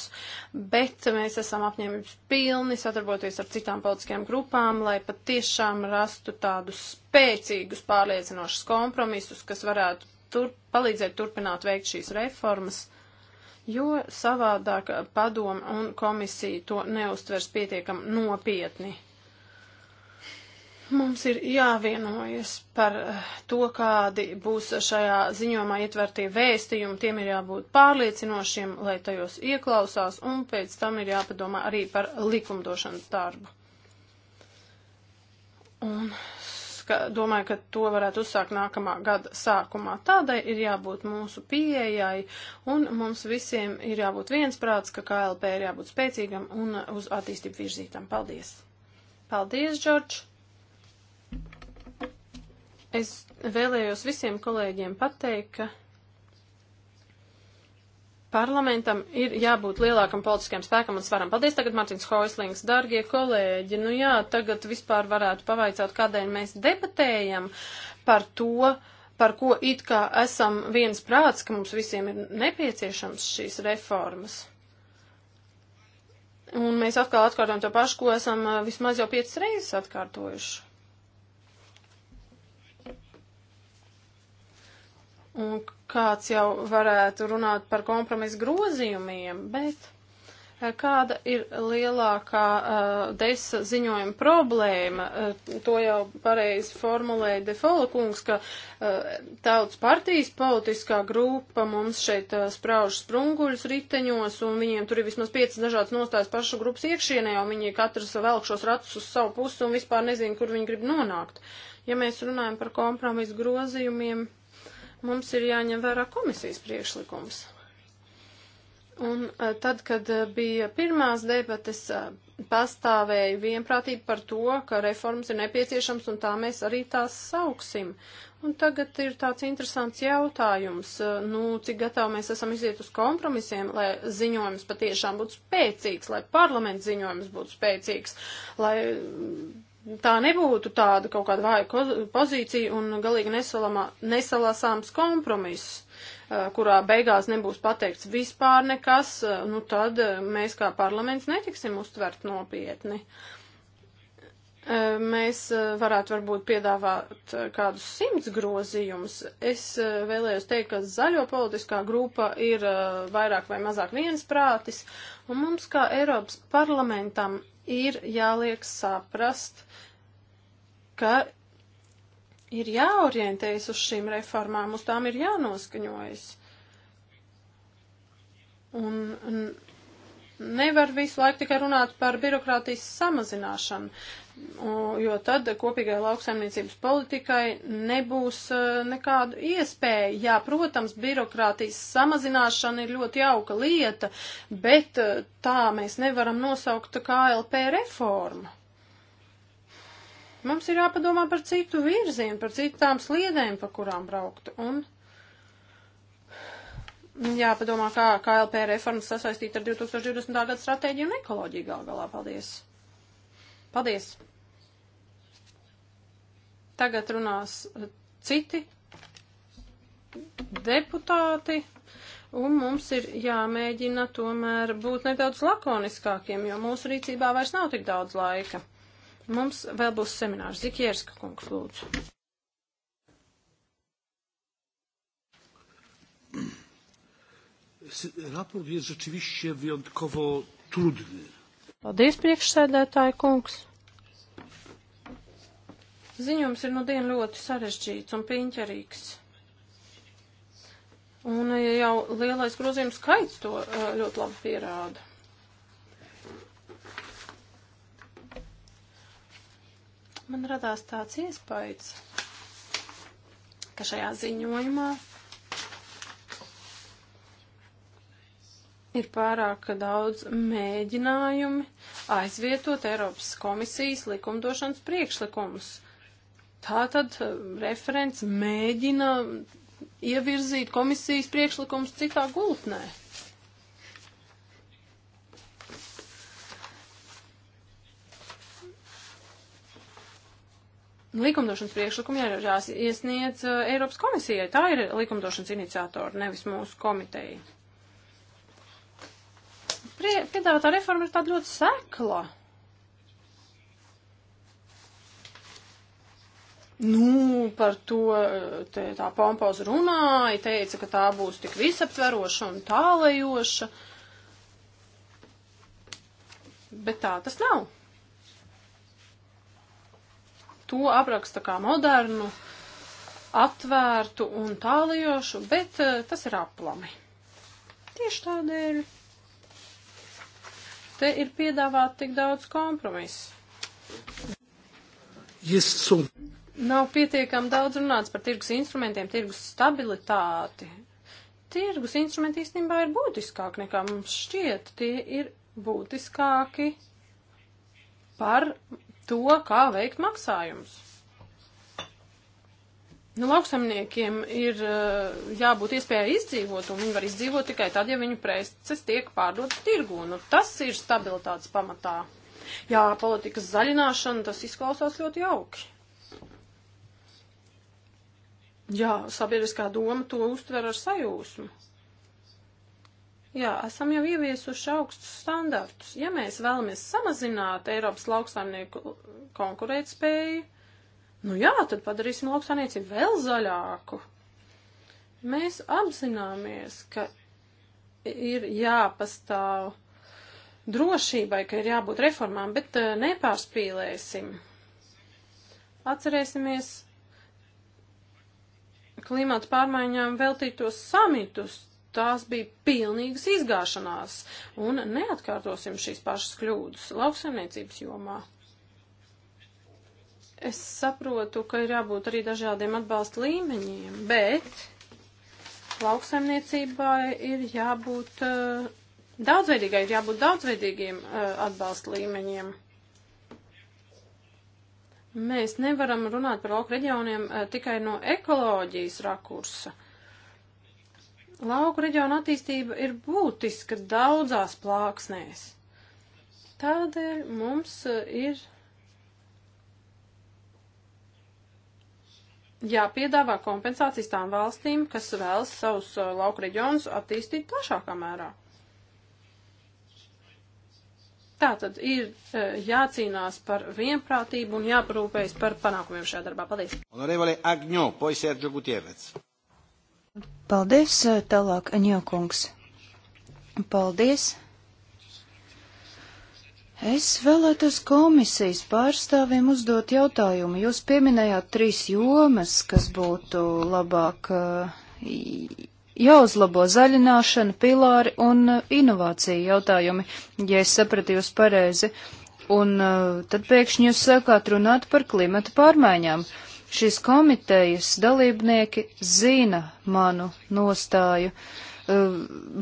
Bet mēs esam apņēmības pilni sadarboties ar citām politiskajām grupām, lai pat tiešām rastu tādus spēcīgus pārliecinošus kompromisus, kas varētu tur, palīdzēt turpināt veikt šīs reformas jo savādāk padoma un komisija to neustvers pietiekam nopietni. Mums ir jāvienojas par eh, to, kādi būs šajā ziņojumā ietvertie vēstījumi. Tiem ir jābūt pārliecinošiem, lai tajos ieklausās, un pēc tam ir jāpadomā arī par likumdošanas darbu. Un ka, domāju, ka to varētu uzsākt nākamā gada sākumā. Tādai ir jābūt mūsu pieejai, un mums visiem ir jābūt viensprāts, ka KLP ir jābūt spēcīgam un uz attīstību virzītam. Paldies! Paldies, Džordž! Es vēlējos visiem kolēģiem pateikt, ka parlamentam ir jābūt lielākam politiskajam spēkam un svaram. Paldies tagad, Mārtiņš Hoislings, dargie kolēģi. Nu jā, tagad vispār varētu pavaicāt, kādēļ mēs debatējam par to, par ko it kā esam viens prāts, ka mums visiem ir nepieciešams šīs reformas. Un mēs atkal atkārtojam to pašu, ko esam eh, vismaz jau piecas reizes atkārtojuši. Un kāds jau varētu runāt par kompromisu grozījumiem, bet eh, kāda ir lielākā uh, desa ziņojuma problēma. Uh, to jau pareizi formulēja Defola kungs, ka uh, tautas partijas politiskā grupa mums šeit uh, sprauž sprunguļus riteņos, un viņiem tur ir vismaz piecas dažādas nostājas pašu grupas iekšienē, un viņi katrs velk šos ratus uz savu pusi un vispār nezin, kur viņi grib nonākt. Ja mēs runājam par kompromisu grozījumiem, mums ir jāņem vērā komisijas priekšlikums. Un eh, tad, kad eh, bija pirmās debates, eh, pastāvēja vienprātība par to, ka reformas ir nepieciešams un tā mēs arī tās sauksim. Un tagad ir tāds interesants jautājums, nu, cik gatavi mēs esam iziet uz kompromisiem, lai ziņojums patiešām būtu spēcīgs, lai parlaments ziņojums būtu spēcīgs, lai tā nebūtu tāda kaut kāda vāja pozīcija un galīgi nesalamā, nesalāsāms kompromiss, kurā beigās nebūs pateikts vispār nekas, nu tad mēs kā parlaments netiksim uztvert nopietni. Mēs varētu varbūt piedāvāt kādus simts grozījumus. Es vēlējos teikt, ka zaļo politiskā grupa ir vairāk vai mazāk viensprātis, un mums kā Eiropas parlamentam ir jāliek saprast, ka ir jāorientējas uz šīm reformām, uz tām ir jānoskaņojas. Un, un nevar visu laiku tikai runāt par birokrātijas samazināšanu jo tad kopīgai lauksaimniecības politikai nebūs e, nekādu iespēju. Jā, protams, birokrātijas samazināšana ir ļoti jauka lieta, bet e, tā mēs nevaram nosaukt KLP reformu. Mums ir jāpadomā par citu virzienu, par citām sliedēm, pa kurām braukt. Un jāpadomā, kā KLP reformas sasaistīt ar 2020. gada stratēģiju un ekoloģiju gal galā. Paldies! Paldies! Tagad runās eh, citi deputāti, un mums ir jāmēģina tomēr būt nedaudz lakoniskākiem, jo mūsu rīcībā vairs nav tik daudz laika. Mums vēl būs seminārs. Zikierska kungs, lūdzu. Raport jest rzeczywiście wyjątkowo trudny. Paldies, priekšsēdētāja kungs. Ziņojums ir nu dienu ļoti sarežģīts un piņķerīgs. Un eh, jau lielais grozījums skaits to eh, ļoti labi pierāda. Man radās tāds iespējas, ka šajā ziņojumā ir pārāk daudz mēģinājumi aizvietot Eiropas komisijas likumdošanas priekšlikumus. Tātad eh, referents mēģina ievirzīt komisijas priekšlikumus citā gultnē. likumdošanas priekšlikumi ir jāiesniedz eh, Eiropas komisijai. Tā ir likumdošanas iniciatora, nevis mūsu komiteja piedāvātā reforma ir tāda ļoti sekla. Nu, par to eh, te, tā pompoz runāja, teica, ka tā būs tik visaptveroša un tālajoša. Bet tā tas nav. To apraksta kā modernu, atvērtu un tālajošu, bet eh, tas ir aplami. Tieši tādēļ. Te ir piedāvāt tik daudz kompromisu. Yes, so. Nav pietiekam daudz runāts par tirgus instrumentiem, tirgus stabilitāti. Tirgus instrumenti īstenībā ir būtiskāk nekā mums šķiet. Tie ir būtiskāki par to, kā veikt maksājumus. Nu, lauksamniekiem ir eh, jābūt iespējai izdzīvot, un viņi var izdzīvot tikai tad, ja viņu preces tiek pārdotas tirgū. Nu, tas ir stabilitātes pamatā. Jā, politikas zaļināšana, tas izklausās ļoti jauki. Jā, sabiedriskā doma to uztver ar sajūsmu. Jā, esam jau ieviesuši augstus standartus. Ja mēs vēlamies samazināt Eiropas lauksaimnieku konkurētspēju, Nu jā, tad padarīsim lauksaniecību vēl zaļāku. Mēs apzināmies, ka ir jāpastāv drošībai, ka ir jābūt reformām, bet eh, nepārspīlēsim. Atcerēsimies klimata pārmaiņām veltītos samitus. Tās bija pilnīgas izgāšanās, un neatkārtosim šīs pašas kļūdas lauksaimniecības jomā. Es saprotu, ka ir jābūt arī dažādiem atbalsta līmeņiem, bet lauksaimniecībai ir jābūt uh, daudzveidīgai, ir jābūt daudzveidīgiem uh, atbalsta līmeņiem. Mēs nevaram runāt par lauku reģioniem uh, tikai no ekoloģijas rakursa. Lauku reģiona attīstība ir būtiska daudzās plāksnēs. Tādēļ mums ir jāpiedāvā kompensācijas tām valstīm, kas vēlas savus uh, lauku reģionus attīstīt plašākā mērā. Tātad ir uh, jācīnās par vienprātību un jāparūpējas par panākumiem šajā darbā. Paldies! Honorevole Agņo, poi Sergio Gutievec. Paldies, uh, tālāk, Aņokungs. Paldies! Es vēlētos komisijas pārstāvim uzdot jautājumu. Jūs pieminējāt trīs jomas, kas būtu labāk eh, jāuzlabo zaļināšana, pilāri un eh, inovācija jautājumi, ja es sapratu jūs pareizi. Un eh, tad pēkšņi jūs sākāt runāt par klimata pārmaiņām. Šīs komitejas dalībnieki zina manu nostāju. Uh, uh,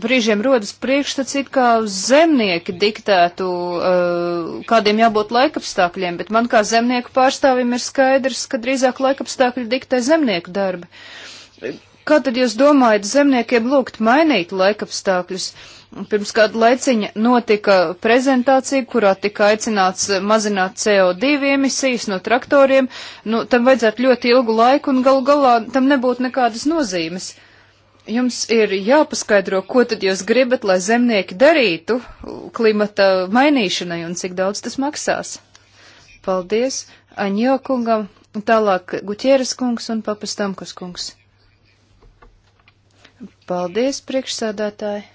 brīžiem rodas priekšstats, it kā zemnieki diktētu, uh, kādiem jābūt laikapstākļiem, bet man kā zemnieku pārstāvim ir skaidrs, ka drīzāk laikapstākļi diktē zemnieku darbi. Kā tad jūs domājat zemniekiem lūgt mainīt laikapstākļus? Pirms kāda laiciņa notika prezentācija, kurā tika aicināts mazināt CO2 emisijas no traktoriem. Nu, tam vajadzētu ļoti ilgu laiku un galu galā tam nebūtu nekādas nozīmes. Jums ir jāpaskaidro, ko tad jūs gribat, lai zemnieki darītu klimata mainīšanai un cik daudz tas maksās. Paldies Aņo kungam, tālāk Guķieres kungs un papastamkas kungs. Paldies, priekšsādātāji.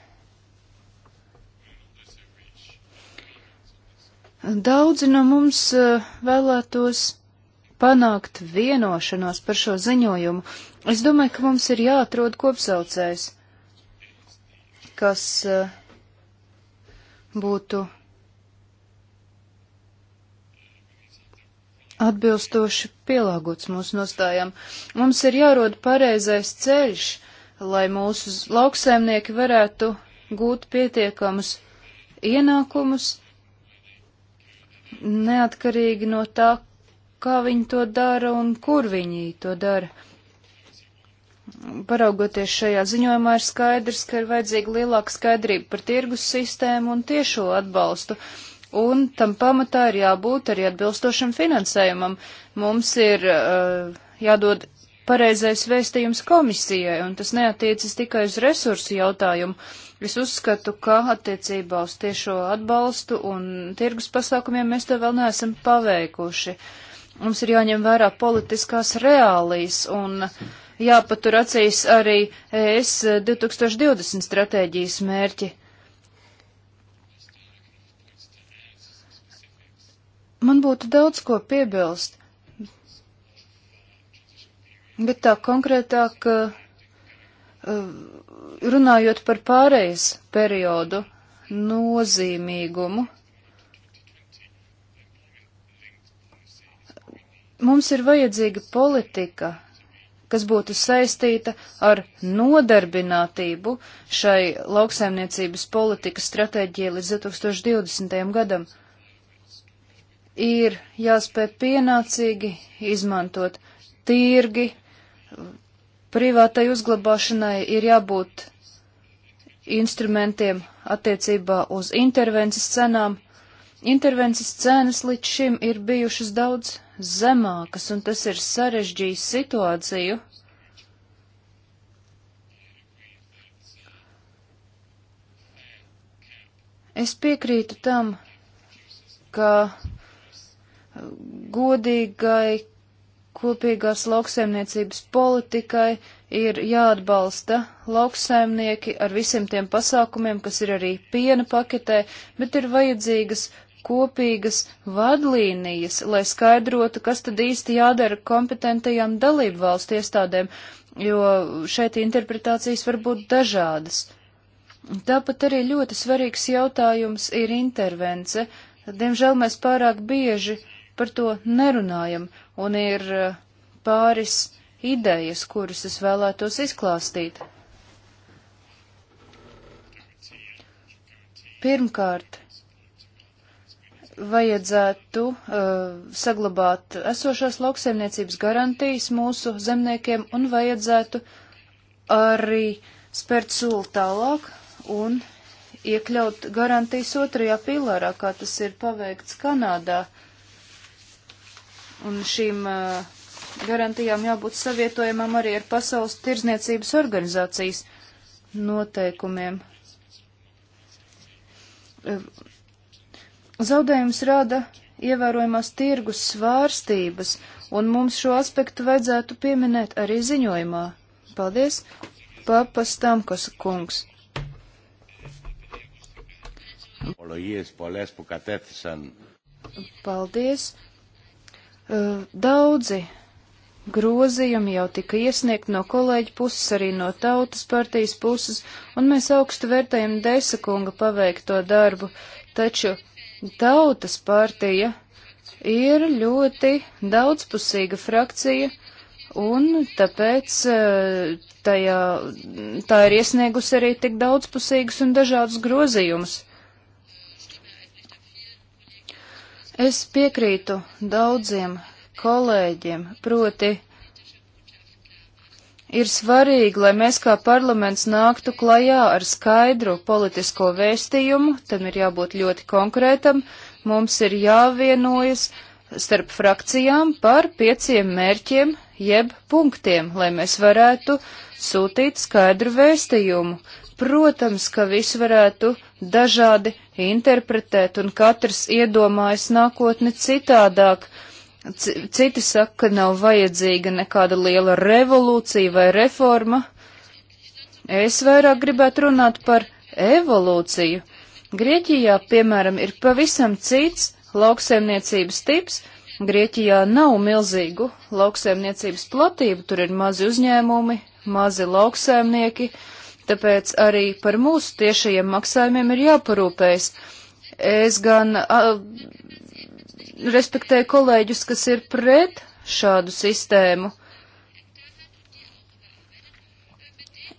Daudzi no mums eh, vēlētos panākt vienošanos par šo ziņojumu, Es domāju, ka mums ir jāatrod kopsaucējs, kas eh, būtu atbilstoši pielāgots mūsu nostājām. Mums ir jārod pareizais ceļš, lai mūsu lauksēmnieki varētu gūt pietiekamus ienākumus, neatkarīgi no tā, kā viņi to dara un kur viņi to dara. Paraugoties šajā ziņojumā, ir skaidrs, ka ir vajadzīga lielāka skaidrība par tirgus sistēmu un tiešo atbalstu, un tam pamatā ir jābūt arī atbilstošam finansējumam. Mums ir uh, jādod pareizais vēstījums komisijai, un tas neatiecas tikai uz resursu jautājumu. Es uzskatu, ka attiecībā uz tiešo atbalstu un tirgus pasākumiem mēs to vēl neesam paveikuši. Mums ir jāņem vērā politiskās reālijas, un jāpatur acīs arī e ES 2020 stratēģijas mērķi. Man būtu daudz ko piebilst, bet tā konkrētāk uh, runājot par pārējais periodu nozīmīgumu. Mums ir vajadzīga politika, kas būtu saistīta ar nodarbinātību šai lauksaimniecības politikas stratēģijai līdz 2020. gadam. Ir jāspēj pienācīgi izmantot tirgi, privātai uzglabāšanai ir jābūt instrumentiem attiecībā uz intervences cenām. Intervences cenas līdz šim ir bijušas daudz zemākas, un tas ir sarežģījis situāciju. Es piekrītu tam, ka godīgai kopīgās lauksaimniecības politikai ir jāatbalsta lauksaimnieki ar visiem tiem pasākumiem, kas ir arī piena paketē, bet ir vajadzīgas kopīgas vadlīnijas, lai skaidrotu, kas tad īsti jādara kompetentajām dalību valstu iestādēm, jo šeit interpretācijas var būt dažādas. Tāpat arī ļoti svarīgs jautājums ir intervence. Diemžēl mēs pārāk bieži par to nerunājam, un ir eh, pāris idejas, kuras es vēlētos izklāstīt. Pirmkārt, vajadzētu uh, saglabāt esošās lauksaimniecības garantijas mūsu zemniekiem un vajadzētu arī spērt soli tālāk un iekļaut garantijas otrajā pilārā, kā tas ir paveikts Kanādā. Un šīm uh, garantijām jābūt savietojamam arī ar Pasaules tirzniecības organizācijas noteikumiem. Uh, Zaudējums rada ievērojamās tirgus svārstības, un mums šo aspektu vajadzētu pieminēt arī ziņojumā. Paldies, papas Tamkos kungs. Paldies. Uh, daudzi grozījumi jau tika iesniegt no kolēģa puses, arī no tautas partijas puses, un mēs augstu vērtējam Deisakunga paveikto darbu, taču Tautas partija ir ļoti daudzpusīga frakcija, un tāpēc eh, tajā, tā ir iesniegusi arī tik daudzpusīgus un dažādus grozījumus. Es piekrītu daudziem kolēģiem, proti Ir svarīgi, lai mēs kā parlaments nāktu klajā ar skaidru politisko vēstījumu, tam ir jābūt ļoti konkrētam, mums ir jāvienojas starp frakcijām par pieciem mērķiem jeb punktiem, lai mēs varētu sūtīt skaidru vēstījumu. Protams, ka visu varētu dažādi interpretēt un katrs iedomājas nākotni citādāk Citi saka, ka nav vajadzīga nekāda liela revolūcija vai reforma. Es vairāk gribētu runāt par evolūciju. Grieķijā, piemēram, ir pavisam cits lauksaimniecības tips. Grieķijā nav milzīgu lauksaimniecības platību, tur ir mazi uzņēmumi, mazi lauksaimnieki, tāpēc arī par mūsu tiešajiem maksājumiem ir jāparūpējas. Es gan a, respektēju kolēģus, kas ir pret šādu sistēmu.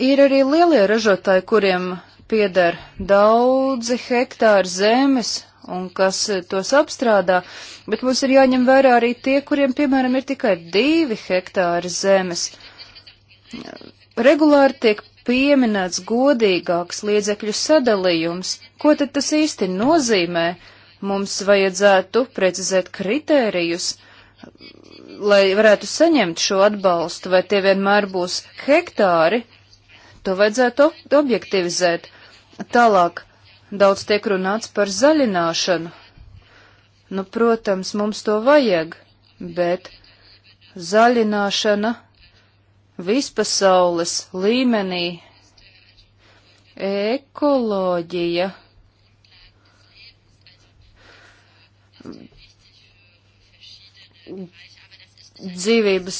Ir arī lielie ražotāji, kuriem pieder daudzi hektāri zemes un kas tos apstrādā, bet mums ir jāņem vērā arī tie, kuriem, piemēram, ir tikai divi hektāri zemes. Regulāri tiek pieminēts godīgāks liedzekļu sadalījums. Ko tad tas īsti nozīmē? Uh, Mums vajadzētu precizēt kritērijus, lai varētu saņemt šo atbalstu, vai tie vienmēr būs hektāri. To vajadzētu objektivizēt. Tālāk daudz tiek runāts par zaļināšanu. Nu, protams, mums to vajag, bet zaļināšana vispasaules līmenī ekoloģija dzīvības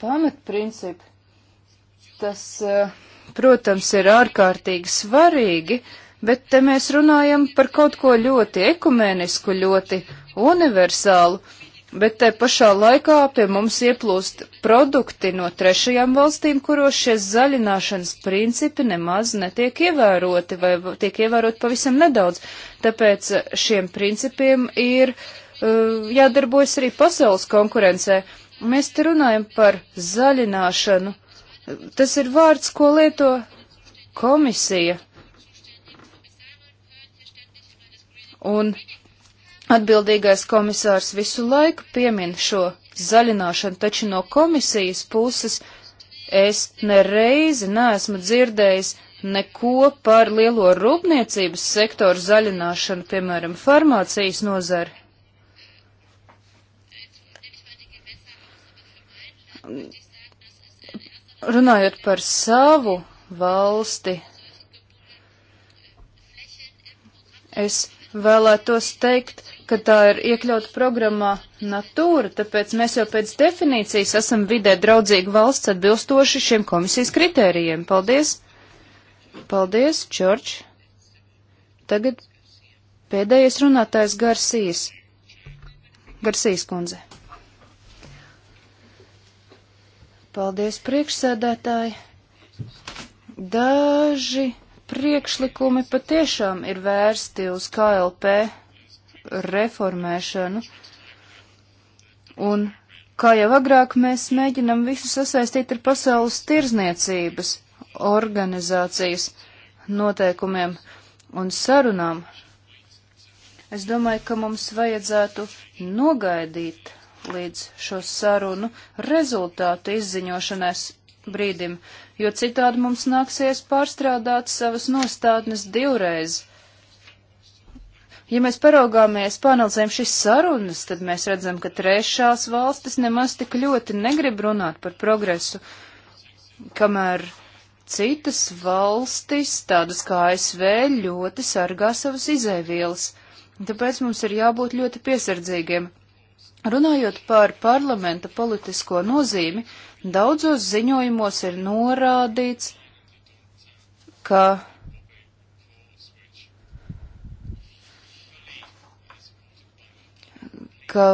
pamatprincipi, tas, eh, protams, ir ārkārtīgi svarīgi, bet te mēs runājam par kaut ko ļoti ekumenisku, ļoti universālu, bet te pašā laikā pie mums ieplūst produkti no trešajām valstīm, kuros šie zaļināšanas principi nemaz netiek ievēroti vai tiek ievēroti pavisam nedaudz. Tāpēc šiem principiem ir uh, jādarbojas arī pasaules konkurencē. Mēs te runājam par zaļināšanu. Tas ir vārds, ko lieto komisija. Un Atbildīgais komisārs visu laiku piemin šo zaļināšanu, taču no komisijas puses es nereizi neesmu dzirdējis neko par lielo rūpniecības sektoru zaļināšanu, piemēram, farmācijas nozari. Runājot par savu valsti, es vēlētos teikt, ka tā ir iekļauta programmā Natūra, tāpēc mēs jau pēc definīcijas esam vidē draudzīga valsts atbilstoši šiem komisijas kritērijiem. Paldies! Paldies, Čorč! Tagad pēdējais runātājs Garsīs. Garsīs kundze. Paldies, priekšsēdētāji! Daži priekšlikumi patiešām ir vērsti uz KLP reformēšanu. Un, kā jau agrāk, mēs mēģinam visu sasaistīt ar pasaules tirzniecības organizācijas noteikumiem un sarunām. Es domāju, ka mums vajadzētu nogaidīt līdz šo sarunu rezultātu izziņošanas brīdim, jo citādi mums nāksies pārstrādāt savas nostādnes divreiz. Ja mēs paraugāmies, panalizējam šīs sarunas, tad mēs redzam, ka trešās valstis nemaz tik ļoti negrib runāt par progresu, kamēr citas valstis, tādas kā ASV, ļoti sargā savas izēvielas. Tāpēc mums ir jābūt ļoti piesardzīgiem. Runājot par parlamenta politisko nozīmi, daudzos ziņojumos ir norādīts, ka ka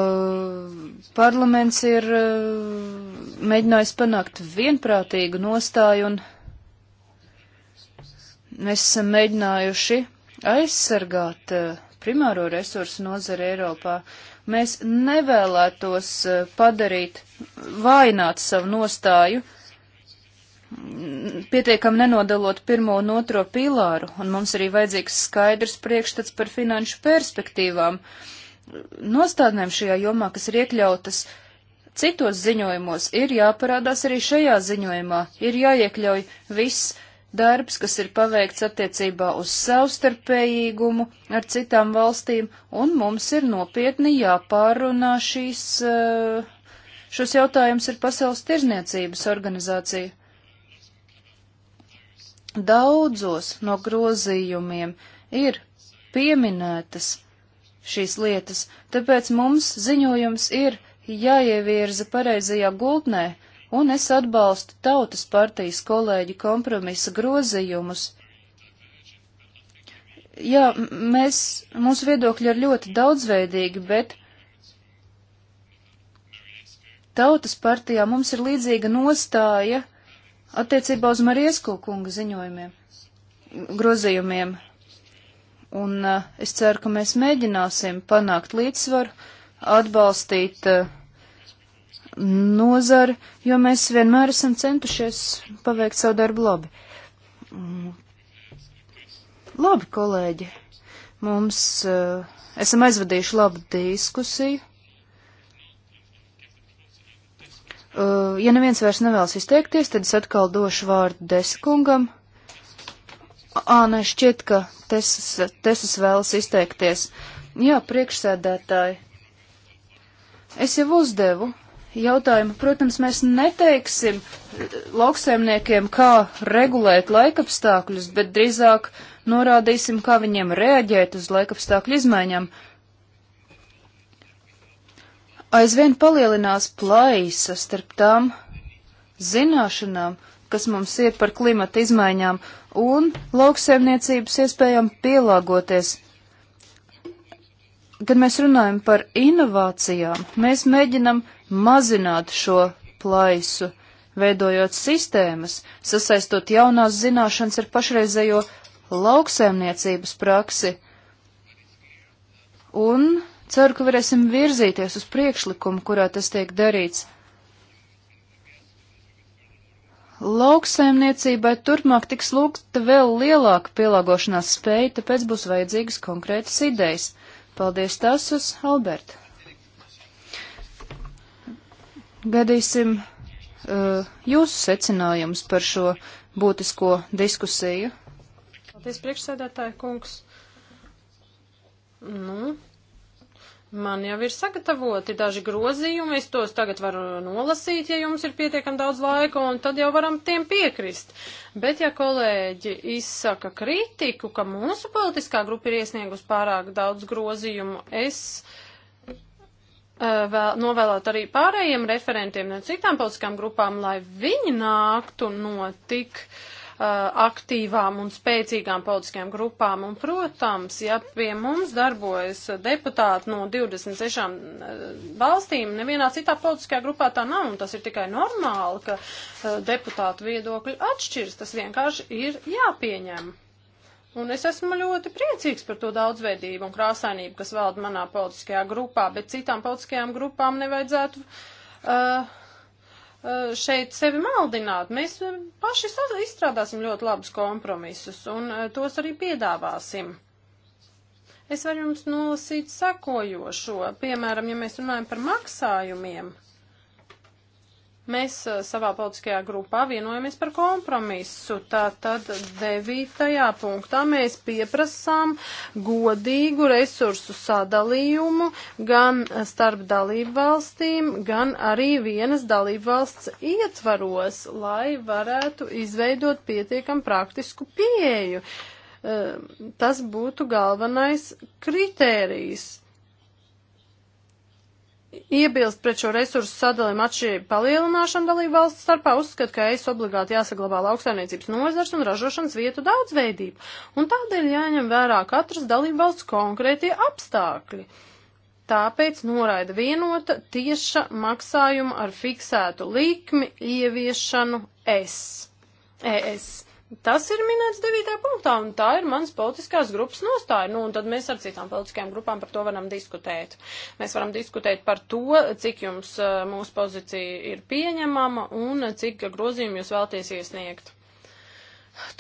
parlaments ir e, mēģinājis panākt vienprātīgu nostāju un mēs esam mēģinājuši aizsargāt e, primāro resursu nozari Eiropā. Mēs nevēlētos e, padarīt, vainot savu nostāju, pietiekam nenodalot pirmo un otro pilāru, un mums arī vajadzīgs skaidrs priekšstats par finanšu perspektīvām. Uh, nostādnēm šajā jomā, kas ir iekļautas citos ziņojumos, ir jāparādās arī šajā ziņojumā, ir jāiekļauj viss darbs, kas ir paveikts attiecībā uz savstarpējīgumu ar citām valstīm, un mums ir nopietni jāpārunā šīs, eh, šos jautājumus ar Pasaules tirzniecības organizāciju. Daudzos no grozījumiem ir pieminētas šīs lietas, tāpēc mums ziņojums ir jāievirza pareizajā gultnē, un es atbalstu tautas partijas kolēģi kompromisa grozījumus. Jā, mēs, mūsu viedokļi ir ļoti daudzveidīgi, bet tautas partijā mums ir līdzīga nostāja attiecībā uz Mariesku kunga ziņojumiem, grozījumiem, Un uh, es ceru, ka mēs mēģināsim panākt līdzsvaru, atbalstīt uh, nozari, jo mēs vienmēr esam centušies paveikt savu darbu labi. Mm. Labi, kolēģi, mums uh, esam aizvadījuši labu diskusiju. Uh, ja neviens vairs nevēlas izteikties, tad es atkal došu vārdu Desikungam. Ā, nē, šķiet, ka tesas, tesas vēlas izteikties. Jā, priekšsēdētāji. Es jau uzdevu jautājumu. Protams, mēs neteiksim lauksaimniekiem, kā regulēt laikapstākļus, bet drīzāk norādīsim, kā viņiem reaģēt uz laikapstākļu izmaiņām. Aizvien palielinās plaisa starp tām zināšanām, kas mums ir par klimata izmaiņām un lauksaimniecības iespējām pielāgoties. Kad mēs runājam par inovācijām, mēs mēģinam mazināt šo plaisu, veidojot sistēmas, sasaistot jaunās zināšanas ar pašreizējo lauksaimniecības praksi. Un ceru, ka varēsim virzīties uz priekšlikumu, kurā tas tiek darīts. Lauksaimniecībai turpmāk tiks lūgta vēl lielāka pielāgošanās spēja, tāpēc būs vajadzīgas konkrētas idejas. Paldies tās uz Albertu. Gadīsim uh, jūsu secinājumus par šo būtisko diskusiju. Paldies, priekšsēdētāja kungs. Nu, Man jau ir sagatavoti daži grozījumi, es tos tagad varu nolasīt, ja jums ir pietiekami daudz laika, un tad jau varam tiem piekrist. Bet ja kolēģi izsaka kritiku, ka mūsu politiskā grupa ir iesniegus pārāk daudz grozījumu, es uh, vēl, novēlētu arī pārējiem referentiem no citām politiskām grupām, lai viņi nāktu no tik. Uh, Uh, aktīvām un spēcīgām politiskajām grupām. Un, protams, ja pie mums darbojas deputāti no 26 uh, valstīm, nevienā citā politiskajā grupā tā nav, un tas ir tikai normāli, ka uh, deputātu viedokļi atšķiras. Tas vienkārši ir jāpieņem. Un es esmu ļoti priecīgs par to daudzveidību un krāsainību, kas valda manā politiskajā grupā, bet citām politiskajām grupām nevajadzētu. Uh, Eh, šeit sevi maldināt. Mēs eh, paši izstrādāsim ļoti labus kompromisus un eh, tos arī piedāvāsim. Es varu jums nolasīt sekojošo. Piemēram, ja mēs runājam par maksājumiem, Mēs eh, savā politiskajā grupā vienojamies par kompromisu. Tātad devītajā punktā mēs pieprasām godīgu resursu sadalījumu gan starp dalību valstīm, gan arī vienas dalību valsts ietvaros, lai varētu izveidot pietiekam praktisku pieeju. Eh, tas būtu galvenais kritērijs iebilst pret šo resursu sadalījumu atšķirību palielināšanu dalību valsts starpā, uzskata, ka es obligāti jāsaglabā lauksaimniecības nozars un ražošanas vietu daudzveidību, un tādēļ jāņem vērā katras dalību valsts konkrētie apstākļi. Tāpēc noraida vienota tieša maksājuma ar fiksētu likmi ieviešanu e S. ES. Tas ir minēts 9. punktā, un tā ir mans politiskās grupas nostāja. Nu, un tad mēs ar citām politiskajām grupām par to varam diskutēt. Mēs varam diskutēt par to, cik jums eh, mūsu pozīcija ir pieņemama un cik grozījumu jūs vēlties iesniegt.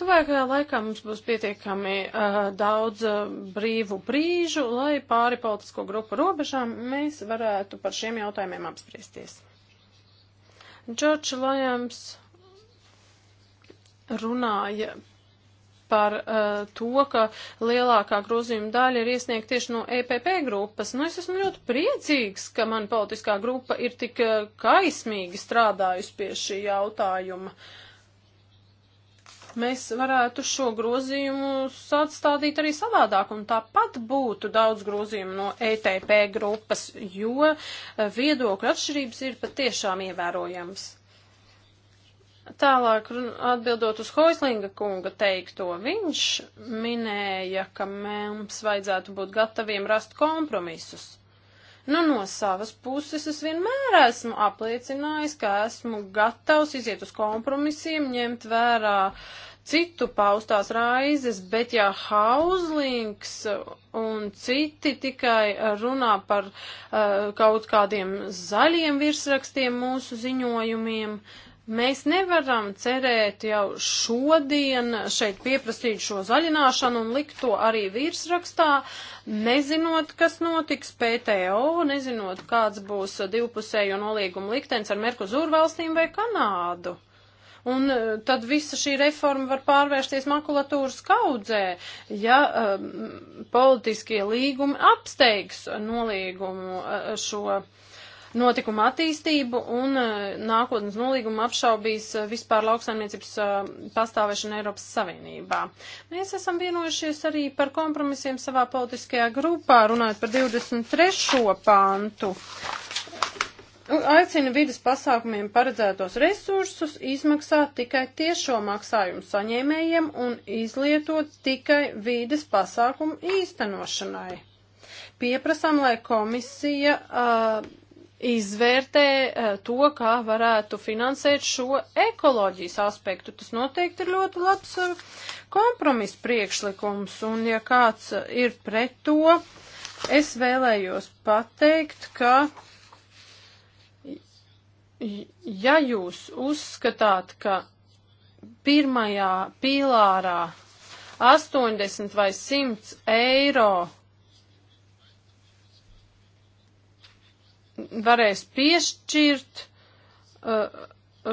Tuvākajā laikā mums būs pietiekami uh, daudz uh, brīvu brīžu, lai pāri politisko grupu robežām mēs varētu par šiem jautājumiem apspriesties. Džordžs Lajams runāja par uh, to, ka lielākā grozījuma daļa ir iesniegta tieši no EPP grupas. Nu, es esmu ļoti priecīgs, ka man politiskā grupa ir tik uh, kaismīgi strādājusi pie šī jautājuma. Mēs varētu šo grozījumu atstādīt arī savādāk, un tāpat būtu daudz grozījumu no ETP grupas, jo uh, viedokļu atšķirības ir patiešām ievērojams. Tālāk atbildot uz Hoislinga kunga teikto, viņš minēja, ka mums vajadzētu būt gataviem rast kompromisus. Nu, no savas puses es vienmēr esmu apliecinājis, ka esmu gatavs iziet uz kompromisiem, ņemt vērā uh, citu paustās raizes, bet ja Hauslings un citi tikai runā par uh, kaut kādiem zaļiem virsrakstiem mūsu ziņojumiem, uh, Mēs nevaram cerēt jau šodien šeit pieprasīt šo zaļināšanu un likt to arī virsrakstā, nezinot, kas notiks PTO, nezinot, kāds būs divpusējo noliegumu liktenis ar Merkuzūru valstīm vai Kanādu. Un e, tad visa šī reforma var pārvērsties makulatūras kaudzē, ja um, politiskie līgumi apsteigs noliegumu e, šo. Uh, notikuma attīstību un eh, nākotnes nolīguma apšaubīs eh, vispār lauksaimniecības eh, pastāvēšanu Eiropas Savienībā. Mēs esam vienojušies arī par kompromisiem savā politiskajā grupā, runājot par 23. pantu nu, aicina vidas pasākumiem paredzētos resursus izmaksāt tikai tiešo maksājumu saņēmējiem un izlietot tikai vidas pasākumu īstenošanai. Pieprasām, lai komisija uh, izvērtē eh, to, kā varētu finansēt šo ekoloģijas aspektu. Tas noteikti ir ļoti labs eh, kompromiss priekšlikums, un ja kāds eh, ir pret to, es vēlējos pateikt, ka ja jūs uzskatāt, ka pirmajā pīlārā 80 vai 100 eiro varēs piešķirt, uh,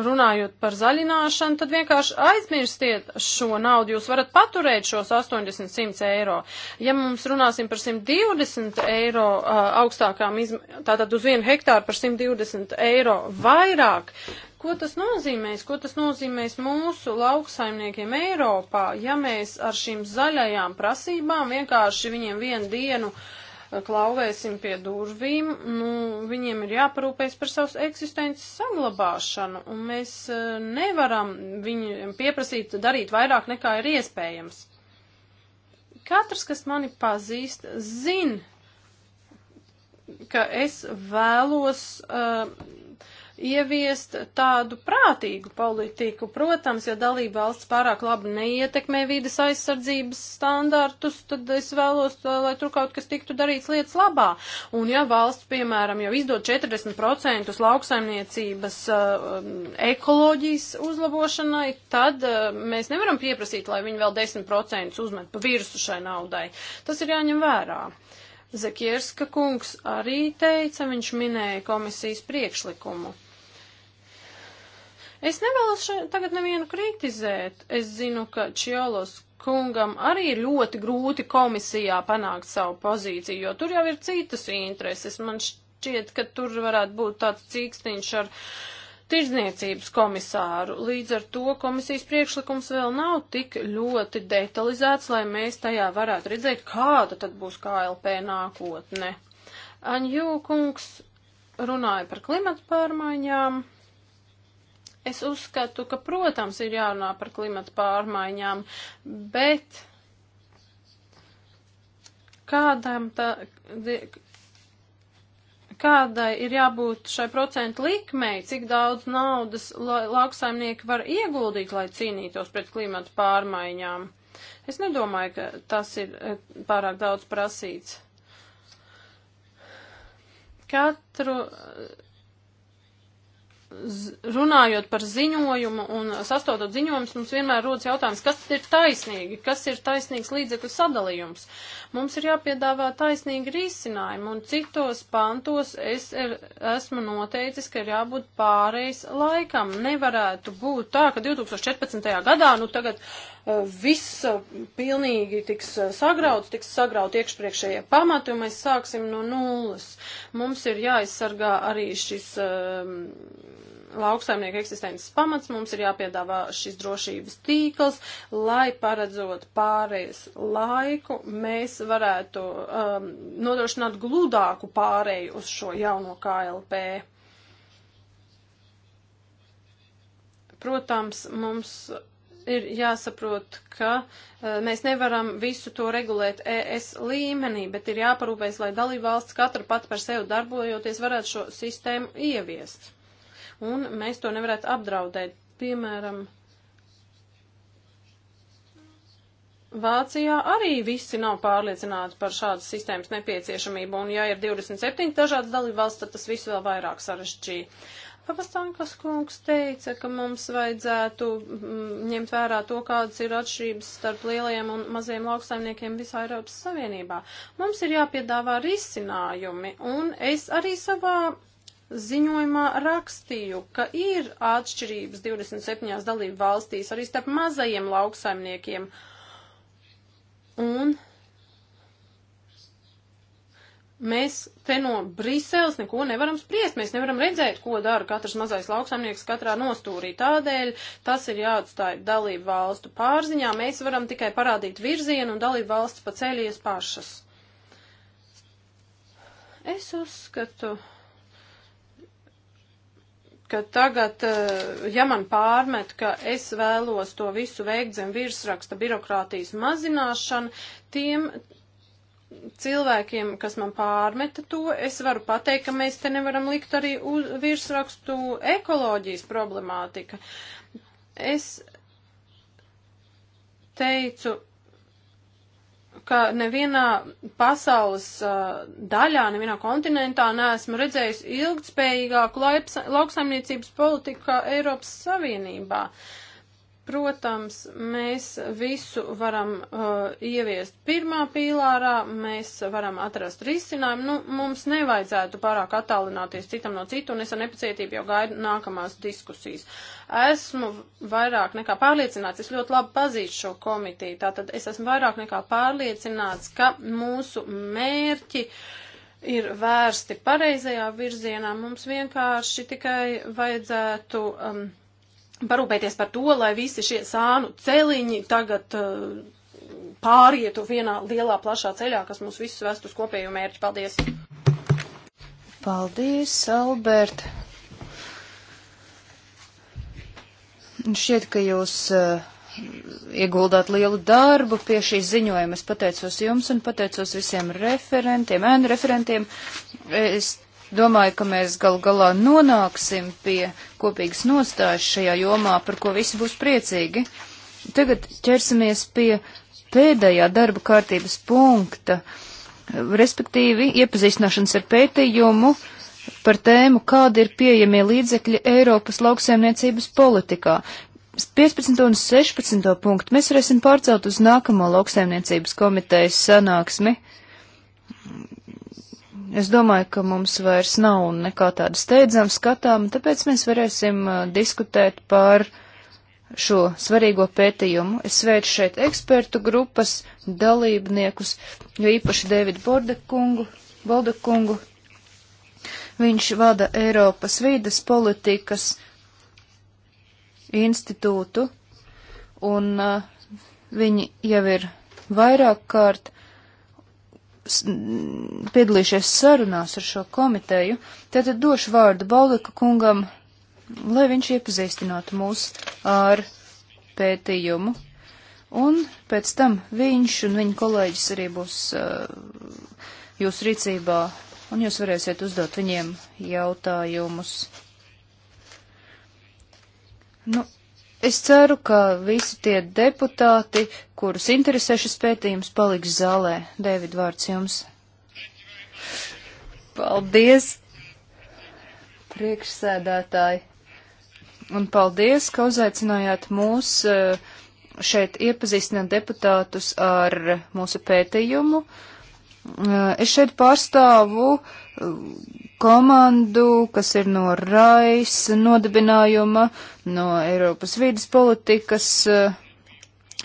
runājot par zaļināšanu, tad vienkārši aizmirstiet šo naudu. Jūs varat paturēt šos 80, 100 eiro. Ja mums runāsim par 120 eiro uh, augstākām, izm... tātad uz vienu hektāru par 120 eiro vairāk, ko tas nozīmēs, ko tas nozīmēs mūsu lauksaimniekiem Eiropā, ja mēs ar šīm zaļajām prasībām vienkārši viņiem vienu dienu uh, klauvēsim pie durvīm, nu, viņiem ir jāparūpēs par savas eksistences saglabāšanu, un mēs e, nevaram viņiem pieprasīt darīt vairāk nekā ir iespējams. Katrs, kas mani pazīst, zina, ka es vēlos uh, ieviest tādu prātīgu politiku. Protams, ja dalība valsts pārāk labi neietekmē vides aizsardzības standartus, tad es vēlos, lai tur kaut kas tiktu darīts lietas labā. Un ja valsts, piemēram, jau izdod 40% lauksaimniecības uh, ekoloģijas uzlabošanai, tad uh, mēs nevaram pieprasīt, lai viņi vēl 10% uzmet pa virsu šai naudai. Tas ir jāņem vērā. Zekierska kungs arī teica, viņš minēja komisijas priekšlikumu. Es nevēlos še, tagad nevienu kritizēt. Es zinu, ka Čiolos kungam arī ir ļoti grūti komisijā panākt savu pozīciju, jo tur jau ir citas intereses. Man šķiet, ka tur varētu būt tāds cīkstiņš ar tirdzniecības komisāru. Līdz ar to komisijas priekšlikums vēl nav tik ļoti detalizēts, lai mēs tajā varētu redzēt, kāda tad būs KLP nākotne. Aņjūkungs runāja par klimatu pārmaiņām. Es uzskatu, ka, protams, ir jārunā par klimatu pārmaiņām, bet kādam tā, kādai ir jābūt šai procentu likmei, cik daudz naudas la, lauksaimnieki var ieguldīt, lai cīnītos pret klimatu pārmaiņām. Es nedomāju, ka tas ir eh, pārāk daudz prasīts. Katru runājot par ziņojumu un sastādot ziņojumus, mums vienmēr rodas jautājums, kas ir taisnīgi, kas ir taisnīgs līdzekļu sadalījums. Mums ir jāpiedāvā taisnīgi risinājumi, un citos pantos es ir, er, esmu noteicis, ka ir jābūt pārejas laikam. Nevarētu būt tā, ka 2014. gadā, nu tagad viss uh, pilnīgi tiks uh, sagrauts, tiks sagraut iekšpriekšējie pamati, un mēs sāksim no nulles. Mums ir jāaizsargā arī šis um, lauksaimnieku eksistences pamats, mums ir jāpiedāvā šis drošības tīkls, lai paredzot pārējais laiku, mēs varētu um, nodrošināt gludāku pārēju uz šo jauno KLP. Protams, mums ir jāsaprot, ka eh, mēs nevaram visu to regulēt ES līmenī, bet ir jāparūpēs, lai dalībvalsts katra pat par sevi darbojoties varētu šo sistēmu ieviest. Un mēs to nevarētu apdraudēt. Piemēram, Vācijā arī visi nav pārliecināti par šādas sistēmas nepieciešamību, un ja ir 27 dažādas dalībvalsts, tad tas visu vēl vairāk sarežģīja. Papastankos kungs teica, ka mums vajadzētu mm, ņemt vērā to, kādas ir atšķirības starp lielajiem un mazajiem lauksaimniekiem visā Eiropas Savienībā. Mums ir jāpiedāvā risinājumi, un es arī savā ziņojumā rakstīju, ka ir atšķirības 27 dalību valstīs arī starp mazajiem lauksaimniekiem. Un Mēs te no Briseles neko nevaram spriest, mēs nevaram redzēt, ko dara katrs mazais lauksamnieks katrā nostūrī. Tādēļ tas ir jāatstāj dalību valstu pārziņā. Mēs varam tikai parādīt virzienu un dalību valsts pa ceļies pašas. Es uzskatu ka tagad, eh, ja man pārmet, ka es vēlos to visu veikt zem virsraksta birokrātijas mazināšanu, tiem cilvēkiem, kas man pārmeta to, es varu pateikt, ka mēs te nevaram likt arī uz virsrakstu ekoloģijas problemātika. Es teicu, ka nevienā pasaules uh, daļā, nevienā kontinentā neesmu redzējusi ilgtspējīgāku lauksaimniecības politiku kā Eiropas Savienībā. Uh, Protams, mēs visu varam uh, ieviest pirmā pīlārā, mēs varam atrast risinājumu. Nu, mums nevajadzētu pārāk attālināties citam no citu, un es ar nepacietību jau gaidu nākamās diskusijas. Esmu vairāk nekā pārliecināts, es ļoti labi pazīstu šo komitiju, tātad es esmu vairāk nekā pārliecināts, ka mūsu mērķi ir vērsti pareizajā virzienā. Mums vienkārši tikai vajadzētu. Um, parūpēties par to, lai visi šie sānu celiņi tagad uh, pārietu vienā lielā plašā ceļā, kas mūs visus vest uz kopēju mērķi. Paldies! Paldies, Albert! Šķiet, ka jūs uh, ieguldāt lielu darbu pie šī ziņojuma. Es pateicos jums un pateicos visiem referentiem, ēnu referentiem. Es Domāju, ka mēs gal galā nonāksim pie kopīgas nostājas šajā jomā, par ko visi būs priecīgi. Tagad ķersimies pie pēdējā darba kārtības punkta, respektīvi iepazīstināšanas ar pētījumu par tēmu, kāda ir pieejamie līdzekļi Eiropas lauksaimniecības politikā. 15 un 16 punktu mēs varēsim pārcelt uz nākamo lauksaimniecības komitejas sanāksmi. Es domāju, ka mums vairs nav nekā tāda steidzama skatām, tāpēc mēs varēsim uh, diskutēt par šo svarīgo pētījumu. Es sveicu šeit ekspertu grupas dalībniekus, jo īpaši Dēvidu Bordekungu, Boldekungu. Viņš vada Eiropas vīdes politikas institūtu, un uh, viņi jau ir vairāk kārt piedalījušies sarunās ar šo komiteju, tad došu vārdu Baulika kungam, lai viņš iepazīstinātu mūs ar pētījumu. Un pēc tam viņš un viņa kolēģis arī būs uh, jūsu rīcībā, un jūs varēsiet uzdot viņiem jautājumus. Nu, Es ceru, ka visi tie deputāti, kurus interesē šis pētījums, paliks zālē. Dēvid, vārds jums. Paldies, priekšsēdētāji. Un paldies, ka uzaicinājāt mūs eh, šeit iepazīstināt deputātus ar mūsu pētījumu. Eh, es šeit pārstāvu eh, komandu, kas ir no RAIS nodibinājuma, no Eiropas vīdes politikas eh,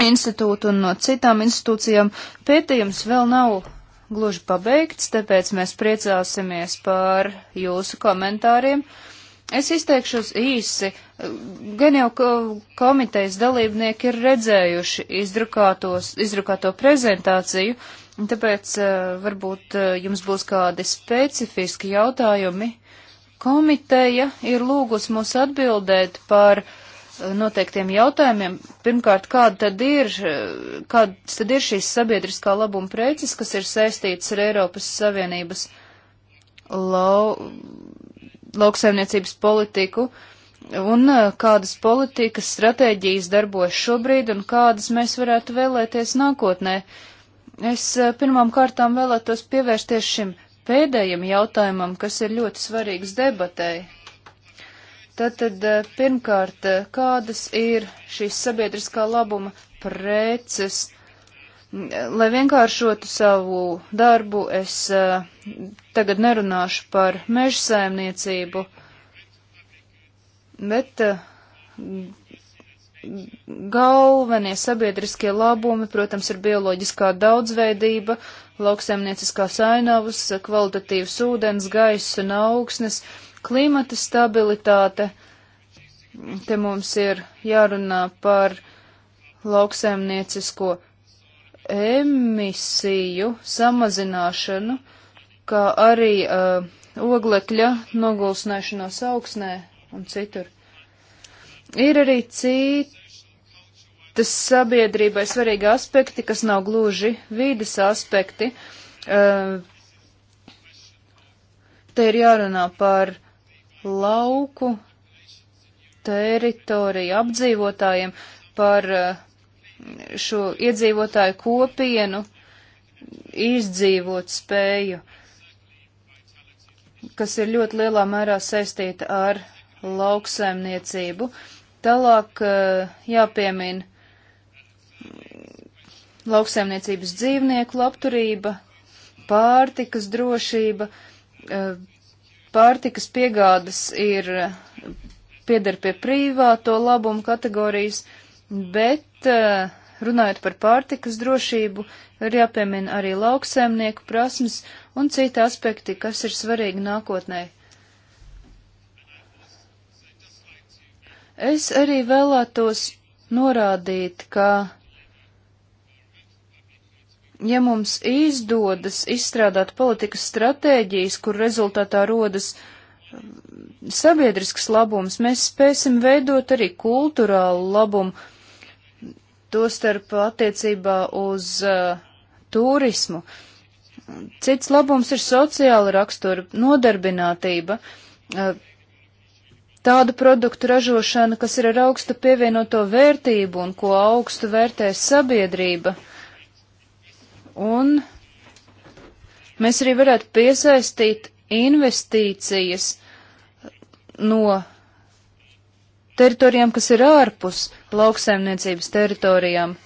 institūta un no citām institūcijām. Pētījums vēl nav gluži pabeigts, tāpēc mēs priecāsimies par jūsu komentāriem. Es izteikšos īsi. Gan jau komitejas dalībnieki ir redzējuši izdrukāto prezentāciju, uh, Tāpēc eh, varbūt eh, jums būs kādi specifiski jautājumi. Komiteja ir lūgus mūs atbildēt par eh, noteiktiem jautājumiem. Pirmkārt, kāda tad ir, kādas tad ir šīs sabiedriskā labuma preces, kas ir saistītas ar Eiropas Savienības lau, lauksaimniecības politiku, un kādas politikas stratēģijas darbojas šobrīd, un kādas mēs varētu vēlēties nākotnē. Uh, Es eh, pirmām kārtām vēlētos pievērsties šim pēdējam jautājumam, kas ir ļoti svarīgs debatēji. Tātad eh, pirmkārt, eh, kādas ir šīs sabiedriskā labuma preces? Mm, lai vienkāršotu savu darbu, es tagad nerunāšu par meža saimniecību, bet galvenie sabiedriskie labumi, protams, ir bioloģiskā daudzveidība, lauksaimnieciskās ainavas, kvalitatīvs ūdens, gaiss un augsnes, klimata stabilitāte. Te mums ir jārunā par lauksaimniecisko emisiju samazināšanu, kā arī uh, oglekļa nogulsnēšanos augsnē un citur. Ir arī citas sabiedrībai svarīgi aspekti, kas nav gluži vīdes aspekti. Eh, te ir jārunā par lauku teritoriju apdzīvotājiem, par eh, šo iedzīvotāju kopienu izdzīvot spēju, kas ir ļoti lielā mērā saistīta ar lauksaimniecību. Uh, Tālāk eh, jāpiemina lauksaimniecības dzīvnieku labturība, pārtikas drošība, eh, pārtikas piegādes ir eh, pieder pie privāto labumu kategorijas, bet runājot par pārtikas drošību, ir jāpiemina arī lauksaimnieku prasmes un citi aspekti, kas ir svarīgi nākotnē. Es arī vēlētos norādīt, ka ja mums izdodas izstrādāt politikas stratēģijas, kur rezultātā rodas um, sabiedrisks labums, mēs spēsim veidot arī kulturālu labumu, tostarp attiecībā uz uh, turismu. Cits labums ir sociāla rakstura, nodarbinātība, uh, tādu produktu ražošana, kas ir ar augstu pievienoto vērtību un ko augstu vērtē sabiedrība. Un mēs arī varētu piesaistīt investīcijas no teritorijām, kas ir ārpus lauksaimniecības teritorijām.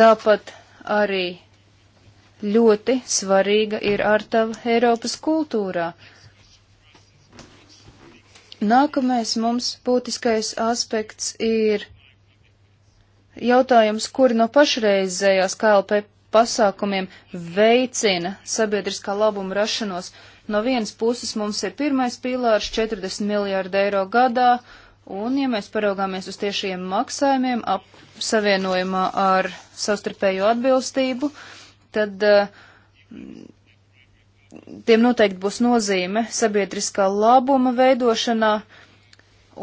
Tāpat arī ļoti svarīga ir ārtava Eiropas kultūrā. Nākamais mums būtiskais aspekts ir jautājums, kuri no pašreizējās KLP pasākumiem veicina sabiedriskā labuma rašanos. No vienas puses mums ir pirmais pīlārs 40 miljārdi eiro gadā, un, ja mēs paraugāmies uz tiešajiem maksājumiem ap savienojumā ar savstarpējo atbilstību, tad uh, tiem noteikti būs nozīme sabiedriskā labuma veidošanā,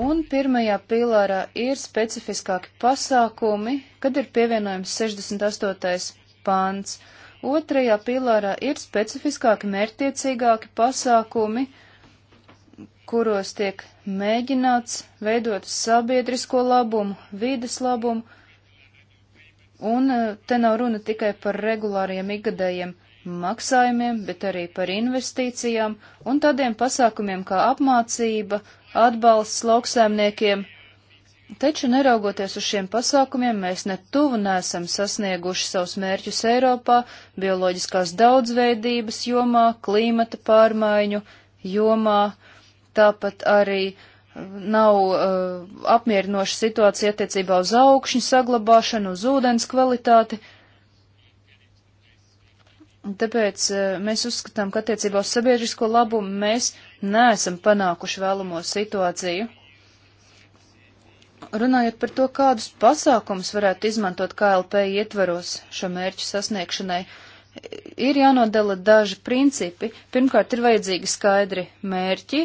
un pirmajā pilārā ir specifiskāki pasākumi, kad ir pievienojums 68. pāns. Otrajā pilārā ir specifiskāki mērtiecīgāki pasākumi, kuros tiek mēģināts veidot sabiedrisko labumu, vīdes labumu, un eh, te nav runa tikai par regulāriem ikgadējiem maksājumiem, bet arī par investīcijām un tādiem pasākumiem kā apmācība, atbalsts lauksēmniekiem. Taču, neraugoties uz šiem pasākumiem, mēs ne tuvu nesam sasnieguši savus mērķus Eiropā, bioloģiskās daudzveidības jomā, klīmata pārmaiņu jomā, tāpat arī uh, nav uh, apmierinoša situācija attiecībā uz augšņu saglabāšanu, uz ūdens kvalitāti. Uh, Tāpēc eh, mēs uzskatām, ka attiecībā uz sabiedrisko labumu mēs neesam panākuši vēlamo situāciju. Runājot par to, kādus pasākumus varētu izmantot KLP ietvaros šo mērķu sasniegšanai, ir jānodala daži principi. Pirmkārt, ir vajadzīgi skaidri mērķi,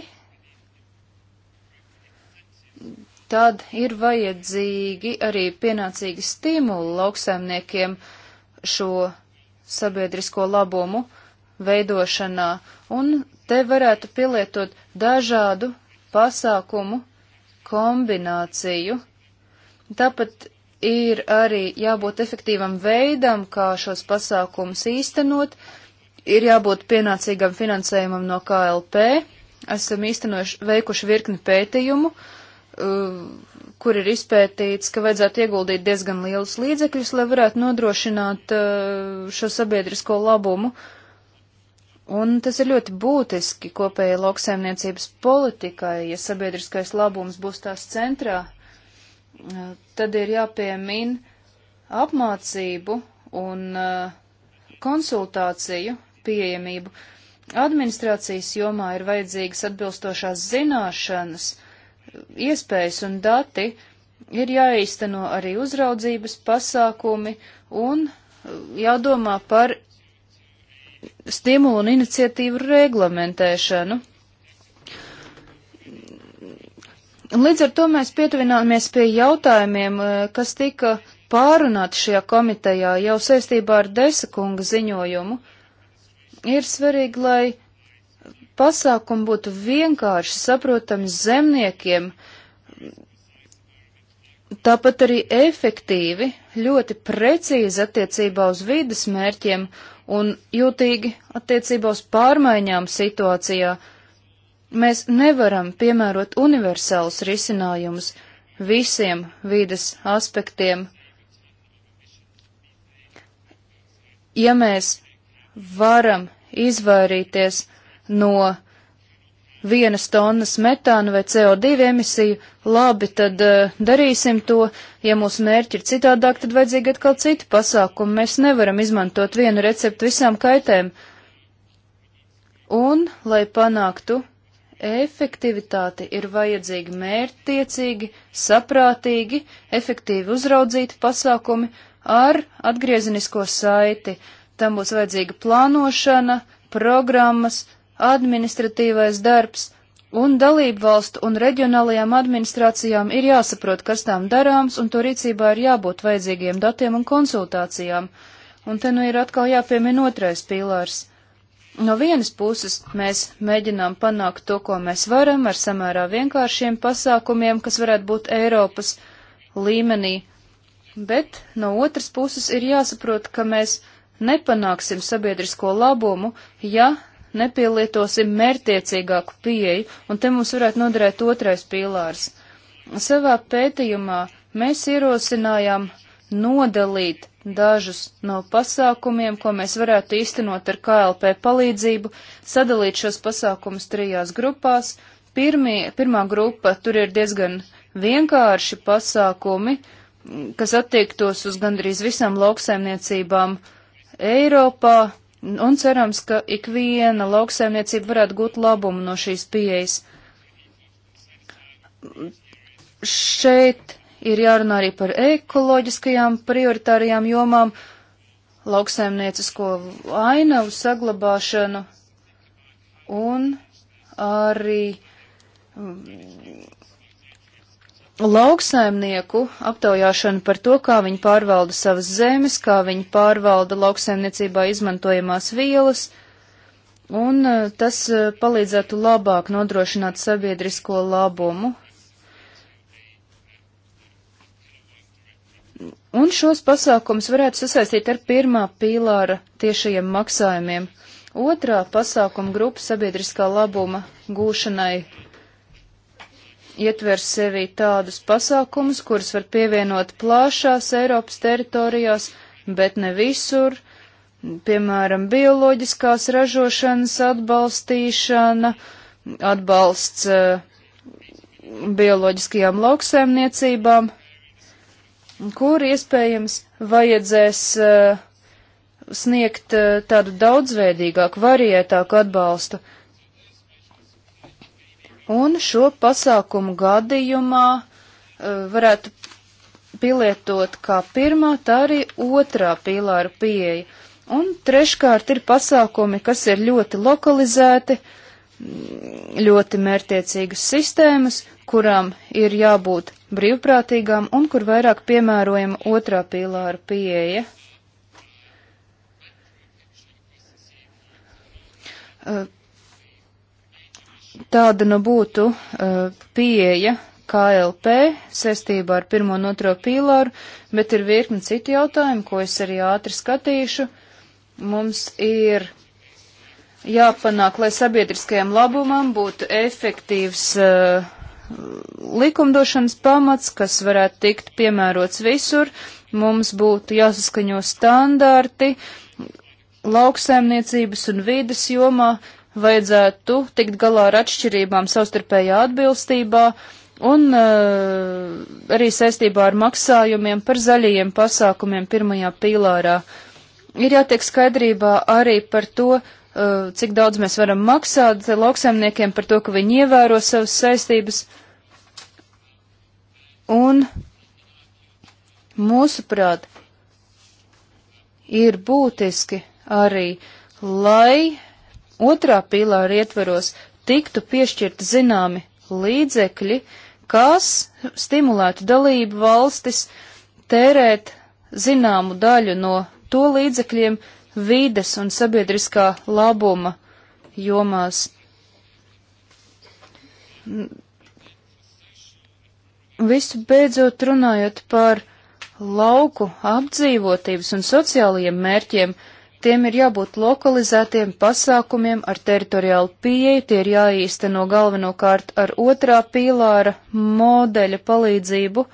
tad ir vajadzīgi arī pienācīgi stimuli lauksaimniekiem šo sabiedrisko labumu veidošanā, un te varētu pielietot dažādu pasākumu kombināciju. Tāpat ir arī jābūt efektīvam veidam, kā šos pasākumus īstenot, ir jābūt pienācīgam finansējumam no KLP, esam īstenojuši, veikuši virkni pētījumu, uh, kur ir izpētīts, ka vajadzētu ieguldīt diezgan lielus līdzekļus, lai varētu nodrošināt uh, šo sabiedrisko labumu. Un tas ir ļoti būtiski kopējai lauksaimniecības politikai, ja sabiedriskais labums būs tās centrā, uh, tad ir jāpiemin apmācību un uh, konsultāciju pieejamību. Administrācijas jomā ir vajadzīgas atbilstošās zināšanas, uh, iespējas un dati, ir jāīsteno arī uzraudzības pasākumi un jādomā par stimulu un iniciatīvu reglamentēšanu. Līdz ar to mēs pietuvināmies pie jautājumiem, eh, kas tika pārunāti šajā komitejā jau saistībā ar Desakunga ziņojumu. Ir svarīgi, lai pasākumi būtu vienkārši saprotami zemniekiem, tāpat arī efektīvi, ļoti precīzi attiecībā uz vides mērķiem un jūtīgi attiecībā uz pārmaiņām situācijā. Mēs nevaram piemērot universālus risinājumus visiem vides aspektiem. Ja mēs varam izvairīties no vienas tonnas metāna vai CO2 emisiju, labi, tad uh, darīsim to. Ja mūsu mērķi ir citādāk, tad vajadzīgi atkal citi pasākumi. Mēs nevaram izmantot vienu receptu visām kaitēm. Un, lai panāktu efektivitāti, ir vajadzīgi mērķtiecīgi, saprātīgi, efektīvi uzraudzīti pasākumi ar atgriezenisko saiti. Tam būs vajadzīga plānošana, programmas, administratīvais darbs, un dalību valstu un reģionālajām administrācijām ir jāsaprot, kas tām darāms, un to rīcībā ir jābūt vajadzīgiem datiem un konsultācijām. Un te nu ir atkal jāpiemina otrais pīlārs. No vienas puses mēs mēģinām panākt to, ko mēs varam ar samērā vienkāršiem pasākumiem, kas varētu būt Eiropas līmenī, bet no otras puses ir jāsaprot, ka mēs nepanāksim sabiedrisko labumu, ja nepielietosim mērtiecīgāku pieeju, un te mums varētu noderēt otrais pīlārs. Savā pētījumā mēs ierosinājām nodalīt dažus no pasākumiem, ko mēs varētu īstenot ar KLP palīdzību, sadalīt šos pasākumus trijās grupās. Pirmie, pirmā grupa, tur ir diezgan vienkārši pasākumi, kas attiektos uz gandrīz visām lauksaimniecībām Eiropā, un cerams, ka ikviena lauksaimniecība varētu gūt labumu no šīs pieejas. Šeit ir jārunā arī par ekoloģiskajām prioritārajām jomām, lauksaimniecisko ainavu saglabāšanu un arī lauksaimnieku aptaujāšanu par to, kā viņi pārvalda savas zemes, kā viņi pārvalda lauksaimniecībā izmantojamās vielas, un e, tas e, palīdzētu labāk nodrošināt sabiedrisko labumu. Un šos pasākumus varētu sasaistīt ar pirmā pīlāra tiešajiem maksājumiem. Otrā pasākuma grupa sabiedriskā labuma gūšanai ietver sevi tādus pasākumus, kurus var pievienot plašās Eiropas teritorijās, bet ne visur, piemēram, bioloģiskās ražošanas atbalstīšana, atbalsts eh, bioloģiskajām lauksēmniecībām, kur iespējams vajadzēs eh, sniegt eh, tādu daudzveidīgāku, varietāku atbalstu un šo pasākumu gadījumā eh, varētu pielietot kā pirmā, tā arī otrā pīlāra pieeja. Un treškārt ir pasākumi, kas ir ļoti lokalizēti, mm, ļoti mērtiecīgas sistēmas, kurām ir jābūt brīvprātīgām un kur vairāk piemērojama otrā pīlāra pieeja. Uh, tāda nu būtu uh, pieeja KLP saistībā ar pirmo un otro pīlāru, bet ir virkni citu jautājumu, ko es arī ātri skatīšu. Mums ir jāpanāk, lai sabiedriskajam labumam būtu efektīvs uh, likumdošanas pamats, kas varētu tikt piemērots visur. Mums būtu jāsaskaņo standarti lauksaimniecības un vides jomā, vajadzētu tikt galā ar atšķirībām savstarpējā atbilstībā un uh, arī saistībā ar maksājumiem par zaļajiem pasākumiem pirmajā pīlārā. Ir jātiek skaidrībā arī par to, uh, cik daudz mēs varam maksāt lauksaimniekiem par to, ka viņi ievēro savas saistības. Un mūsuprāt, ir būtiski arī, lai uh, otrā pīlāra ietveros tiktu piešķirti zināmi līdzekļi, kas stimulētu dalību valstis tērēt zināmu daļu no to līdzekļiem vides un sabiedriskā labuma jomās. Visu beidzot runājot par lauku apdzīvotības un sociālajiem mērķiem, uh, Tiem ir jābūt lokalizētiem pasākumiem ar teritoriālu pieeju, tie ir jāīsteno galvenokārt ar otrā pīlāra modeļa palīdzību.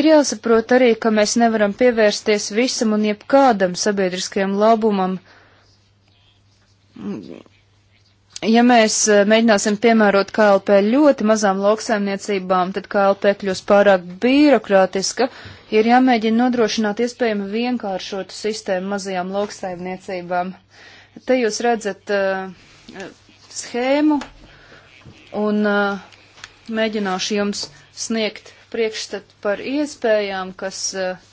Ir jāsaprot arī, ka mēs nevaram pievērsties visam un jebkādam sabiedriskajam labumam, ja mēs eh, mēģināsim piemērot KLP ļoti mazām lauksaimniecībām, tad KLP kļūs pārāk birokrātiska, ir jāmēģina nodrošināt iespējami vienkāršotu sistēmu mazajām lauksaimniecībām. Te jūs redzat uh, schēmu un uh, mēģināšu jums sniegt priekšstatu par iespējām, kas uh,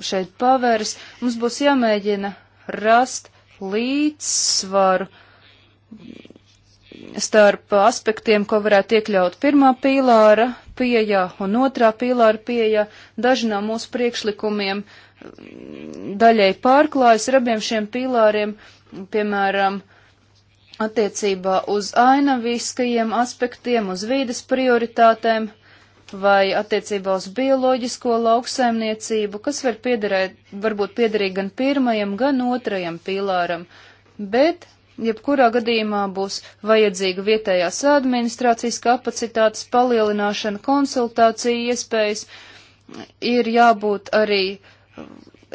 šeit pavērs. Mums būs jāmēģina rast līdzsvaru. Uh, starp aspektiem, ko varētu iekļaut pirmā pīlāra pieejā un otrā pīlāra pieejā. Daži no mūsu priekšlikumiem daļai pārklājas ar abiem šiem pīlāriem, piemēram, attiecībā uz ainaviskajiem aspektiem, uz vīdes prioritātēm vai attiecībā uz bioloģisko lauksaimniecību, kas var piederēt, varbūt piederīgi gan pirmajam, gan otrajam pīlāram, bet jebkurā gadījumā būs vajadzīga vietējās administrācijas kapacitātes palielināšana, konsultācija iespējas, ir jābūt arī uh,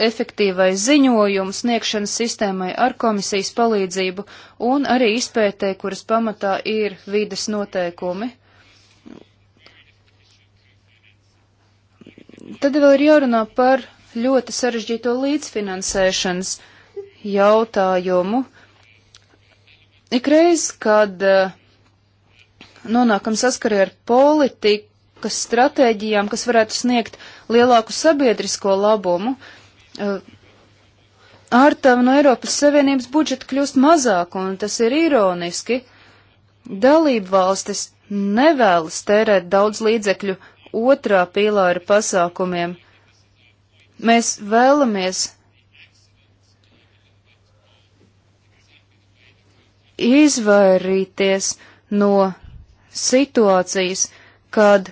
efektīvai ziņojumu sniegšanas sistēmai ar komisijas palīdzību un arī izpētē, kuras pamatā ir vides noteikumi. Tad vēl ir jārunā par ļoti sarežģīto līdzfinansēšanas jautājumu. Ikreiz, kad eh, nonākam saskarē ar politikas stratēģijām, kas varētu sniegt lielāku sabiedrisko labumu, eh, ārtava no Eiropas Savienības budžeta kļūst mazāk, un tas ir ironiski. Dalību valstis nevēlas tērēt daudz līdzekļu otrā pīlāra pasākumiem. Mēs vēlamies izvairīties no situācijas, kad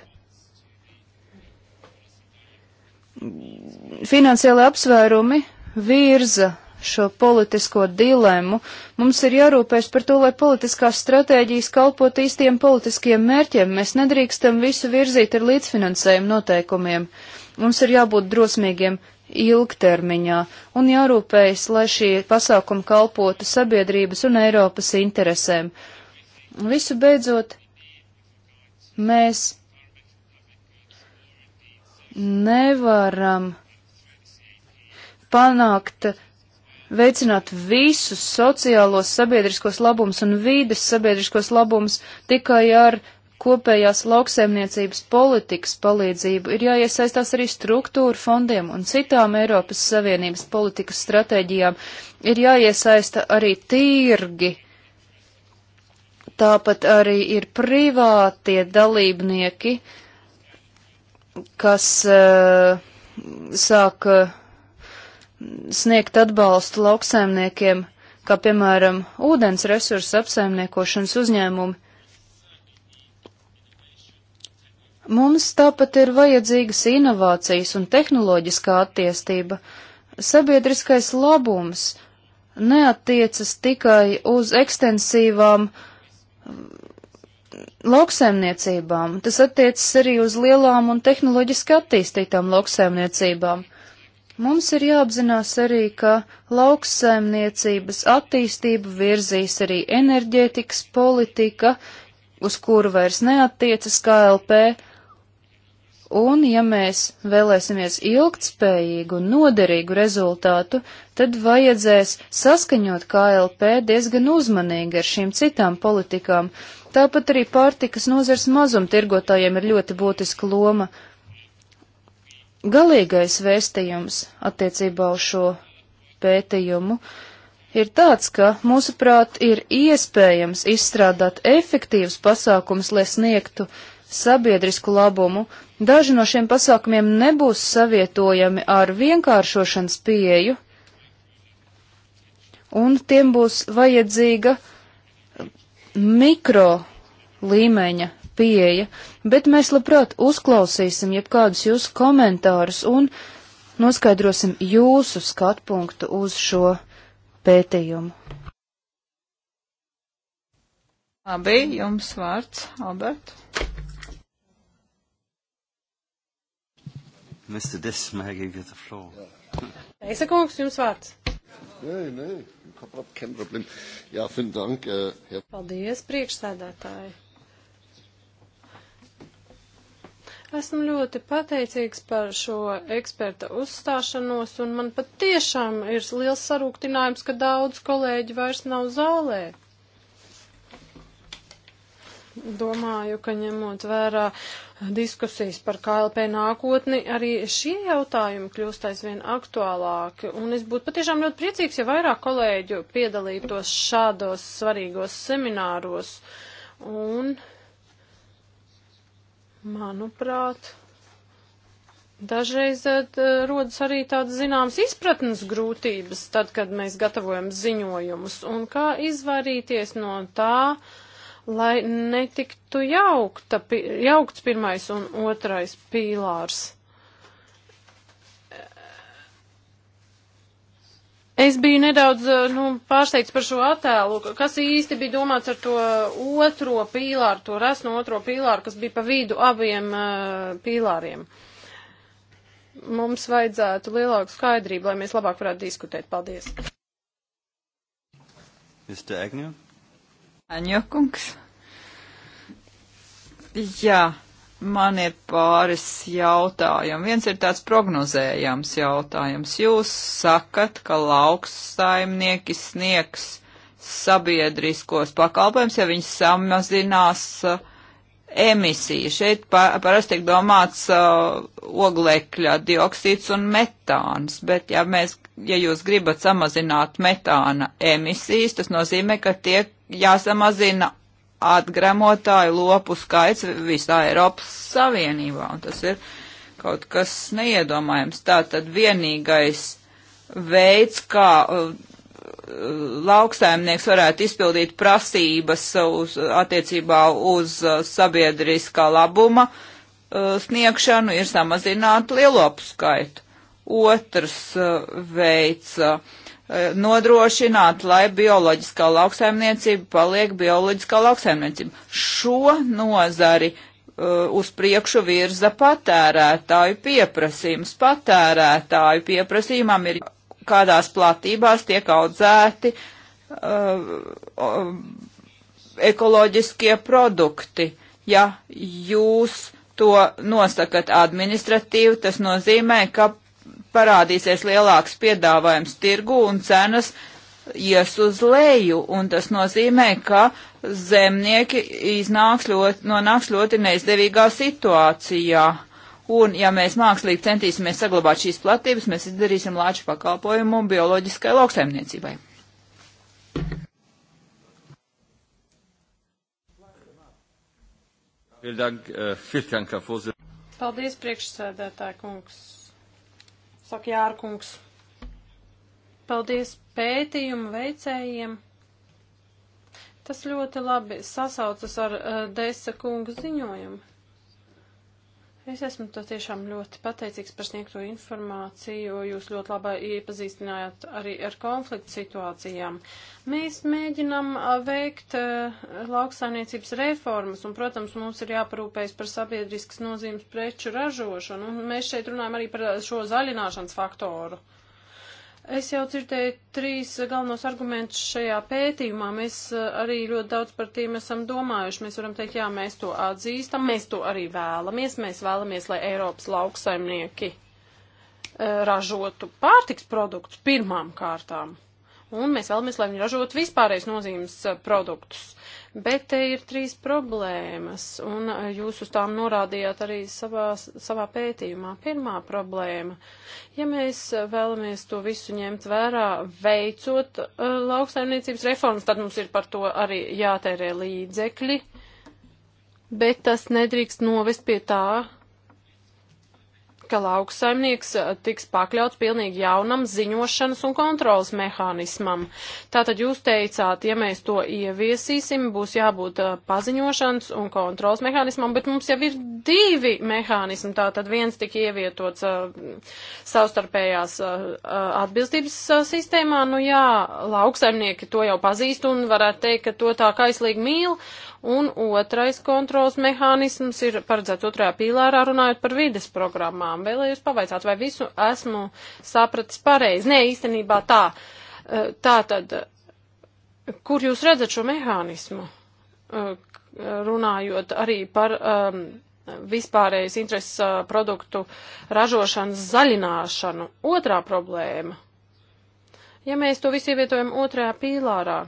finansiāli apsvērumi virza šo politisko dilemu. Mums ir jārūpēs par to, lai politiskās stratēģijas kalpot īstiem politiskiem mērķiem. Mēs nedrīkstam visu virzīt ar līdzfinansējumu noteikumiem. Mums ir jābūt drosmīgiem ilgtermiņā un jārūpējas, lai šie pasākumi kalpotu sabiedrības un Eiropas interesēm. Visu beidzot, mēs nevaram panākt, veicināt visus sociālos sabiedriskos labumus un vīdes sabiedriskos labumus tikai ar kopējās lauksaimniecības politikas palīdzību, ir jāiesaistās arī struktūra fondiem un citām Eiropas Savienības politikas stratēģijām, ir jāiesaista arī tirgi, tāpat arī ir privātie dalībnieki, kas uh, sāk uh, sniegt atbalstu lauksaimniekiem, kā piemēram ūdens resursu apsaimniekošanas uzņēmumi. Mums tāpat ir vajadzīgas inovācijas un tehnoloģiskā attīstība. Sabiedriskais labums neatiecas tikai uz ekstensīvām mm, lauksaimniecībām, tas attiecas arī uz lielām un tehnoloģiski attīstītām lauksaimniecībām. Mums ir jāapzinās arī, ka lauksaimniecības attīstību virzīs arī enerģētikas politika, uz kuru vairs neatiecas KLP, Un, ja mēs vēlēsimies ilgtspējīgu un noderīgu rezultātu, tad vajadzēs saskaņot KLP diezgan uzmanīgi ar šīm citām politikām. Tāpat arī pārtikas nozars mazumtirgotājiem ir ļoti būtiska loma. Galīgais vēstījums attiecībā uz šo pētījumu ir tāds, ka, mūsuprāt, ir iespējams izstrādāt efektīvus pasākumus, lai sniegtu sabiedrisku labumu, Daži no šiem pasākumiem nebūs savietojami ar vienkāršošanas pieeju, un tiem būs vajadzīga mikro līmeņa pieeja, bet mēs labprāt uzklausīsim jebkādus jūsu komentārus un noskaidrosim jūsu skatpunktu uz šo pētījumu. Labi, jums vārds, Albert. Mr. Desma gave you the floor. Eisa kungs, jums vārds. Nē, nē, nu, kāpēc problēma. Jā, fin dank. Eh, jā. Paldies, priekšsēdētāji. Esmu ļoti pateicīgs par šo eksperta uzstāšanos, un man pat tiešām ir liels sarūktinājums, ka daudz kolēģi vairs nav zālē. Domāju, ka ņemot vērā uh, diskusijas par KLP nākotni, arī šie jautājumi kļūst aizvien aktuālāki. Un es būtu patiešām ļoti priecīgs, ja vairāk kolēģu piedalītos šādos svarīgos semināros. Un, manuprāt, dažreiz tad, eh, rodas arī tādas zināmas izpratnes grūtības, tad, kad mēs gatavojam ziņojumus. Un kā izvairīties no tā, uh, lai netiktu jaukta, jaukts pirmais un otrais pīlārs. Es biju nedaudz eh, nu, pārsteigts par šo attēlu, kas īsti bija domāts ar to eh, otro pīlāru, to resno otro pīlāru, kas bija pa vidu abiem uh, pīlāriem. Mums vajadzētu lielāku skaidrību, lai mēs labāk varētu diskutēt. Paldies. Mr. Agnew? Aņokungs. Jā, man ir pāris jautājumi. Viens ir tāds prognozējams jautājums. Jūs sakat, ka lauksaimnieki sniegs sabiedriskos pakalpojums, ja viņi samazinās uh, emisija. Šeit pa, parasti tiek domāts uh, oglekļa dioksīds un metāns, bet ja, mēs, ja jūs gribat samazināt metāna emisijas, tas nozīmē, ka tiek jāsamazina atgramotāju lopu skaits visā Eiropas Savienībā, un tas ir kaut kas neiedomājams. Tātad vienīgais veids, kā uh, lauksaimnieks varētu izpildīt prasības uz, attiecībā uz uh, sabiedriskā labuma uh, sniegšanu, ir samazināt lielopu skaitu. Otrs uh, veids nodrošināt, lai bioloģiskā lauksaimniecība paliek bioloģiskā lauksaimniecība. Šo nozari uz priekšu virza patērētāju pieprasījums. Patērētāju pieprasījumam ir kādās platībās tiek audzēti uh, ekoloģiskie produkti. Ja jūs to nosakat administratīvi, tas nozīmē, ka parādīsies lielāks piedāvājums tirgu un cenas ies uz leju, un tas nozīmē, ka zemnieki iznāks ļoti, nonāks ļoti neizdevīgā situācijā. Uh, Un, ja mēs mākslīgi centīsimies saglabāt šīs platības, mēs izdarīsim lāču pakalpojumu bioloģiskai lauksaimniecībai. Äh, Paldies, priekšsēdētāja kungs. Saka Jārkungs. Paldies pētījumu veicējiem. Tas ļoti labi sasaucas ar uh, Deisa kunga ziņojumu. Es esmu to tiešām ļoti pateicīgs par sniegto informāciju, jo jūs ļoti labi iepazīstinājāt arī ar konfliktu situācijām. Mēs mēģinam veikt lauksainiecības reformas, un, protams, mums ir jāparūpējas par sabiedriskas nozīmes preču ražošanu, un mēs šeit runājam arī par šo zaļināšanas faktoru. Uh, Es jau dzirdēju trīs galvenos argumentus šajā pētījumā. Mēs eh, arī ļoti daudz par tiem esam domājuši. Mēs varam teikt, jā, mēs to atzīstam, mēs to arī vēlamies. Mēs vēlamies, lai Eiropas lauksaimnieki eh, ražotu pārtiks produktus pirmām kārtām. Un mēs vēlamies, lai viņi ražotu vispārējais nozīmes eh, produktus. Uh, Bet te ir trīs problēmas, un eh, jūs uz tām norādījāt arī savā, savā pētījumā. Pirmā problēma, ja mēs vēlamies to visu ņemt vērā, veicot uh, lauksaimniecības reformas, tad mums ir par to arī jātērē līdzekļi, bet tas nedrīkst novest pie tā, ka lauksaimnieks eh, tiks pakļauts pilnīgi jaunam ziņošanas un kontrolas mehānismam. Tātad jūs teicāt, ja mēs to ieviesīsim, būs jābūt eh, paziņošanas un kontrolas mehānismam, bet mums jau ir divi mehānismi. Tātad viens tika ievietots eh, savstarpējās atbilstības sistēmā. Nu jā, lauksaimnieki to jau pazīst un varētu teikt, ka to tā kaislīgi mīl. Un otrais kontrols mehānisms ir paredzēts otrajā pīlārā runājot par vides programmām. Vēlējos pavaicāt, vai visu esmu sapratis pareizi. Nē, īstenībā tā. E, tā tad, kur jūs redzat šo mehānismu? E, runājot arī par um, vispārējais intereses uh, produktu ražošanas zaļināšanu. Otrā problēma. Ja mēs to visu ievietojam otrajā pīlārā,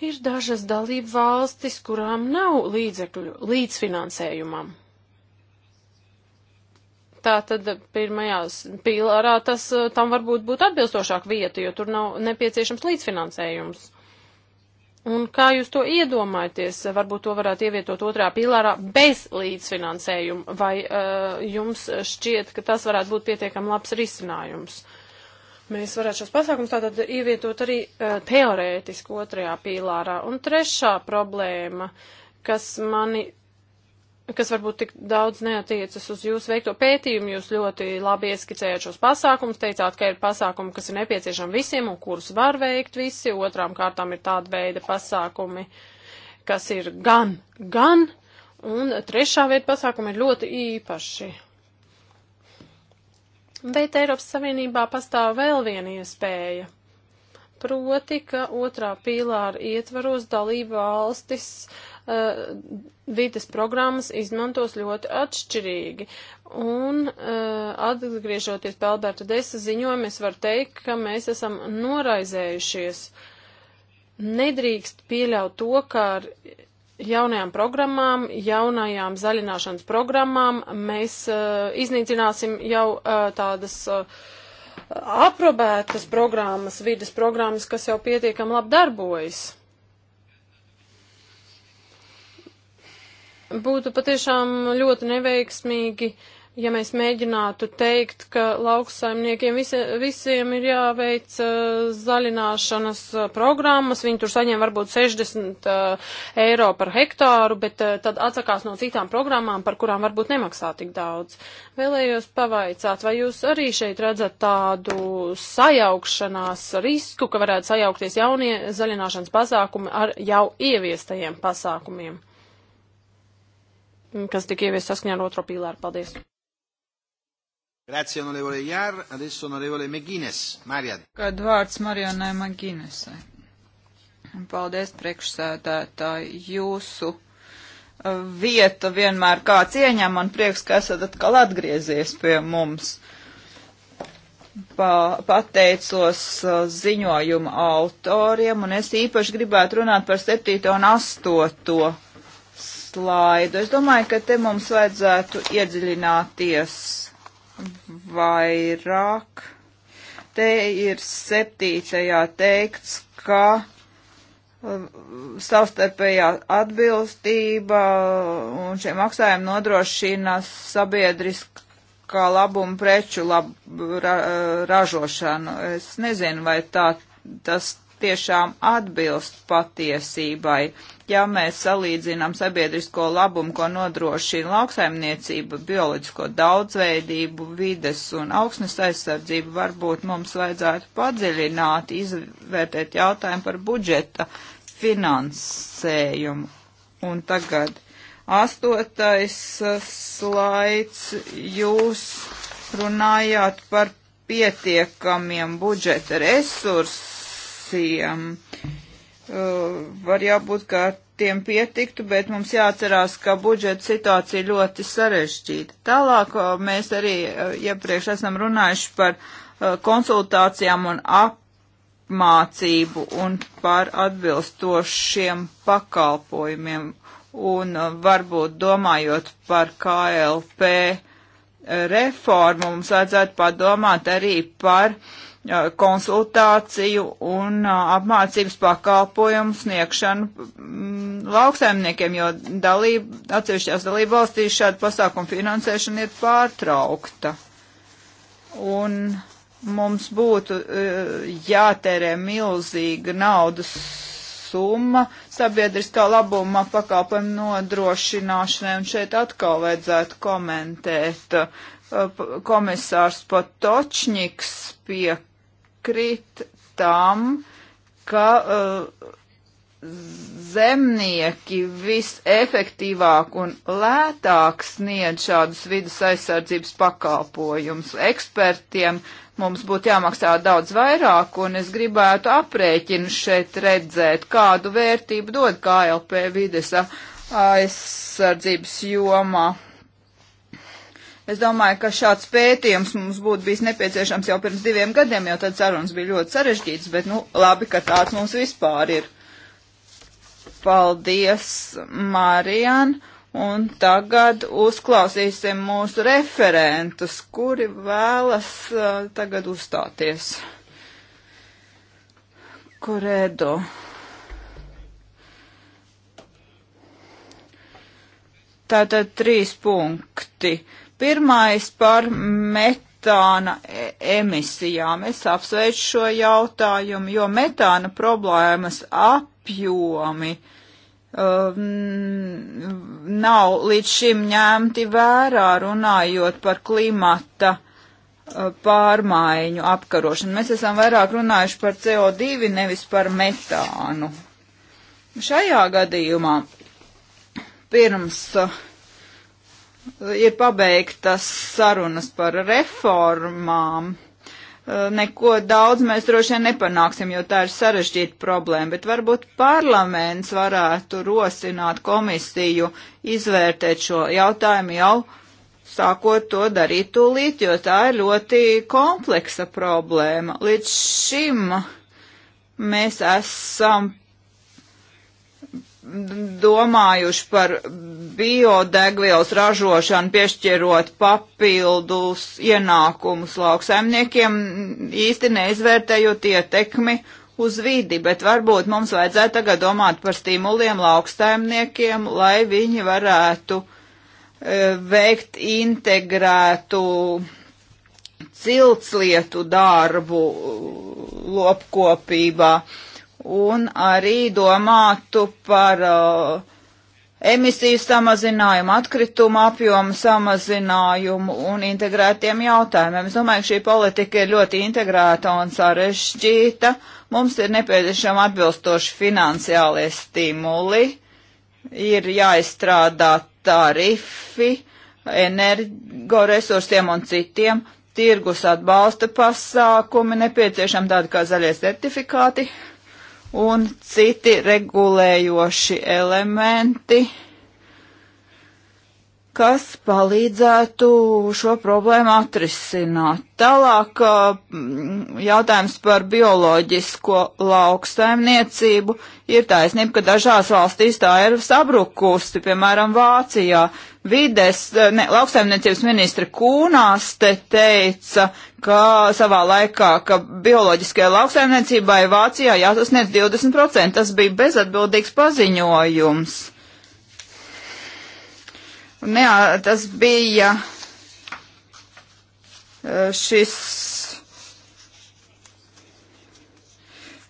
Ir dažas dalību valstis, kurām nav līdzekļu līdzfinansējumam. Tā tad pirmajās pīlārā tas eh, tam varbūt būtu atbilstošāk vieta, jo tur nav nepieciešams līdzfinansējums. Un kā jūs to iedomājaties, varbūt to varētu ievietot otrā pīlārā bez līdzfinansējuma, vai uh, jums šķiet, ka tas varētu būt pietiekam labs risinājums? Uh, mēs varētu šos pasākumus tātad ievietot arī uh, teorētiski otrajā pīlārā. Un trešā problēma, kas mani kas varbūt tik daudz neatiecas uz jūsu veikto pētījumu. Jūs ļoti labi ieskicējāt šos pasākumus, teicāt, ka ir pasākumi, kas ir nepieciešami visiem un kurus var veikt visi. Otrām kārtām ir tāda veida pasākumi, kas ir gan, gan, un trešā veida pasākumi ir ļoti īpaši. Bet mm. Eiropas Savienībā pastāv vēl viena iespēja. Proti, ka otrā pīlāra ietvaros dalība valstis uh, vides programmas izmantos ļoti atšķirīgi. Un uh, atgriežoties pie Alberta Desa ziņojuma, es varu teikt, ka mēs esam noraizējušies. Nedrīkst pieļaut to, ka ar jaunajām programmām, jaunajām zaļināšanas programmām mēs uh, iznīcināsim jau uh, tādas uh, aprobētas programmas, vides programmas, kas jau pietiekam labi darbojas. Būtu patiešām ļoti neveiksmīgi uh, ja mēs mēģinātu teikt, ka lauksaimniekiem visi, visiem ir jāveic uh, zaļināšanas uh, programmas, viņi tur saņem varbūt 60 uh, eiro par hektāru, bet uh, tad atsakās no citām programmām, par kurām varbūt nemaksā tik daudz. Vēlējos pavaicāt, vai jūs arī šeit redzat tādu sajaukšanās risku, ka varētu sajaukties jaunie zaļināšanas pasākumi ar jau ieviestajiem pasākumiem? kas tika ieviesta saskaņā ar otro pīlāru. Paldies! Grazie, onorevole Jar. Adesso onorevole Megines. Marian. Kad vārds Marianai Meginesai. Paldies, priekšsēdētāji. Jūsu uh, vietu vienmēr kāds ieņem. Man prieks, ka esat atkal atgriezies pie mums. Pa, pateicos uh, ziņojuma autoriem, un es īpaši gribētu runāt par 7. un 8. slaidu. Es domāju, ka te mums vajadzētu iedziļināties vairāk. Te ir septītajā teikts, ka uh, savstarpējā atbilstība un šie maksājumi nodrošina sabiedriskā labuma preču lab, ra, uh, ražošanu. Es nezinu, vai tā tas tiešām atbilst patiesībai. Ja mēs salīdzinām sabiedrisko labumu, ko nodrošina lauksaimniecība, bioloģisko daudzveidību, vides un augsnes aizsardzību, varbūt mums vajadzētu padziļināt, izvērtēt jautājumu par budžeta finansējumu. Un tagad astotais uh, slaids. Jūs runājāt par pietiekamiem budžeta resursiem visiem. Uh, var jābūt, ka tiem pietiktu, bet mums jāatcerās, ka budžeta situācija ļoti sarežģīta. Tālāk uh, mēs arī uh, iepriekš esam runājuši par uh, konsultācijām un apmācību un par atbilstošiem pakalpojumiem. Un varbūt domājot par KLP reformu, mums vajadzētu padomāt arī par uh, konsultāciju un apmācības pakalpojumu sniegšanu mm, lauksaimniekiem, jo dalība, atsevišķās dalību valstīs šāda pasākuma finansēšana ir pārtraukta. Un mums būtu jātērē milzīga naudas summa sabiedriskā labuma pakalpojumu nodrošināšanai, un šeit atkal vajadzētu komentēt komisārs Potočņiks pie piekrīt tam, ka uh, zemnieki visefektīvāk un lētāk sniedz šādus vidus aizsardzības pakalpojumus. Ekspertiem mums būtu jāmaksā daudz vairāk, un es gribētu aprēķinu šeit redzēt, kādu vērtību dod KLP vides aizsardzības jomā. Es domāju, ka šāds pētījums mums būtu bijis nepieciešams jau pirms diviem gadiem, jo tad sarunas bija ļoti sarežģītas, bet nu labi, ka tāds mums vispār ir. Paldies, Marian! Un tagad uzklausīsim mūsu referentus, kuri vēlas uh, tagad uzstāties. Koredo. Tātad trīs punkti. Pirmais par metāna e, emisijām. Es apsveicu šo jautājumu, jo metāna problēmas apjomi uh, nav līdz šim ņemti vērā runājot par klimata uh, pārmaiņu apkarošanu. Mēs esam vairāk runājuši par CO2, nevis par metānu. Šajā gadījumā pirms uh, ir pabeigtas sarunas par reformām. Eh, neko daudz mēs droši vien nepanāksim, jo tā ir sarežģīta problēma, bet varbūt parlaments varētu rosināt komisiju izvērtēt šo jautājumu jau sākot to darīt tūlīt, jo tā ir ļoti kompleksa problēma. Līdz šim mēs esam domājuši par biodegvielas ražošanu, piešķirot papildus ienākumus lauksaimniekiem, īsti neizvērtējot ietekmi uz vidi, bet varbūt mums vajadzētu tagad domāt par stimuliem lauksaimniekiem, lai viņi varētu e, veikt integrētu ciltslietu darbu e, lopkopībā. Uh, un arī domātu par uh, emisiju samazinājumu, atkritumu apjomu samazinājumu un integrētiem jautājumiem. Es domāju, ka šī politika ir ļoti integrēta un sarežģīta. Mums ir nepieciešama atbilstoši finansiālie stimuli, ir jāizstrādā tarifi energoresursiem un citiem, tirgus atbalsta pasākumi, nepieciešami tādi kā zaļie certifikāti, un citi regulējoši elementi, kas palīdzētu šo problēmu atrisināt. Tālāk mm, jautājums par bioloģisko lauksaimniecību. Ir taisnība, ka dažās valstīs tā ir sabrukusi, piemēram, Vācijā. Uh, Vides, eh, ne, lauksaimniecības ministra Kūnās te teica, ka savā laikā, ka bioloģiskajai lauksaimniecībai Vācijā jāsasniedz 20%. Tas bija bezatbildīgs paziņojums. Un, jā, tas bija eh, šis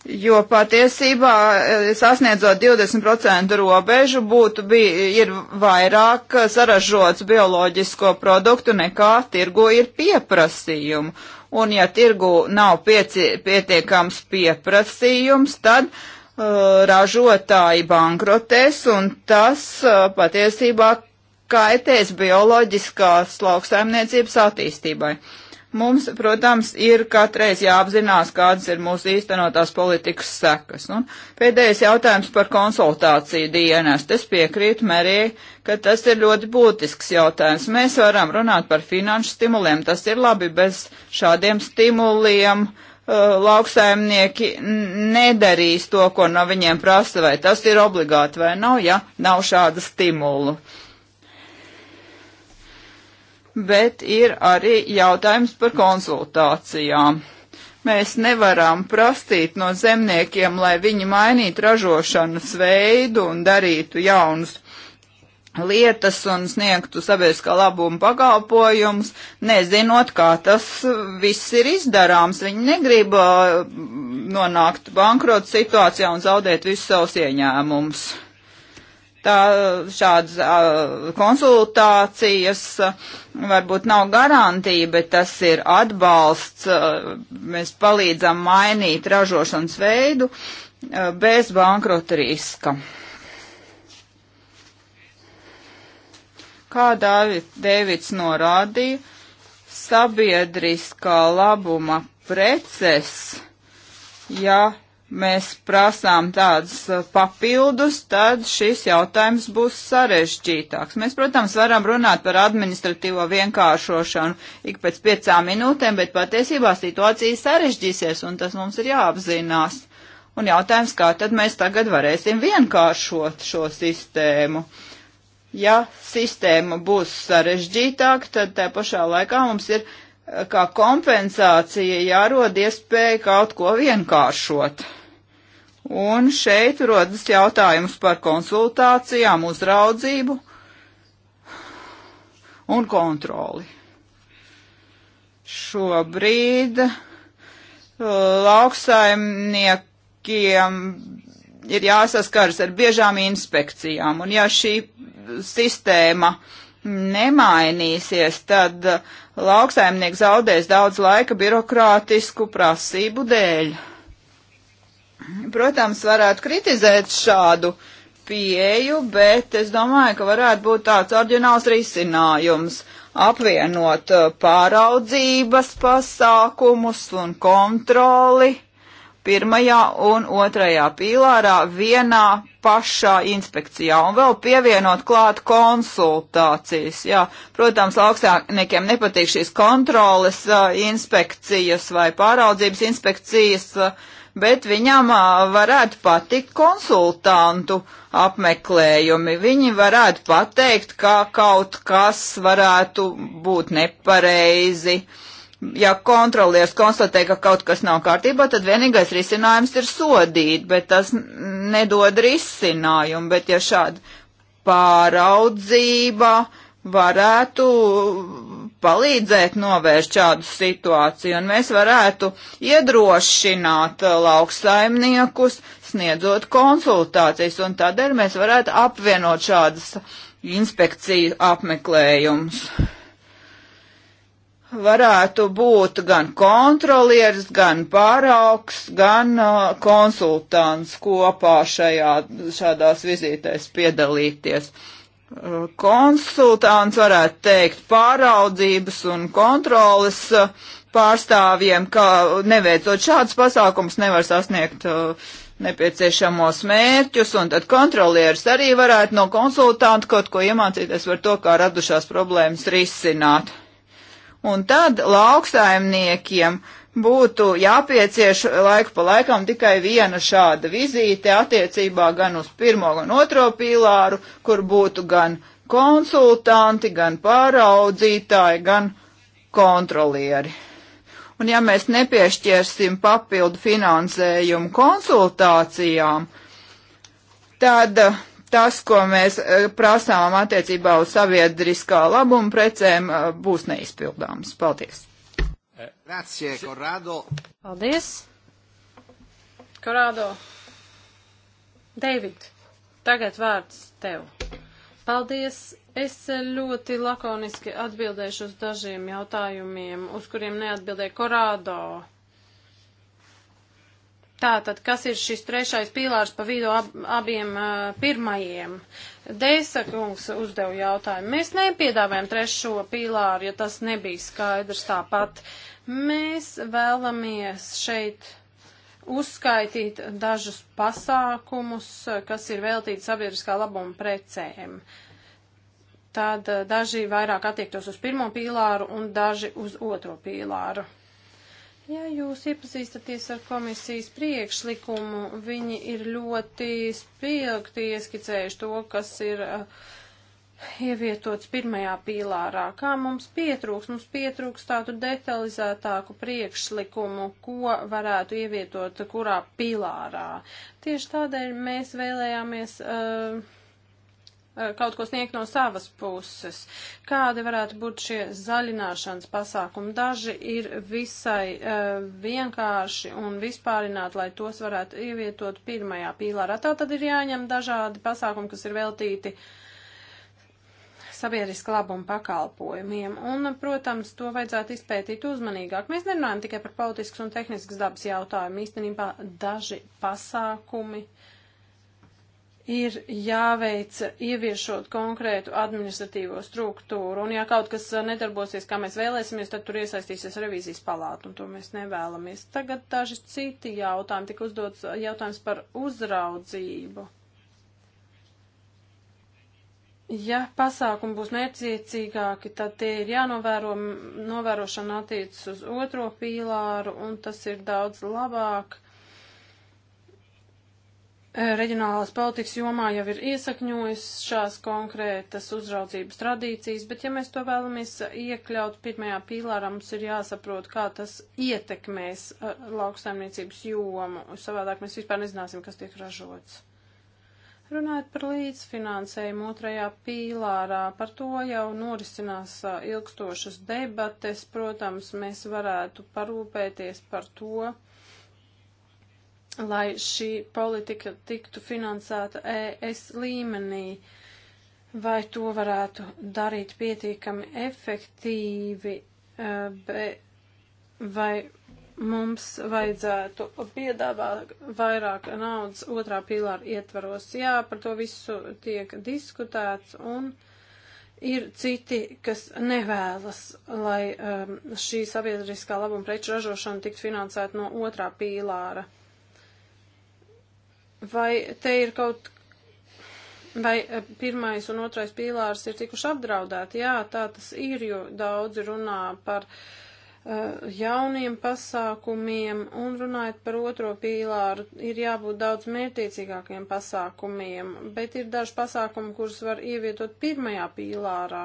Jo patiesībā eh, sasniedzot 20% robežu būtu bij, ir vairāk eh, saražots bioloģisko produktu nekā tirgu ir pieprasījumu. Un ja tirgu nav pieci, pietiekams pieprasījums, tad uh, ražotāji bankrotēs un tas uh, patiesībā kaitēs bioloģiskās lauksaimniecības attīstībai. Uh, Mums, protams, ir katreiz jāapzinās, kādas ir mūsu īstenotās politikas sekas. Un pēdējais jautājums par konsultāciju dienas. Es piekrītu Merijai, ka tas ir ļoti būtisks jautājums. Mēs varam runāt par finanšu stimuliem. Tas ir labi bez šādiem stimuliem. Uh, lauksaimnieki nedarīs to, ko no viņiem prasa, vai tas ir obligāti vai nav, ja nav šādu stimulu. Uh, bet ir arī jautājums par konsultācijām. Mēs nevaram prastīt no zemniekiem, lai viņi mainītu ražošanas veidu un darītu jaunus lietas un sniegtu sabiedriskā labuma pakalpojumus, nezinot, kā tas viss ir izdarāms. Viņi negrib uh, nonākt bankrota situācijā un zaudēt visus savus ieņēmumus tā, šādas uh, konsultācijas uh, varbūt nav garantija, bet tas ir atbalsts. Uh, mēs palīdzam mainīt ražošanas veidu bez bankrota riska. Kā Dēvids norādīja, sabiedriskā labuma preces, ja mēs prasām tādus uh, papildus, tad šis jautājums būs sarežģītāks. Mēs, protams, varam runāt par administratīvo vienkāršošanu ik pēc piecām minūtēm, bet patiesībā situācija sarežģīsies, un tas mums ir jāapzinās. Un jautājums, kā tad mēs tagad varēsim vienkāršot šo sistēmu? Ja sistēma būs sarežģītāka, tad tā pašā laikā mums ir uh, kā kompensācija jārod iespēja kaut ko vienkāršot. Un šeit rodas jautājums par konsultācijām, uzraudzību un kontroli. Šobrīd uh, lauksaimniekiem ir jāsaskaras ar biežām inspekcijām, un ja šī sistēma nemainīsies, tad lauksaimnieks zaudēs daudz laika birokrātisku prasību dēļ. Protams, varētu kritizēt šādu pieeju, bet es domāju, ka varētu būt tāds orģināls risinājums apvienot uh, pāraudzības pasākumus un kontroli pirmajā un otrajā pīlārā vienā pašā inspekcijā un vēl pievienot klāt konsultācijas. Jā, protams, lauksāniekiem nepatīk šīs kontroles uh, inspekcijas vai pāraudzības inspekcijas. Uh, bet viņam varētu patikt konsultantu apmeklējumi. Viņi varētu pateikt, kā kaut kas varētu būt nepareizi. Ja kontrolieris konstatē, ka kaut kas nav kārtībā, tad vienīgais risinājums ir sodīt, bet tas nedod risinājumu. Bet ja šāda pāraudzība varētu palīdzēt novērst šādu situāciju, un mēs varētu iedrošināt lauksaimniekus, sniedzot konsultācijas, un tādēļ mēs varētu apvienot šādas inspekciju apmeklējumus. Varētu būt gan kontrolieris, gan pāraugs, gan uh, konsultants kopā šajā, šādās vizītēs piedalīties. Uh, konsultants, varētu teikt, pāraudzības un kontroles uh, pārstāvjiem, ka neveicot šādus pasākumus nevar sasniegt uh, nepieciešamos mērķus, un tad kontrolieris arī varētu no konsultanta kaut ko iemācīties par to, kā radušās problēmas risināt. Un tad lauksaimniekiem uh, būtu jāpiecieš laiku pa laikam tikai viena šāda vizīte attiecībā gan uz pirmo, gan otro pīlāru, kur būtu gan konsultanti, gan pāraudzītāji, gan kontrolieri. Un ja mēs nepiešķirsim papildu finansējumu konsultācijām, tad eh, tas, ko mēs eh, prasām attiecībā uz sabiedriskā labuma precēm, eh, būs neizpildāms. Paldies! Grazie, Korādo. Paldies. Korādo. David, tagad vārds tev. Paldies. Es ļoti lakoniski atbildēšu uz dažiem jautājumiem, uz kuriem neatbildēja Korādo. Tātad, kas ir šis trešais pīlārs pa vidu ab, abiem uh, pirmajiem? Deisa kungs uzdeva jautājumu. Mēs nepiedāvājam trešo pīlāru, ja tas nebija skaidrs tāpat. Uh, Mēs vēlamies šeit uzskaitīt dažus pasākumus, kas ir veltīti sabiedriskā labuma precēm. Tad eh, daži vairāk attiektos uz pirmo pīlāru un daži uz otro pīlāru. Ja jūs iepazīstaties ar komisijas priekšlikumu, viņi ir ļoti spilgti ieskicējuši to, kas ir uh, ievietots pirmajā pīlārā, kā mums pietrūks, mums pietrūks tādu detalizētāku priekšlikumu, ko varētu ievietot kurā pīlārā. Tieši tādēļ mēs vēlējāmies uh, uh, kaut ko sniegt no savas puses. Kādi varētu būt šie zaļināšanas pasākumi? Daži ir visai uh, vienkārši un vispārināti, lai tos varētu ievietot pirmajā pīlārā. Tā tad ir jāņem dažādi pasākumi, kas ir veltīti uh, sabiedriska labuma pakalpojumiem. Un, protams, to vajadzētu izpētīt uzmanīgāk. Mēs nerunājam tikai par politiskas un tehniskas dabas jautājumu. Īstenībā daži pasākumi ir jāveic ieviešot konkrētu administratīvo struktūru, un ja kaut kas nedarbosies, kā mēs vēlēsimies, tad tur iesaistīsies revīzijas palāta, un to mēs nevēlamies. Tagad daži citi jautājumi, tik uzdots jautājums par uzraudzību. Ja pasākumi būs mērķiecīgāki, tad tie ir jānovēro, novērošana attiecas uz otro pīlāru, un tas ir daudz labāk. Reģionālās politikas jomā jau ir iesakņojis šās konkrētas uzraudzības tradīcijas, bet ja mēs to vēlamies iekļaut pirmajā pīlārā, mums ir jāsaprot, kā tas ietekmēs uh, lauksaimniecības jomu. Savādāk mēs vispār nezināsim, kas tiek ražots. Runājot par līdzfinansējumu otrajā pīlārā, par to jau norisinās ilgstošas debates. Protams, mēs varētu parūpēties par to, lai šī politika tiktu finansēta ES līmenī. Vai to varētu darīt pietiekami efektīvi, vai mums vajadzētu piedāvāt vairāk naudas otrā pīlāra ietvaros. Jā, par to visu tiek diskutēts un ir citi, kas nevēlas, lai um, šī sabiedriskā labuma preču ražošana tiktu finansēta no otrā pīlāra. Vai te ir kaut Vai eh, pirmais un otrais pīlārs ir tikuši apdraudēti? Jā, tā tas ir, jo daudzi runā par uh, Eh, jauniem pasākumiem un runājot par otro pīlāru, ir jābūt daudz mērtiecīgākiem pasākumiem, bet ir daži pasākumi, kurus var ievietot pirmajā pīlārā.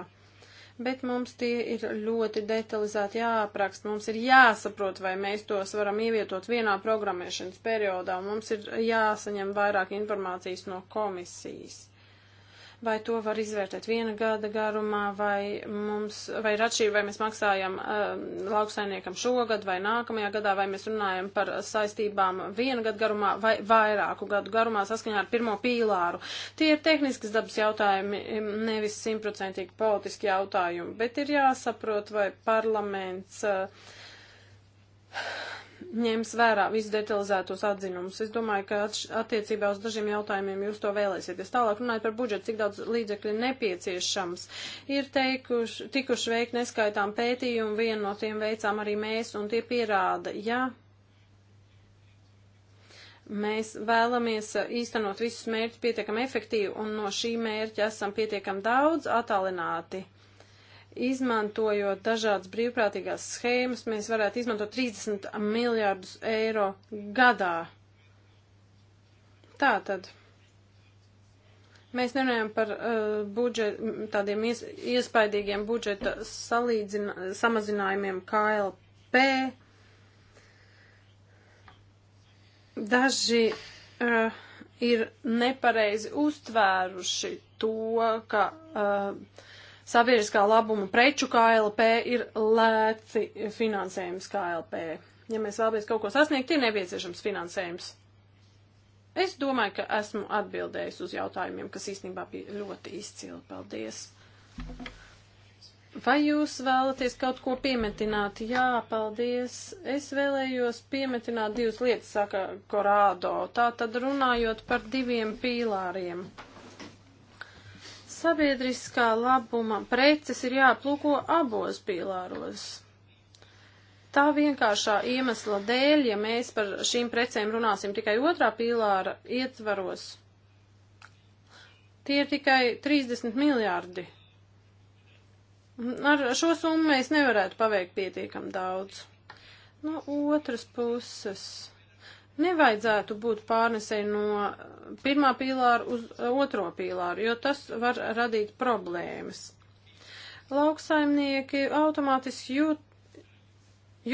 Bet mums tie ir ļoti detalizēti jāaprakst, mums ir jāsaprot, vai mēs tos varam ievietot vienā programmēšanas periodā, un mums ir jāsaņem vairāk informācijas no komisijas vai to var izvērtēt viena gada garumā, vai mums, vai ir atšķirība, vai mēs maksājam uh, um, lauksainiekam šogad vai nākamajā gadā, vai mēs runājam par saistībām viena gada garumā vai vairāku gadu garumā saskaņā ar pirmo pīlāru. Tie ir tehniskas dabas jautājumi, um, nevis simtprocentīgi politiski jautājumi, bet ir jāsaprot, vai parlaments. Uh, ņems vērā visu detalizētos atzinumus. Es domāju, ka attiecībā uz dažiem jautājumiem jūs to vēlēsieties. Tālāk runājot par budžetu, cik daudz līdzekļu nepieciešams. Ir teikuši, tikuši veikt neskaitām pētījumu, vienu no tiem veicām arī mēs, un tie pierāda, ja mēs vēlamies īstenot visus mērķus pietiekami efektīvi, un no šī mērķa esam pietiekami daudz attālināti Izmantojot dažādas brīvprātīgās schēmas, mēs varētu izmantot 30 miljārdus eiro gadā. Tātad. Mēs nerunājam par uh, budžet, tādiem ies, iespaidīgiem budžeta samazinājumiem KLP. Daži uh, ir nepareizi uztvēruši to, ka uh, sabiedriskā labuma preču KLP ir lēti finansējums KLP. Ja mēs vēlamies kaut ko sasniegt, ir nepieciešams finansējums. Es domāju, ka esmu atbildējis uz jautājumiem, kas īstenībā bija ļoti izcili. Paldies! Vai jūs vēlaties kaut ko piemetināt? Jā, paldies. Es vēlējos piemetināt divas lietas, saka Korādo. Tā tad runājot par diviem pīlāriem sabiedriskā labuma preces ir jāplūko abos pīlāros. Tā vienkāršā iemesla dēļ, ja mēs par šīm precēm runāsim tikai otrā pīlāra ietvaros, tie ir tikai 30 miljārdi. Ar šo summu mēs nevarētu paveikt pietiekam daudz. No otras puses nevajadzētu būt pārnesēji no pirmā pīlāra uz otro pīlāru, jo tas var radīt problēmas. Lauksaimnieki automātiski jūt,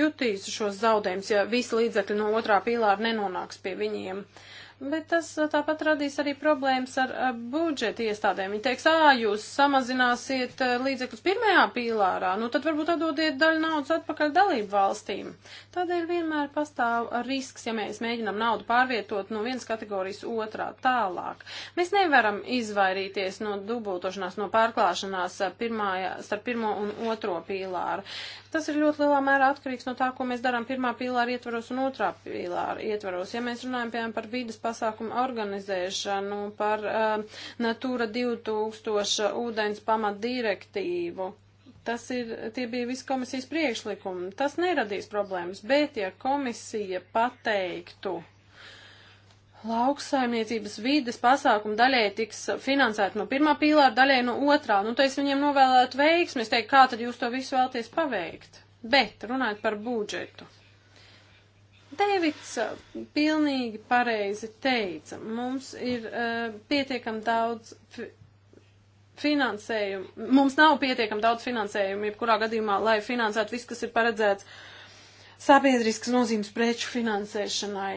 jutīs šos zaudējumus, ja visi līdzekļi no otrā pīlāra nenonāks pie viņiem. Uh, Bet tas uh, tāpat radīs arī problēmas ar uh, budžeta iestādēm. Viņi teiks, ā, jūs samazināsiet uh, līdzekļus pirmajā pīlārā, nu tad varbūt atdodiet daļu naudas atpakaļ dalību valstīm. Tādēļ vienmēr pastāv risks, ja mēs mēģinam naudu pārvietot no vienas kategorijas otrā tālāk. Mēs nevaram izvairīties no dubultošanās, no pārklāšanās pirmā, starp pirmo un otro pīlāru. Tas ir ļoti lielā mērā atkarīgs no tā, ko mēs darām pirmā pīlāra ietvaros un otrā pīlāra ietvaros. Ja mēs runājam, piemēram, par vīdas pasākumu organizēšanu, par uh, Natura 2000 ūdens pamat direktīvu, Tas ir, tie bija visi komisijas priekšlikumi. Tas neradīs problēmas, bet ja komisija pateiktu, lauksaimniecības vides pasākumu daļai tiks finansēt no pirmā pīlāra, daļai no otrā. Nu, tā es viņiem novēlētu veiksmi, es teiktu, kā tad jūs to visu vēlties paveikt. Bet runājot par budžetu. Deivids eh, pilnīgi pareizi teica, mums ir uh, pietiekam daudz fi finansējumu, mums nav pietiekam daudz finansējumu, jebkurā gadījumā, lai finansētu viss, kas ir paredzēts sabiedriskas nozīmes preču finansēšanai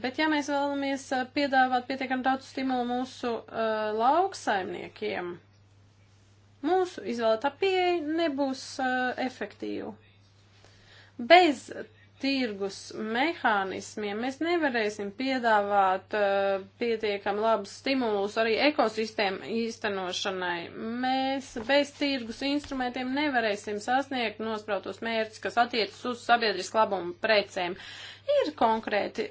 Bet ja mēs vēlamies eh, piedāvāt pietiekami daudz stimulu mūsu uh, lauksaimniekiem, mūsu izvēlētā pieeja nebūs uh, efektīva. Bez tirgus mehānismiem mēs nevarēsim piedāvāt uh, pietiekam labus stimulus arī ekosistēmu īstenošanai. Mēs bez tirgus instrumentiem nevarēsim sasniegt nosprautos mērķus, kas attiecas uz sabiedrisku labumu precēm. Ir konkrēti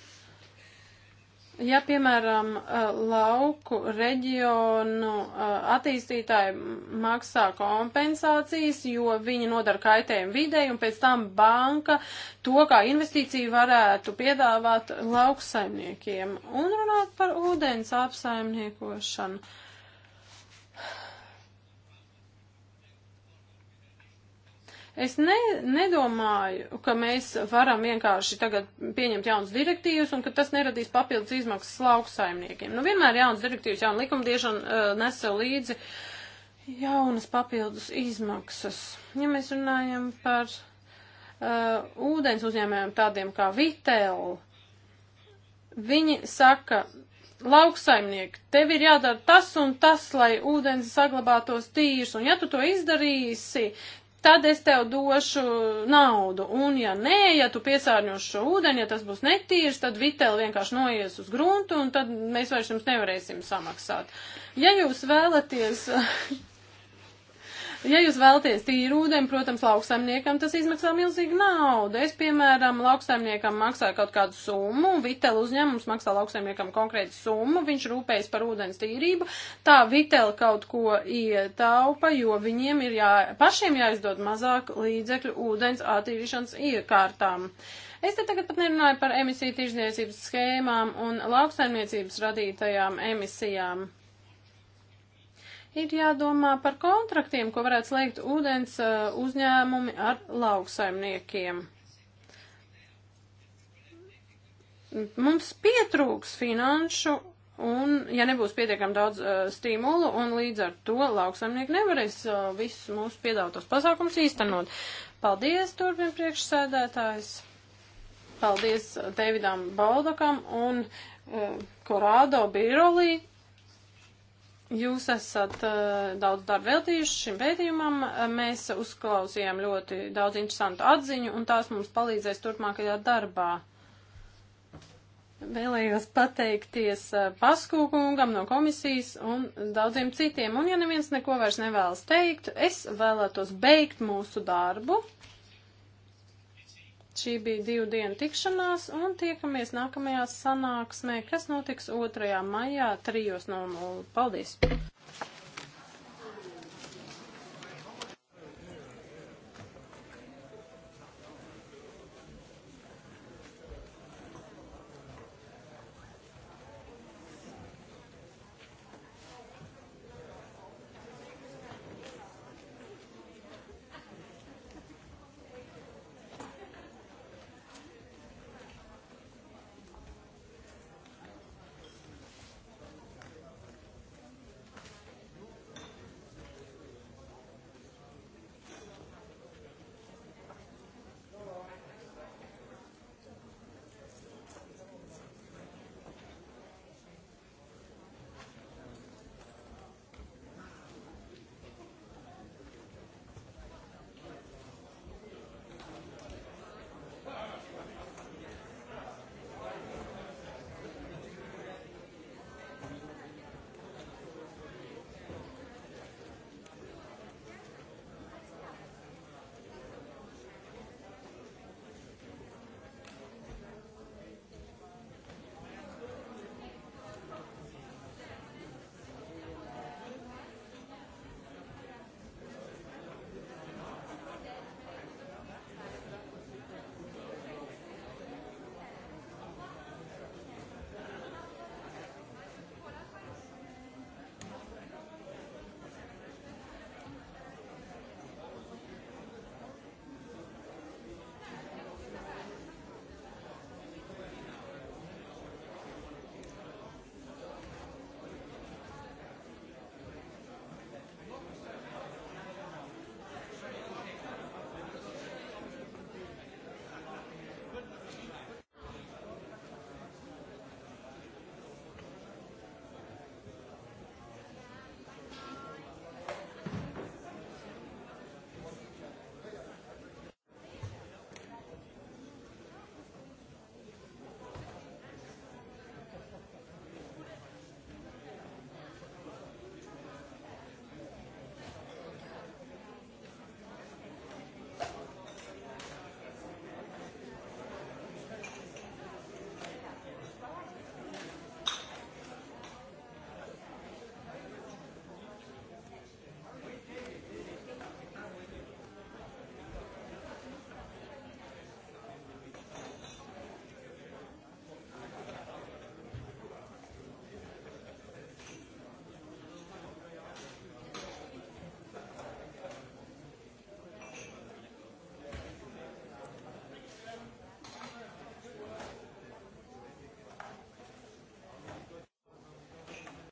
Ja, piemēram, eh, lauku reģionu eh, attīstītāji maksā kompensācijas, jo viņi nodara kaitējumu videi, un pēc tam banka to kā investīciju varētu piedāvāt lauksaimniekiem un runāt par ūdens apsaimniekošanu. Uh, Es ne, nedomāju, ka mēs varam vienkārši tagad pieņemt jaunas direktīvas un ka tas neradīs papildus izmaksas lauksaimniekiem. Nu, vienmēr jaunas direktīvas, jauna likumdiešana uh, nesa līdzi jaunas papildus izmaksas. Ja mēs runājam par uh, ūdens uzņēmējiem tādiem kā Vitel, viņi saka, lauksaimnieki, tev ir jādara tas un tas, lai ūdens saglabātos tīrs, un ja tu to izdarīsi, tad es tev došu naudu. Un ja nē, ja tu piesārņos šo ūdeni, ja tas būs netīrs, tad vitēli vienkārši noies uz gruntu un tad mēs vairs jums nevarēsim samaksāt. Ja jūs vēlaties Ja jūs vēlaties tīru ūdeni, protams, lauksaimniekam tas izmaksā milzīgu naudu. Es, piemēram, lauksaimniekam maksāju kaut kādu summu, Vitel uzņēmums maksā lauksaimniekam konkrētu summu, viņš rūpējas par ūdens tīrību, tā Vitel kaut ko ietaupa, jo viņiem ir jā, pašiem jāizdod mazāk līdzekļu ūdens attīrīšanas iekārtām. Es te tagad pat nerunāju par emisiju tirzniecības schēmām un lauksaimniecības radītajām emisijām ir jādomā par kontraktiem, ko varētu slēgt ūdens uh, uzņēmumi ar lauksaimniekiem. Mums pietrūks finanšu un, ja nebūs pietiekami daudz uh, stimulu, un līdz ar to lauksaimnieki nevarēs uh, visus mūsu piedāvātos pasākums īstenot. Paldies, turpin priekšsēdētājs. Paldies uh, Davidam Baldakam un uh, Korādo Birolī Jūs esat uh, daudz darba veltījuši šim pētījumam. Eh, mēs uzklausījām ļoti daudz interesantu atziņu, un tās mums palīdzēs turpmākajā darbā. Vēlējos pateikties uh, eh, Paskūkungam no komisijas un daudziem citiem. Un, ja neviens neko vairs nevēlas teikt, es vēlētos beigt mūsu darbu. Šī bija divu dienu tikšanās un tiekamies nākamajā sanāksmē, kas notiks 2. maijā 3.00. Paldies!